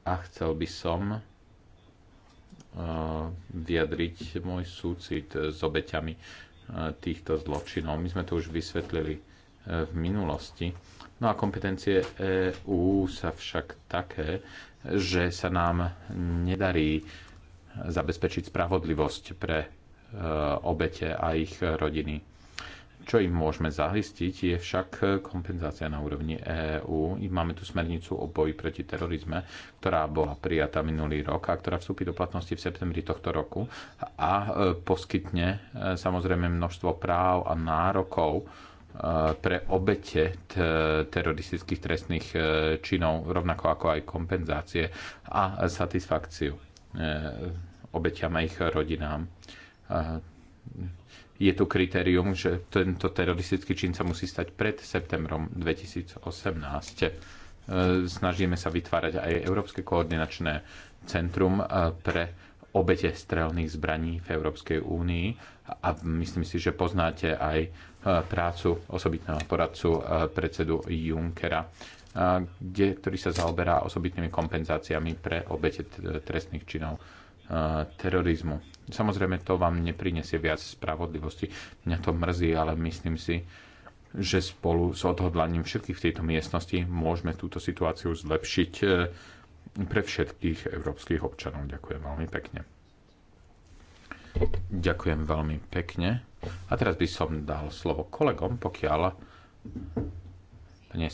B: a chcel by som eh, vyjadriť môj súcit s obeťami týchto zločinov. My sme to už vysvetlili e, v minulosti. No a kompetencie EÚ sa však také, že sa nám nedarí zabezpečiť spravodlivosť pre e, obete a ich rodiny. Čo im môžeme zahistiť, je však e, kompenzácia na úrovni EÚ. Máme tu smernicu o boji proti terorizme, ktorá bola prijatá minulý rok a ktorá vstúpi do platnosti v septembri tohto roku a e, poskytne e, samozrejme množstvo práv a nárokov pre obete teroristických trestných činov, rovnako ako aj kompenzácie a satisfakciu obetiam a ich rodinám je tu kritérium, že tento teroristický čin sa musí stať pred septembrom 2018. E, snažíme sa vytvárať aj Európske koordinačné centrum e, pre obete strelných zbraní v Európskej únii a myslím si, že poznáte aj e, prácu osobitného poradcu predsedu Junckera, kde, ktorý sa zaoberá osobitnými kompenzáciami pre obete trestných činov terorizmu Samozrejme, to vám neprinesie viac spravodlivosti. Mňa to mrzí, ale myslím si, že spolu s odhodlaním všetkých v tejto miestnosti môžeme túto situáciu zlepšiť eh, pre všetkých európskych občanov. Ďakujem veľmi pekne. Ďakujem veľmi pekne. A teraz by som dal slovo kolegom, pokiaľ pani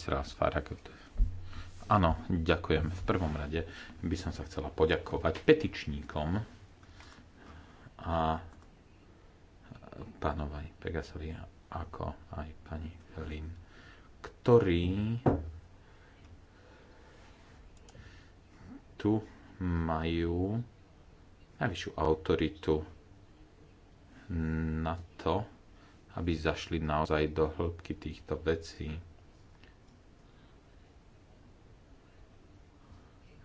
B: Áno, ďakujem. V prvom rade by som sa chcela poďakovať petičníkom, a pánovi Pegasovi ako aj pani Lin, ktorý tu majú najvyššiu autoritu na to, aby zašli naozaj do hĺbky týchto vecí.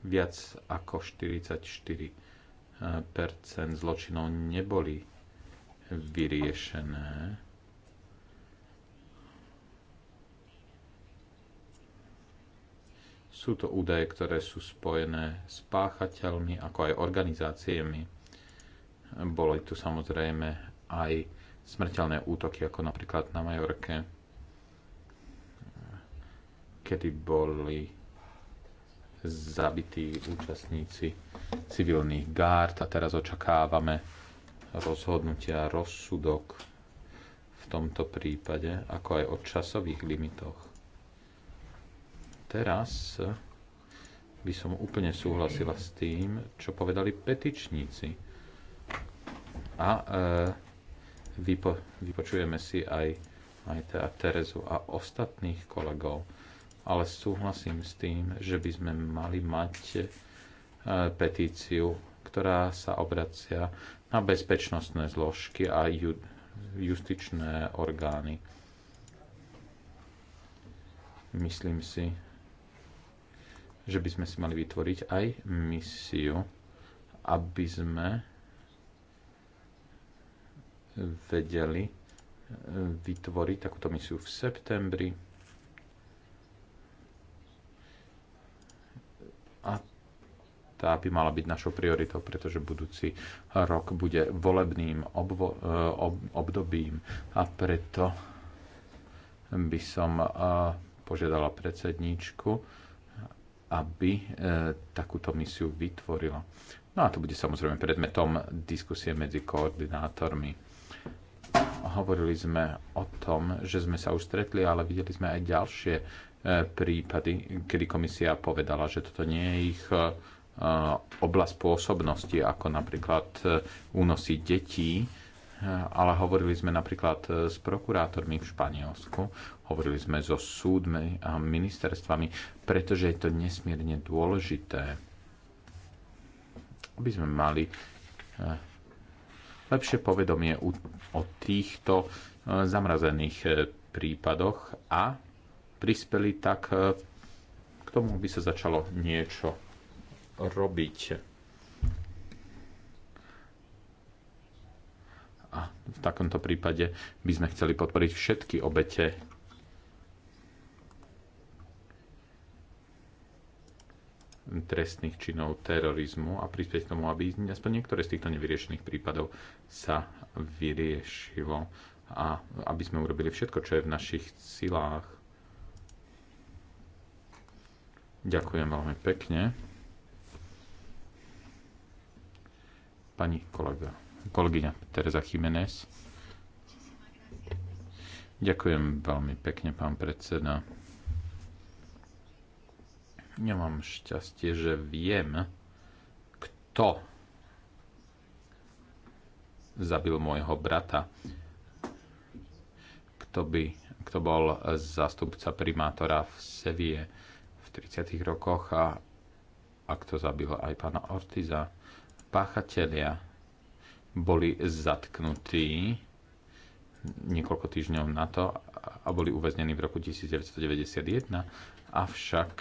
B: Viac ako 44 Percent zločinov neboli vyriešené. Sú to údaje, ktoré sú spojené s páchateľmi, ako aj organizáciami. Boli tu samozrejme aj smrteľné útoky, ako napríklad na Majorke, kedy boli zabití účastníci civilných gárd a teraz očakávame rozhodnutia, rozsudok v tomto prípade, ako aj o časových limitoch. Teraz by som úplne súhlasila s tým, čo povedali petičníci. A e, vypo, vypočujeme si aj, aj teda Terezu a ostatných kolegov ale súhlasím s tým, že by sme mali mať e, petíciu, ktorá sa obracia na bezpečnostné zložky a justičné orgány. Myslím si, že by sme si mali vytvoriť aj misiu, aby sme vedeli e, vytvoriť takúto misiu v septembri a tá by mala byť našou prioritou, pretože budúci rok bude volebným obvo- e, ob- obdobím a preto by som e, požiadala predsedníčku, aby e, takúto misiu vytvorila. No a to bude samozrejme predmetom diskusie medzi koordinátormi. Hovorili sme o tom, že sme sa už stretli, ale videli sme aj ďalšie prípady, kedy komisia povedala, že toto nie je ich e, oblasť pôsobnosti, ako napríklad e, únosy detí, e, ale hovorili sme napríklad s prokurátormi v Španielsku, hovorili sme so súdmi a ministerstvami, pretože je to nesmierne dôležité, aby sme mali lepšie povedomie o týchto zamrazených prípadoch a prispeli, tak e, k tomu by sa začalo niečo robiť. A v takomto prípade by sme chceli podporiť všetky obete trestných činov terorizmu a prispieť k tomu, aby aspoň niektoré z týchto nevyriešených prípadov sa vyriešilo a aby sme urobili všetko, čo je v našich silách Ďakujem veľmi pekne. Pani kolega, kolegyňa Teresa Jiménez. Ďakujem veľmi pekne, pán predseda. Ja mám šťastie, že viem, kto zabil môjho brata. Kto, by, kto bol zástupca primátora v Sevie 30. rokoch a ak to zabilo aj pána Ortiza, páchatelia boli zatknutí niekoľko týždňov na to a boli uväznení v roku 1991, avšak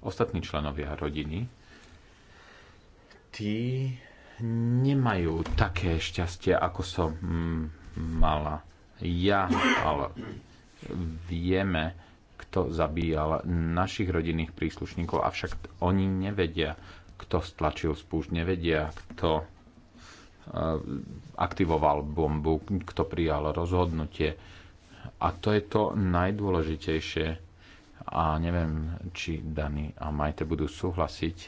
B: ostatní členovia rodiny tí nemajú také šťastie, ako som mm, mala ja, ale vieme, kto zabíjal našich rodinných príslušníkov, avšak oni nevedia, kto stlačil spúšť, nevedia, kto e, aktivoval bombu, kto prijal rozhodnutie. A to je to najdôležitejšie. A neviem, či Dani a Majte budú súhlasiť,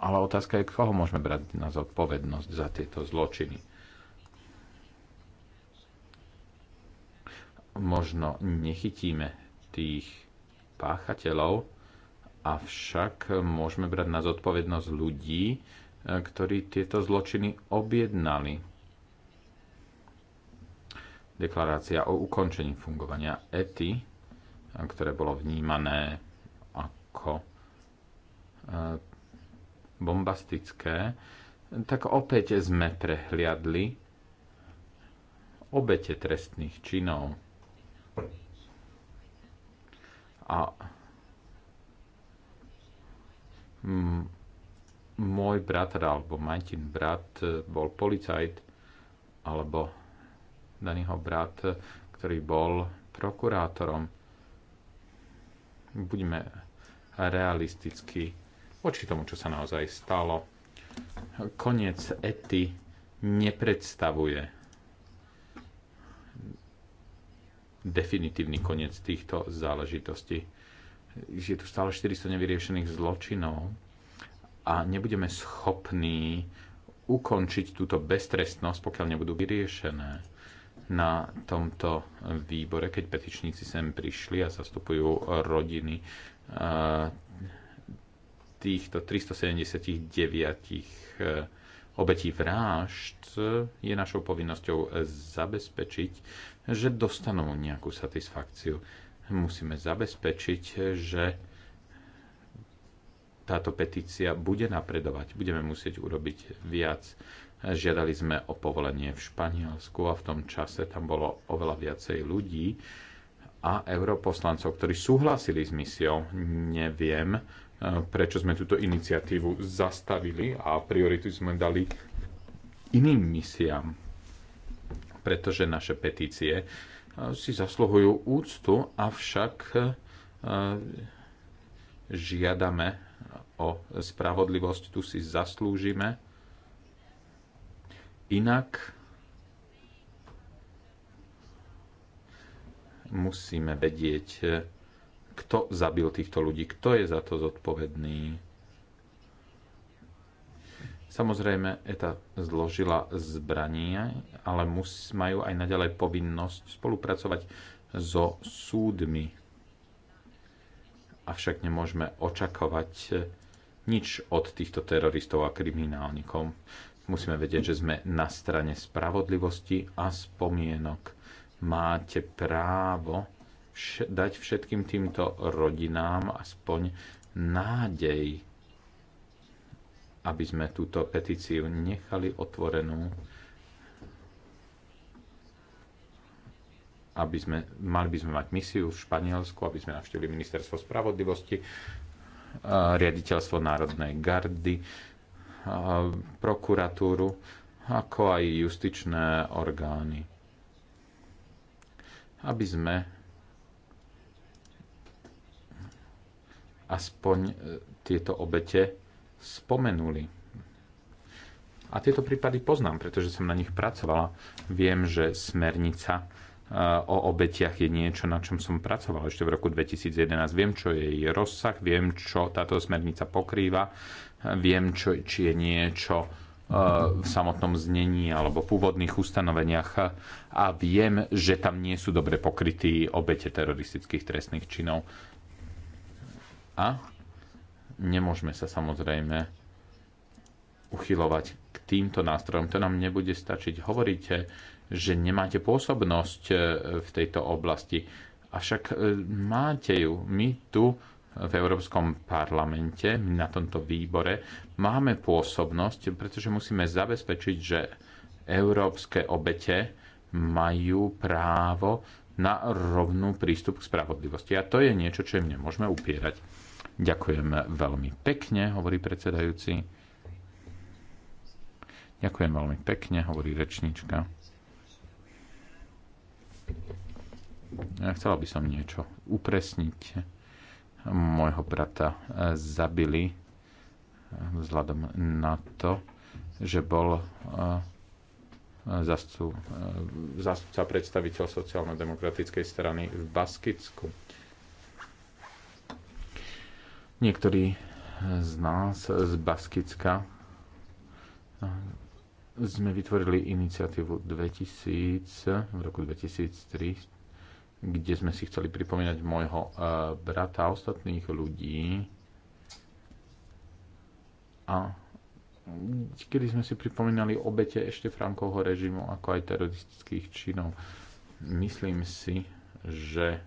B: ale otázka je, koho môžeme brať na zodpovednosť za tieto zločiny možno nechytíme tých páchateľov, avšak môžeme brať na zodpovednosť ľudí, e, ktorí tieto zločiny objednali. Deklarácia o ukončení fungovania ETI, e, ktoré bolo vnímané ako e, bombastické, tak opäť sme prehliadli obete trestných činov. A môj brat, teda, alebo Majtin brat, e, bol policajt, alebo danýho brat, e, ktorý bol prokurátorom. Buďme realistickí voči tomu, čo sa naozaj stalo. Koniec ety nepredstavuje definitívny koniec týchto záležitostí. Je tu stále 400 nevyriešených zločinov a nebudeme schopní ukončiť túto beztrestnosť, pokiaľ nebudú vyriešené na tomto výbore, keď petičníci sem prišli a zastupujú rodiny eh, týchto 379 eh, obetí vražd, je našou povinnosťou zabezpečiť, že dostanú nejakú satisfakciu. Musíme zabezpečiť, že táto petícia bude napredovať. Budeme musieť urobiť viac. Žiadali sme o povolenie v Španielsku a v tom čase tam bolo oveľa viacej ľudí a europoslancov, ktorí súhlasili s misiou. Neviem, eh, prečo sme túto iniciatívu zastavili a prioritu sme dali iným misiám pretože naše petície eh, si zasluhujú úctu, avšak eh, žiadame o spravodlivosť, tu si zaslúžime. Inak musíme vedieť, eh, kto zabil týchto ľudí, kto je za to zodpovedný Samozrejme, ETA zložila zbranie, ale mus, majú aj naďalej povinnosť spolupracovať so súdmi. Avšak nemôžeme očakovať e, nič od týchto teroristov a kriminálnikov. Musíme vedieť, že sme na strane spravodlivosti a spomienok. Máte právo vš- dať všetkým týmto rodinám aspoň nádej aby sme túto petíciu nechali otvorenú, aby sme, mali by sme mať misiu v Španielsku, aby sme navštívili ministerstvo spravodlivosti, riaditeľstvo Národnej gardy, prokuratúru, ako aj justičné orgány. Aby sme aspoň e, tieto obete spomenuli. A tieto prípady poznám, pretože som na nich pracovala. Viem, že smernica eh, o obetiach je niečo, na čom som pracoval ešte v roku 2011. Viem, čo je jej rozsah, viem, čo táto smernica pokrýva, eh, viem, čo, či je niečo eh, v samotnom znení alebo pôvodných ustanoveniach a viem, že tam nie sú dobre pokrytí obete teroristických trestných činov. A Nemôžeme sa samozrejme uchylovať k týmto nástrojom. To nám nebude stačiť. Hovoríte, že nemáte pôsobnosť e, v tejto oblasti. Avšak e, máte ju. My tu v Európskom parlamente, my na tomto výbore máme pôsobnosť, pretože musíme zabezpečiť, že európske obete majú právo na rovnú prístup k spravodlivosti. A to je niečo, čo im nemôžeme upierať. Ďakujem veľmi pekne, hovorí predsedajúci. Ďakujem veľmi pekne, hovorí rečnička. Ja chcela by som niečo upresniť. Mojho brata zabili vzhľadom na to, že bol eh, zastupca eh, predstaviteľ sociálno-demokratickej strany v Baskicku Niektorí z nás z Baskicka sme vytvorili iniciatívu 2000, v roku 2003, kde sme si chceli pripomínať môjho eh, brata a ostatných ľudí. A kedy sme si pripomínali obete ešte Frankovho režimu, ako aj teroristických činov, myslím si, že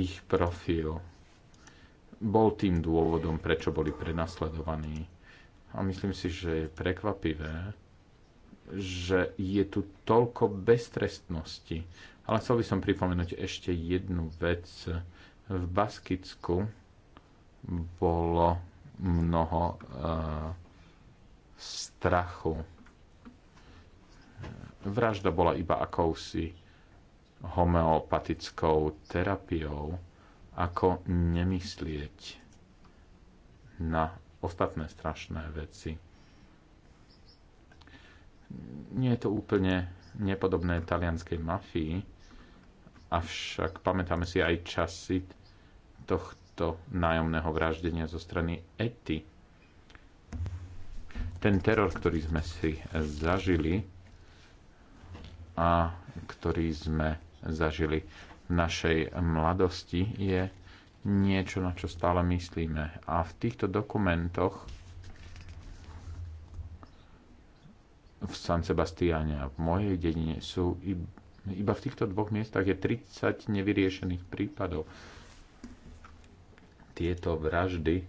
B: ich profil bol tým dôvodom, prečo boli prenasledovaní. A myslím si, že je prekvapivé, že je tu toľko beztrestnosti. Ale chcel by som pripomenúť ešte jednu vec. V Baskicku bolo mnoho e, strachu. Vražda bola iba akousi homeopatickou terapiou ako nemyslieť na ostatné strašné veci. Nie je to úplne nepodobné talianskej mafii, avšak pamätáme si aj časy tohto nájomného vraždenia zo strany Ety. Ten teror, ktorý sme si zažili a ktorý sme zažili našej mladosti je niečo, na čo stále myslíme. A v týchto dokumentoch v San Sebastiáne a v mojej dedine sú iba v týchto dvoch miestach je 30 nevyriešených prípadov. Tieto vraždy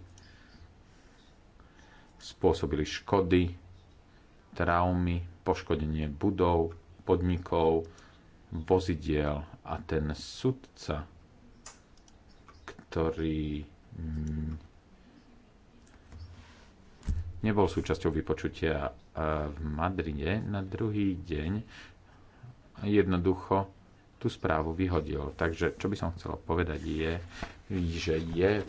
B: spôsobili škody, traumy, poškodenie budov, podnikov, vozidiel a ten sudca, ktorý mm, nebol súčasťou vypočutia e, v Madride, na druhý deň jednoducho tú správu vyhodil. Takže čo by som chcel povedať je, že je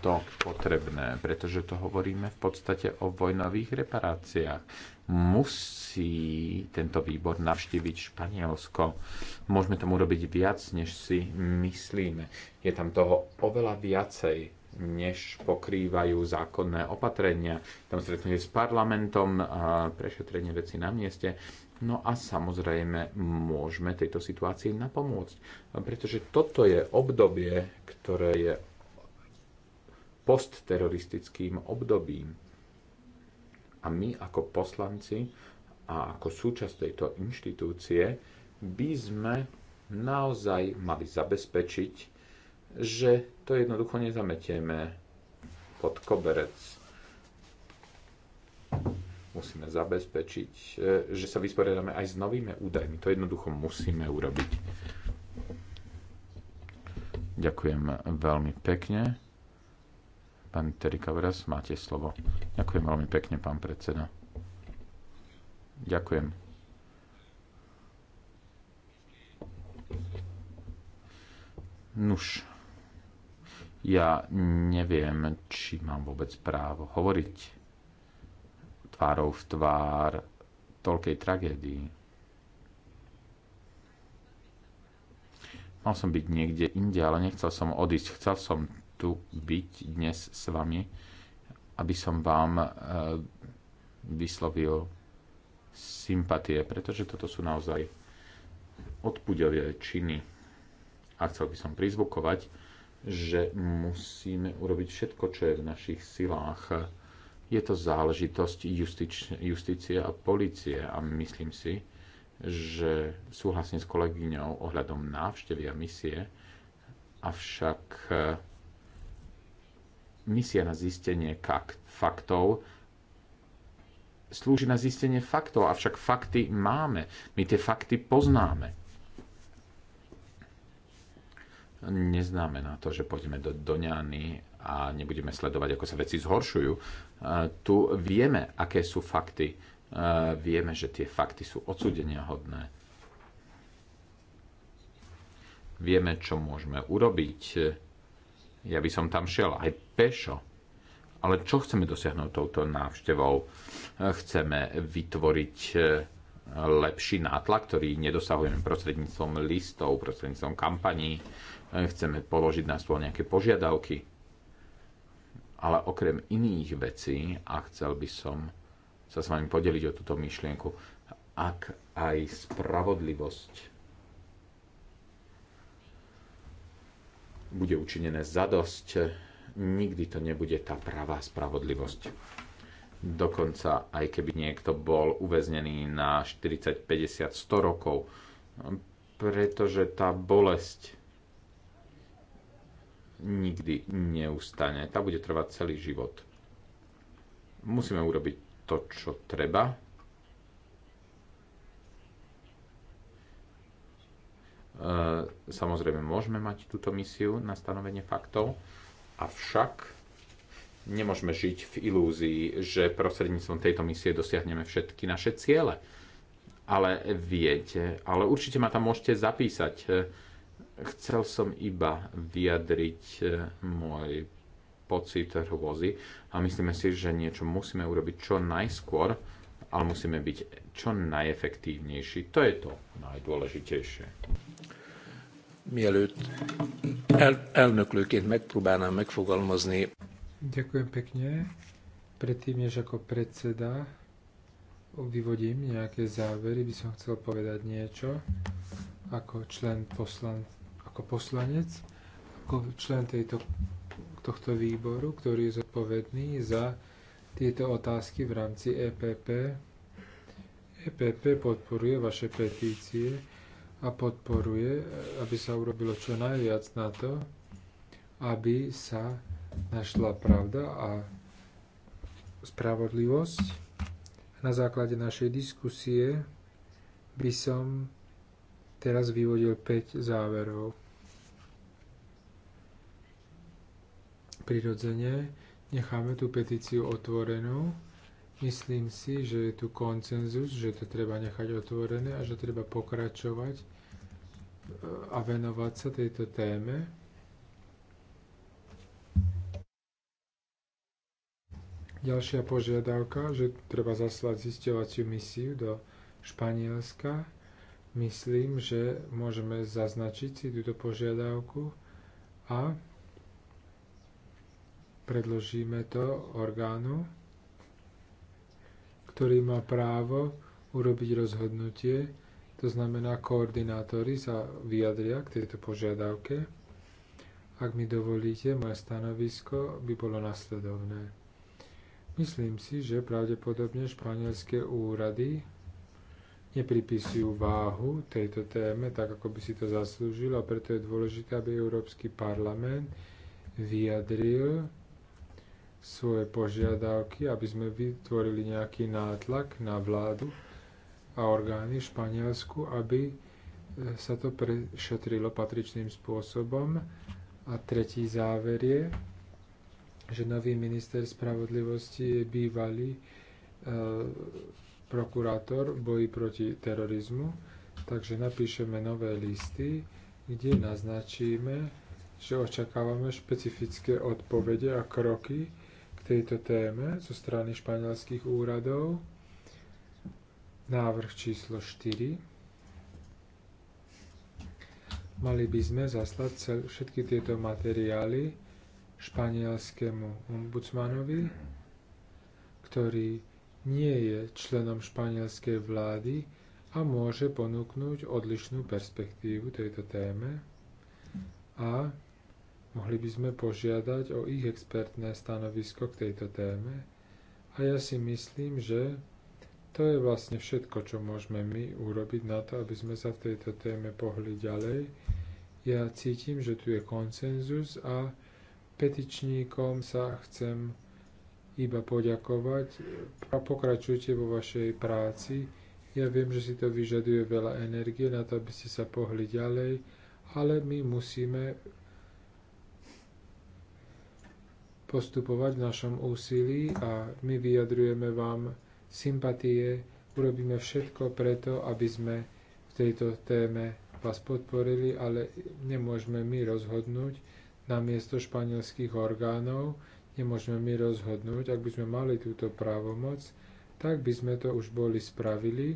B: to potrebné, pretože to hovoríme v podstate o vojnových reparáciách musí tento výbor navštíviť Španielsko. Môžeme tomu robiť viac, než si myslíme. Je tam toho oveľa viacej, než pokrývajú zákonné opatrenia. Tam stretnutie s parlamentom, prešetrenie veci na mieste. No a samozrejme môžeme tejto situácii napomôcť, pretože toto je obdobie, ktoré je postteroristickým obdobím a my ako poslanci a ako súčasť tejto inštitúcie by sme naozaj mali zabezpečiť, že to jednoducho nezametieme pod koberec. Musíme zabezpečiť, e, že sa vysporiadame aj s novými údajmi. To jednoducho musíme urobiť. Ďakujem veľmi pekne. Pán Terikavras, máte slovo. Ďakujem veľmi pekne, pán predseda. Ďakujem. Nuž, ja neviem, či mám vôbec právo hovoriť tvárou v tvár toľkej tragédii. Mal som byť niekde inde, ale nechcel som odísť. Chcel som tu byť dnes s vami, aby som vám e, vyslovil sympatie, pretože toto sú naozaj odpudové činy. A chcel by som prizvukovať, že musíme urobiť všetko, čo je v našich silách. Je to záležitosť justič, justície a policie a myslím si, že súhlasím s kolegyňou ohľadom návštevy a misie, avšak e, misia na zistenie faktov slúži na zistenie faktov, avšak fakty máme. My tie fakty poznáme. Neznamená to, že pôjdeme do Doňany a nebudeme sledovať, ako sa veci zhoršujú. E, tu vieme, aké sú fakty. E, vieme, že tie fakty sú odsudenia hodné. Vieme, čo môžeme urobiť ja by som tam šiel aj pešo. Ale čo chceme dosiahnuť touto návštevou? Chceme vytvoriť e, lepší nátlak, ktorý nedosahujeme prostredníctvom listov, prostredníctvom kampaní. E, chceme položiť na stôl nejaké požiadavky. Ale okrem iných vecí, a chcel by som sa s vami podeliť o túto myšlienku, ak aj spravodlivosť bude učinené zadosť, nikdy to nebude tá pravá spravodlivosť. Dokonca, aj keby niekto bol uväznený na 40, 50, 100 rokov, pretože tá bolesť nikdy neustane. Tá bude trvať celý život. Musíme urobiť to, čo treba, E, samozrejme, môžeme mať túto misiu na stanovenie faktov, avšak nemôžeme žiť v ilúzii, že prostredníctvom tejto misie dosiahneme všetky naše ciele. Ale viete, ale určite ma tam môžete zapísať. E, chcel som iba vyjadriť e, môj pocit hrôzy a myslíme si, že niečo musíme urobiť čo najskôr, ale musíme byť čo najefektívnejší. To je to najdôležitejšie. Mielőtt el, elnöklőként
D: megpróbálnám megfogalmazni.
C: Ďakujem pekne. Predtým, než ako predseda vyvodím nejaké závery, by som chcel povedať niečo ako člen poslan, ako poslanec, ako člen tejto, tohto výboru, ktorý je zodpovedný za tieto otázky v rámci EPP. EPP podporuje vaše petície a podporuje, aby sa urobilo čo najviac na to, aby sa našla pravda a spravodlivosť. Na základe našej diskusie by som teraz vyvodil 5 záverov. Prirodzene necháme tú petíciu otvorenú. Myslím si, že je tu koncenzus, že to treba nechať otvorené a že treba pokračovať e, a venovať sa tejto téme. Ďalšia požiadavka, že treba zaslať zisťovaciu misiu do Španielska. Myslím, že môžeme zaznačiť si túto požiadavku a Predložíme to orgánu, ktorý má právo urobiť rozhodnutie, to znamená koordinátori sa vyjadria k tejto požiadavke. Ak mi dovolíte, moje stanovisko by bolo nasledovné. Myslím si, že pravdepodobne španielské úrady nepripisujú váhu tejto téme tak, ako by si to zaslúžilo a preto je dôležité, aby Európsky parlament vyjadril svoje požiadavky, aby sme vytvorili nejaký nátlak na vládu a orgány v Španielsku, aby e, sa to prešetrilo patričným spôsobom. A tretí záver je, že nový minister spravodlivosti je bývalý e, prokurátor boji proti terorizmu, takže napíšeme nové listy, kde naznačíme, že očakávame špecifické odpovede a kroky, tejto téme zo strany španielských úradov. Návrh číslo 4 mali by sme zaslať cel, všetky tieto materiály španielskému ombudsmanovi, ktorý nie je členom španielskej vlády a môže ponúknuť odlišnú perspektívu tejto téme a Mohli by sme požiadať o ich expertné stanovisko k tejto téme a ja si myslím, že to je vlastne všetko, čo môžeme my urobiť na to, aby sme sa v tejto téme pohli ďalej. Ja cítim, že tu je konsenzus a petičníkom sa chcem iba poďakovať. Pokračujte vo vašej práci. Ja viem, že si to vyžaduje veľa energie na to, aby ste sa pohli ďalej, ale my musíme postupovať v našom úsilí a my vyjadrujeme vám sympatie, urobíme všetko preto, aby sme v tejto téme vás podporili, ale nemôžeme my rozhodnúť na miesto španielských orgánov, nemôžeme my rozhodnúť, ak by sme mali túto právomoc, tak by sme to už boli spravili.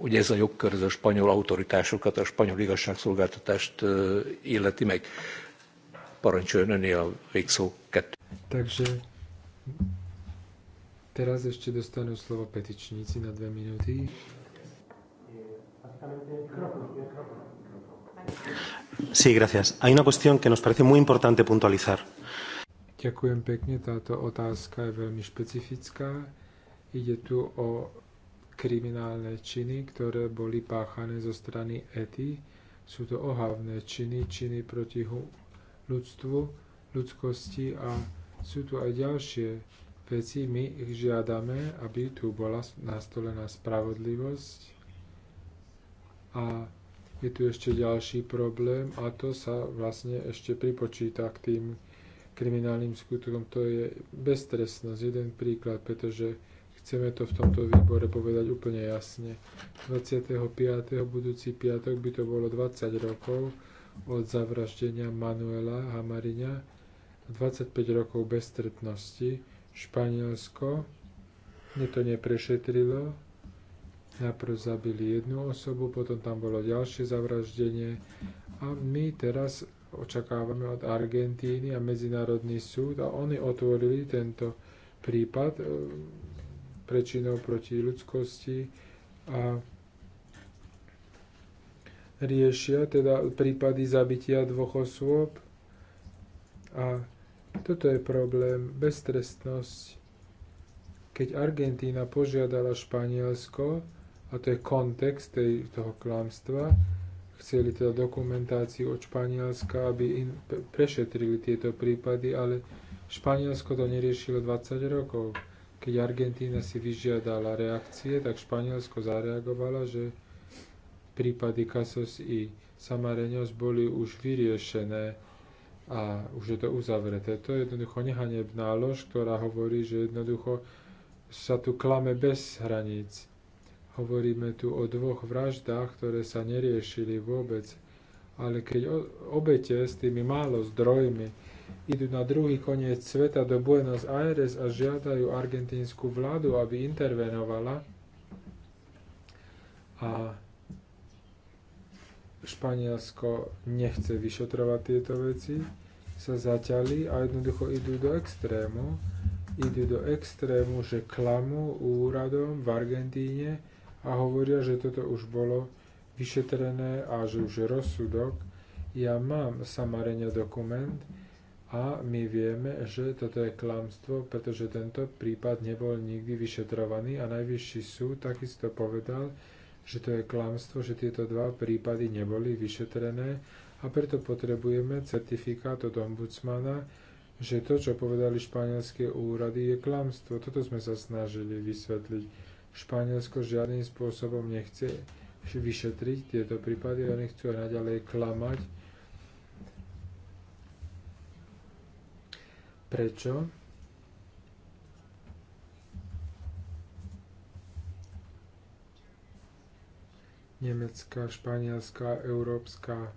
D: Ugye ez a jogkör, ez a spanyol autoritásokat, a spanyol igazságszolgáltatást illeti meg parancsoljon a végszó
C: Takže teraz ešte dostanú slovo petičníci na dve minúty.
D: Sí, gracias. Hay una cuestión que nos parece
E: muy importante puntualizar.
C: Ďakujem pekne, táto otázka je veľmi špecifická. Ide tu o kriminálne činy, ktoré boli páchané zo strany ETI. Sú to ohavné činy, činy proti ľudstvu, ľudskosti a sú tu aj ďalšie veci. My ich žiadame, aby tu bola nastolená spravodlivosť a je tu ešte ďalší problém a to sa vlastne ešte pripočíta k tým kriminálnym skutkom. To je beztrestnosť. Jeden príklad, pretože chceme to v tomto výbore povedať úplne jasne. 25. budúci piatok by to bolo 20 rokov, od zavraždenia Manuela Hamariňa 25 rokov bez stretnosti. Španielsko mne to neprešetrilo. Najprv zabili jednu osobu, potom tam bolo ďalšie zavraždenie. A my teraz očakávame od Argentíny a Medzinárodný súd a oni otvorili tento prípad e, prečinov proti ľudskosti a riešia teda prípady zabitia dvoch osôb. A toto je problém, beztrestnosť. Keď Argentína požiadala Španielsko, a to je kontext tej, toho klamstva, chceli teda dokumentáciu od Španielska, aby in, prešetrili tieto prípady, ale Španielsko to neriešilo 20 rokov. Keď Argentína si vyžiadala reakcie, tak Španielsko zareagovala, že prípady Kasos i Samareňos boli už vyriešené a už je to uzavreté. To je jednoducho nehanebná lož, ktorá hovorí, že jednoducho sa tu klame bez hraníc. Hovoríme tu o dvoch vraždách, ktoré sa neriešili vôbec. Ale keď obete s tými málo zdrojmi idú na druhý koniec sveta do Buenos Aires a žiadajú argentínsku vládu, aby intervenovala, a Španielsko nechce vyšetrovať tieto veci, sa zaťali a jednoducho idú do extrému. Idú do extrému, že klamú úradom v Argentíne a hovoria, že toto už bolo vyšetrené a že už je rozsudok. Ja mám samarene dokument a my vieme, že toto je klamstvo, pretože tento prípad nebol nikdy vyšetrovaný a najvyšší súd takisto povedal, že to je klamstvo, že tieto dva prípady neboli vyšetrené a preto potrebujeme certifikát od ombudsmana, že to, čo povedali španielské úrady, je klamstvo. Toto sme sa snažili vysvetliť. Španielsko žiadnym spôsobom nechce vyšetriť tieto prípady, oni chcú naďalej klamať. Prečo? nemecká, španielská, európska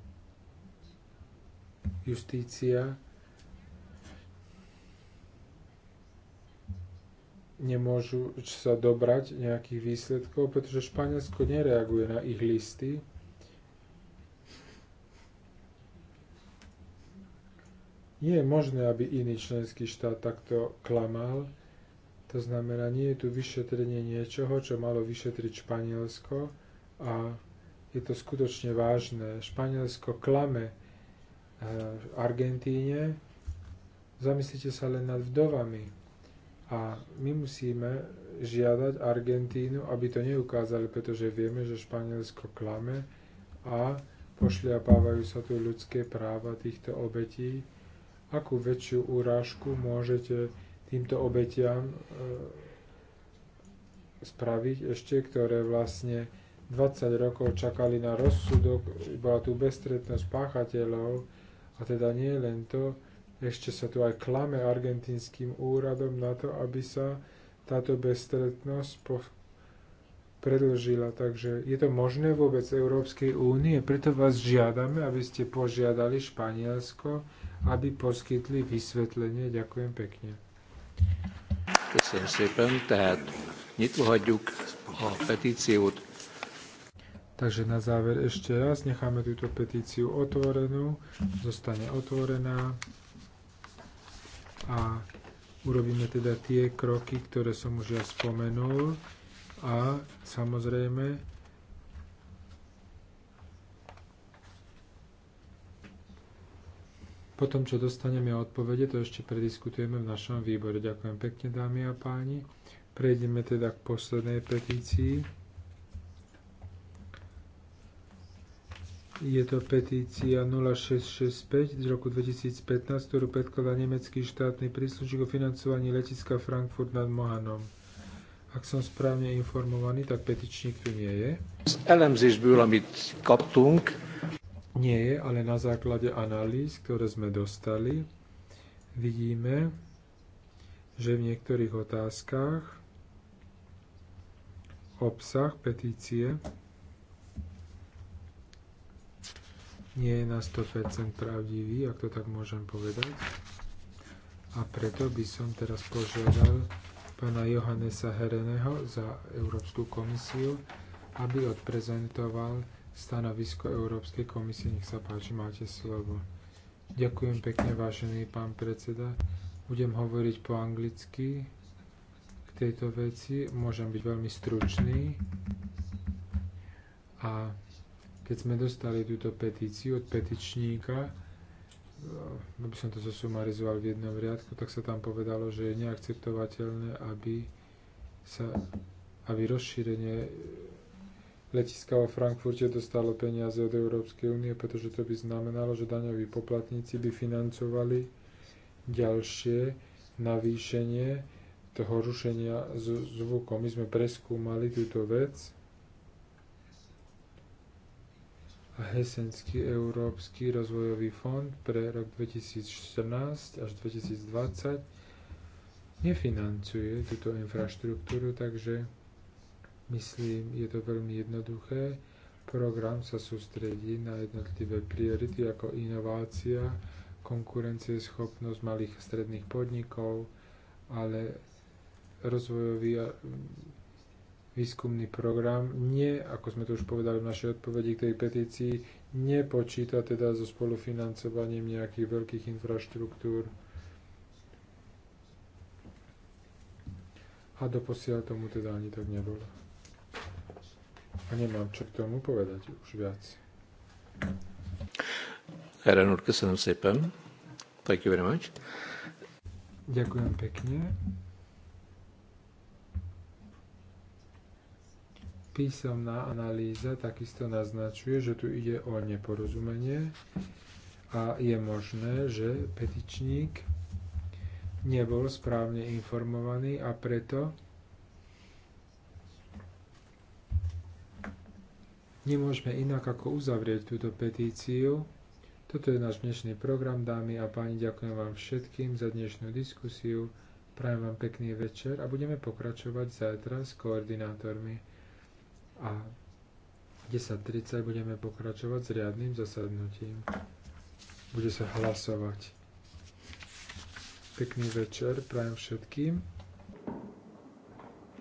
C: justícia nemôžu sa dobrať nejakých výsledkov, pretože Španielsko nereaguje na ich listy. Nie je možné, aby iný členský štát takto klamal. To znamená, nie je tu vyšetrenie niečoho, čo malo vyšetriť Španielsko a je to skutočne vážne. Španielsko klame e, v Argentíne. Zamyslite sa len nad vdovami. A my musíme žiadať Argentínu, aby to neukázali, pretože vieme, že Španielsko klame a pošliapávajú sa tu ľudské práva týchto obetí. Akú väčšiu úrážku môžete týmto obetiam e, spraviť ešte, ktoré vlastne 20 rokov čakali na rozsudok, bola tu bestretnosť páchateľov a teda nie len to, ešte sa tu aj klame argentínskym úradom na to, aby sa táto bestretnosť po- predlžila. Takže je to možné vôbec Európskej únie, preto vás žiadame, aby ste požiadali Španielsko, aby poskytli vysvetlenie. Ďakujem pekne.
D: hagyjuk a petíciót.
C: Takže na záver ešte raz necháme túto petíciu otvorenú, zostane otvorená a urobíme teda tie kroky, ktoré som už ja spomenul a samozrejme potom, čo dostaneme odpovede, to ešte prediskutujeme v našom výbore. Ďakujem pekne, dámy a páni. Prejdeme teda k poslednej petícii. Je to petícia 0665 z roku 2015, ktorú predkladá nemecký štátny príslušník o financovaní letiska Frankfurt nad Mohanom. Ak som správne informovaný, tak petičník tu nie je. Nie je, ale na základe analýz, ktoré sme dostali, vidíme, že v niektorých otázkach obsah petície nie je na 100% pravdivý, ak to tak môžem povedať. A preto by som teraz požiadal pána Johannesa Hereného za Európsku komisiu, aby odprezentoval stanovisko Európskej komisie. Nech sa páči, máte slovo. Ďakujem pekne, vážený pán predseda. Budem hovoriť po anglicky k tejto veci. Môžem byť veľmi stručný. A keď sme dostali túto petíciu od petičníka, eh, aby som to zosumarizoval v jednom riadku, tak sa tam povedalo, že je neakceptovateľné, aby sa aby rozšírenie letiska vo Frankfurte dostalo peniaze od Európskej únie, pretože to by znamenalo, že daňoví poplatníci by financovali ďalšie navýšenie toho rušenia zvukom. My sme preskúmali túto vec Hesenský Európsky rozvojový fond pre rok 2014 až 2020 nefinancuje túto infraštruktúru, takže myslím, je to veľmi jednoduché. Program sa sústredí na jednotlivé priority ako inovácia, konkurencieschopnosť malých a stredných podnikov, ale rozvojový výskumný program nie, ako sme to už povedali v našej odpovedi k tej petícii, nepočíta teda so spolufinancovaním nejakých veľkých infraštruktúr. A doposiaľ tomu teda ani tak nebolo. A nemám čo k tomu povedať už viac.
B: Erre köszönöm szépen.
D: Thank you very much.
C: Ďakujem pekne. Písomná analýza takisto naznačuje, že tu ide o neporozumenie a je možné, že petičník nebol správne informovaný a preto nemôžeme inak ako uzavrieť túto petíciu. Toto je náš dnešný program, dámy a páni. Ďakujem vám všetkým za dnešnú diskusiu. Prajem vám pekný večer a budeme pokračovať zajtra s koordinátormi a 10.30 budeme pokračovať s riadnym zasadnutím. Bude sa hlasovať. Pekný večer prajem všetkým.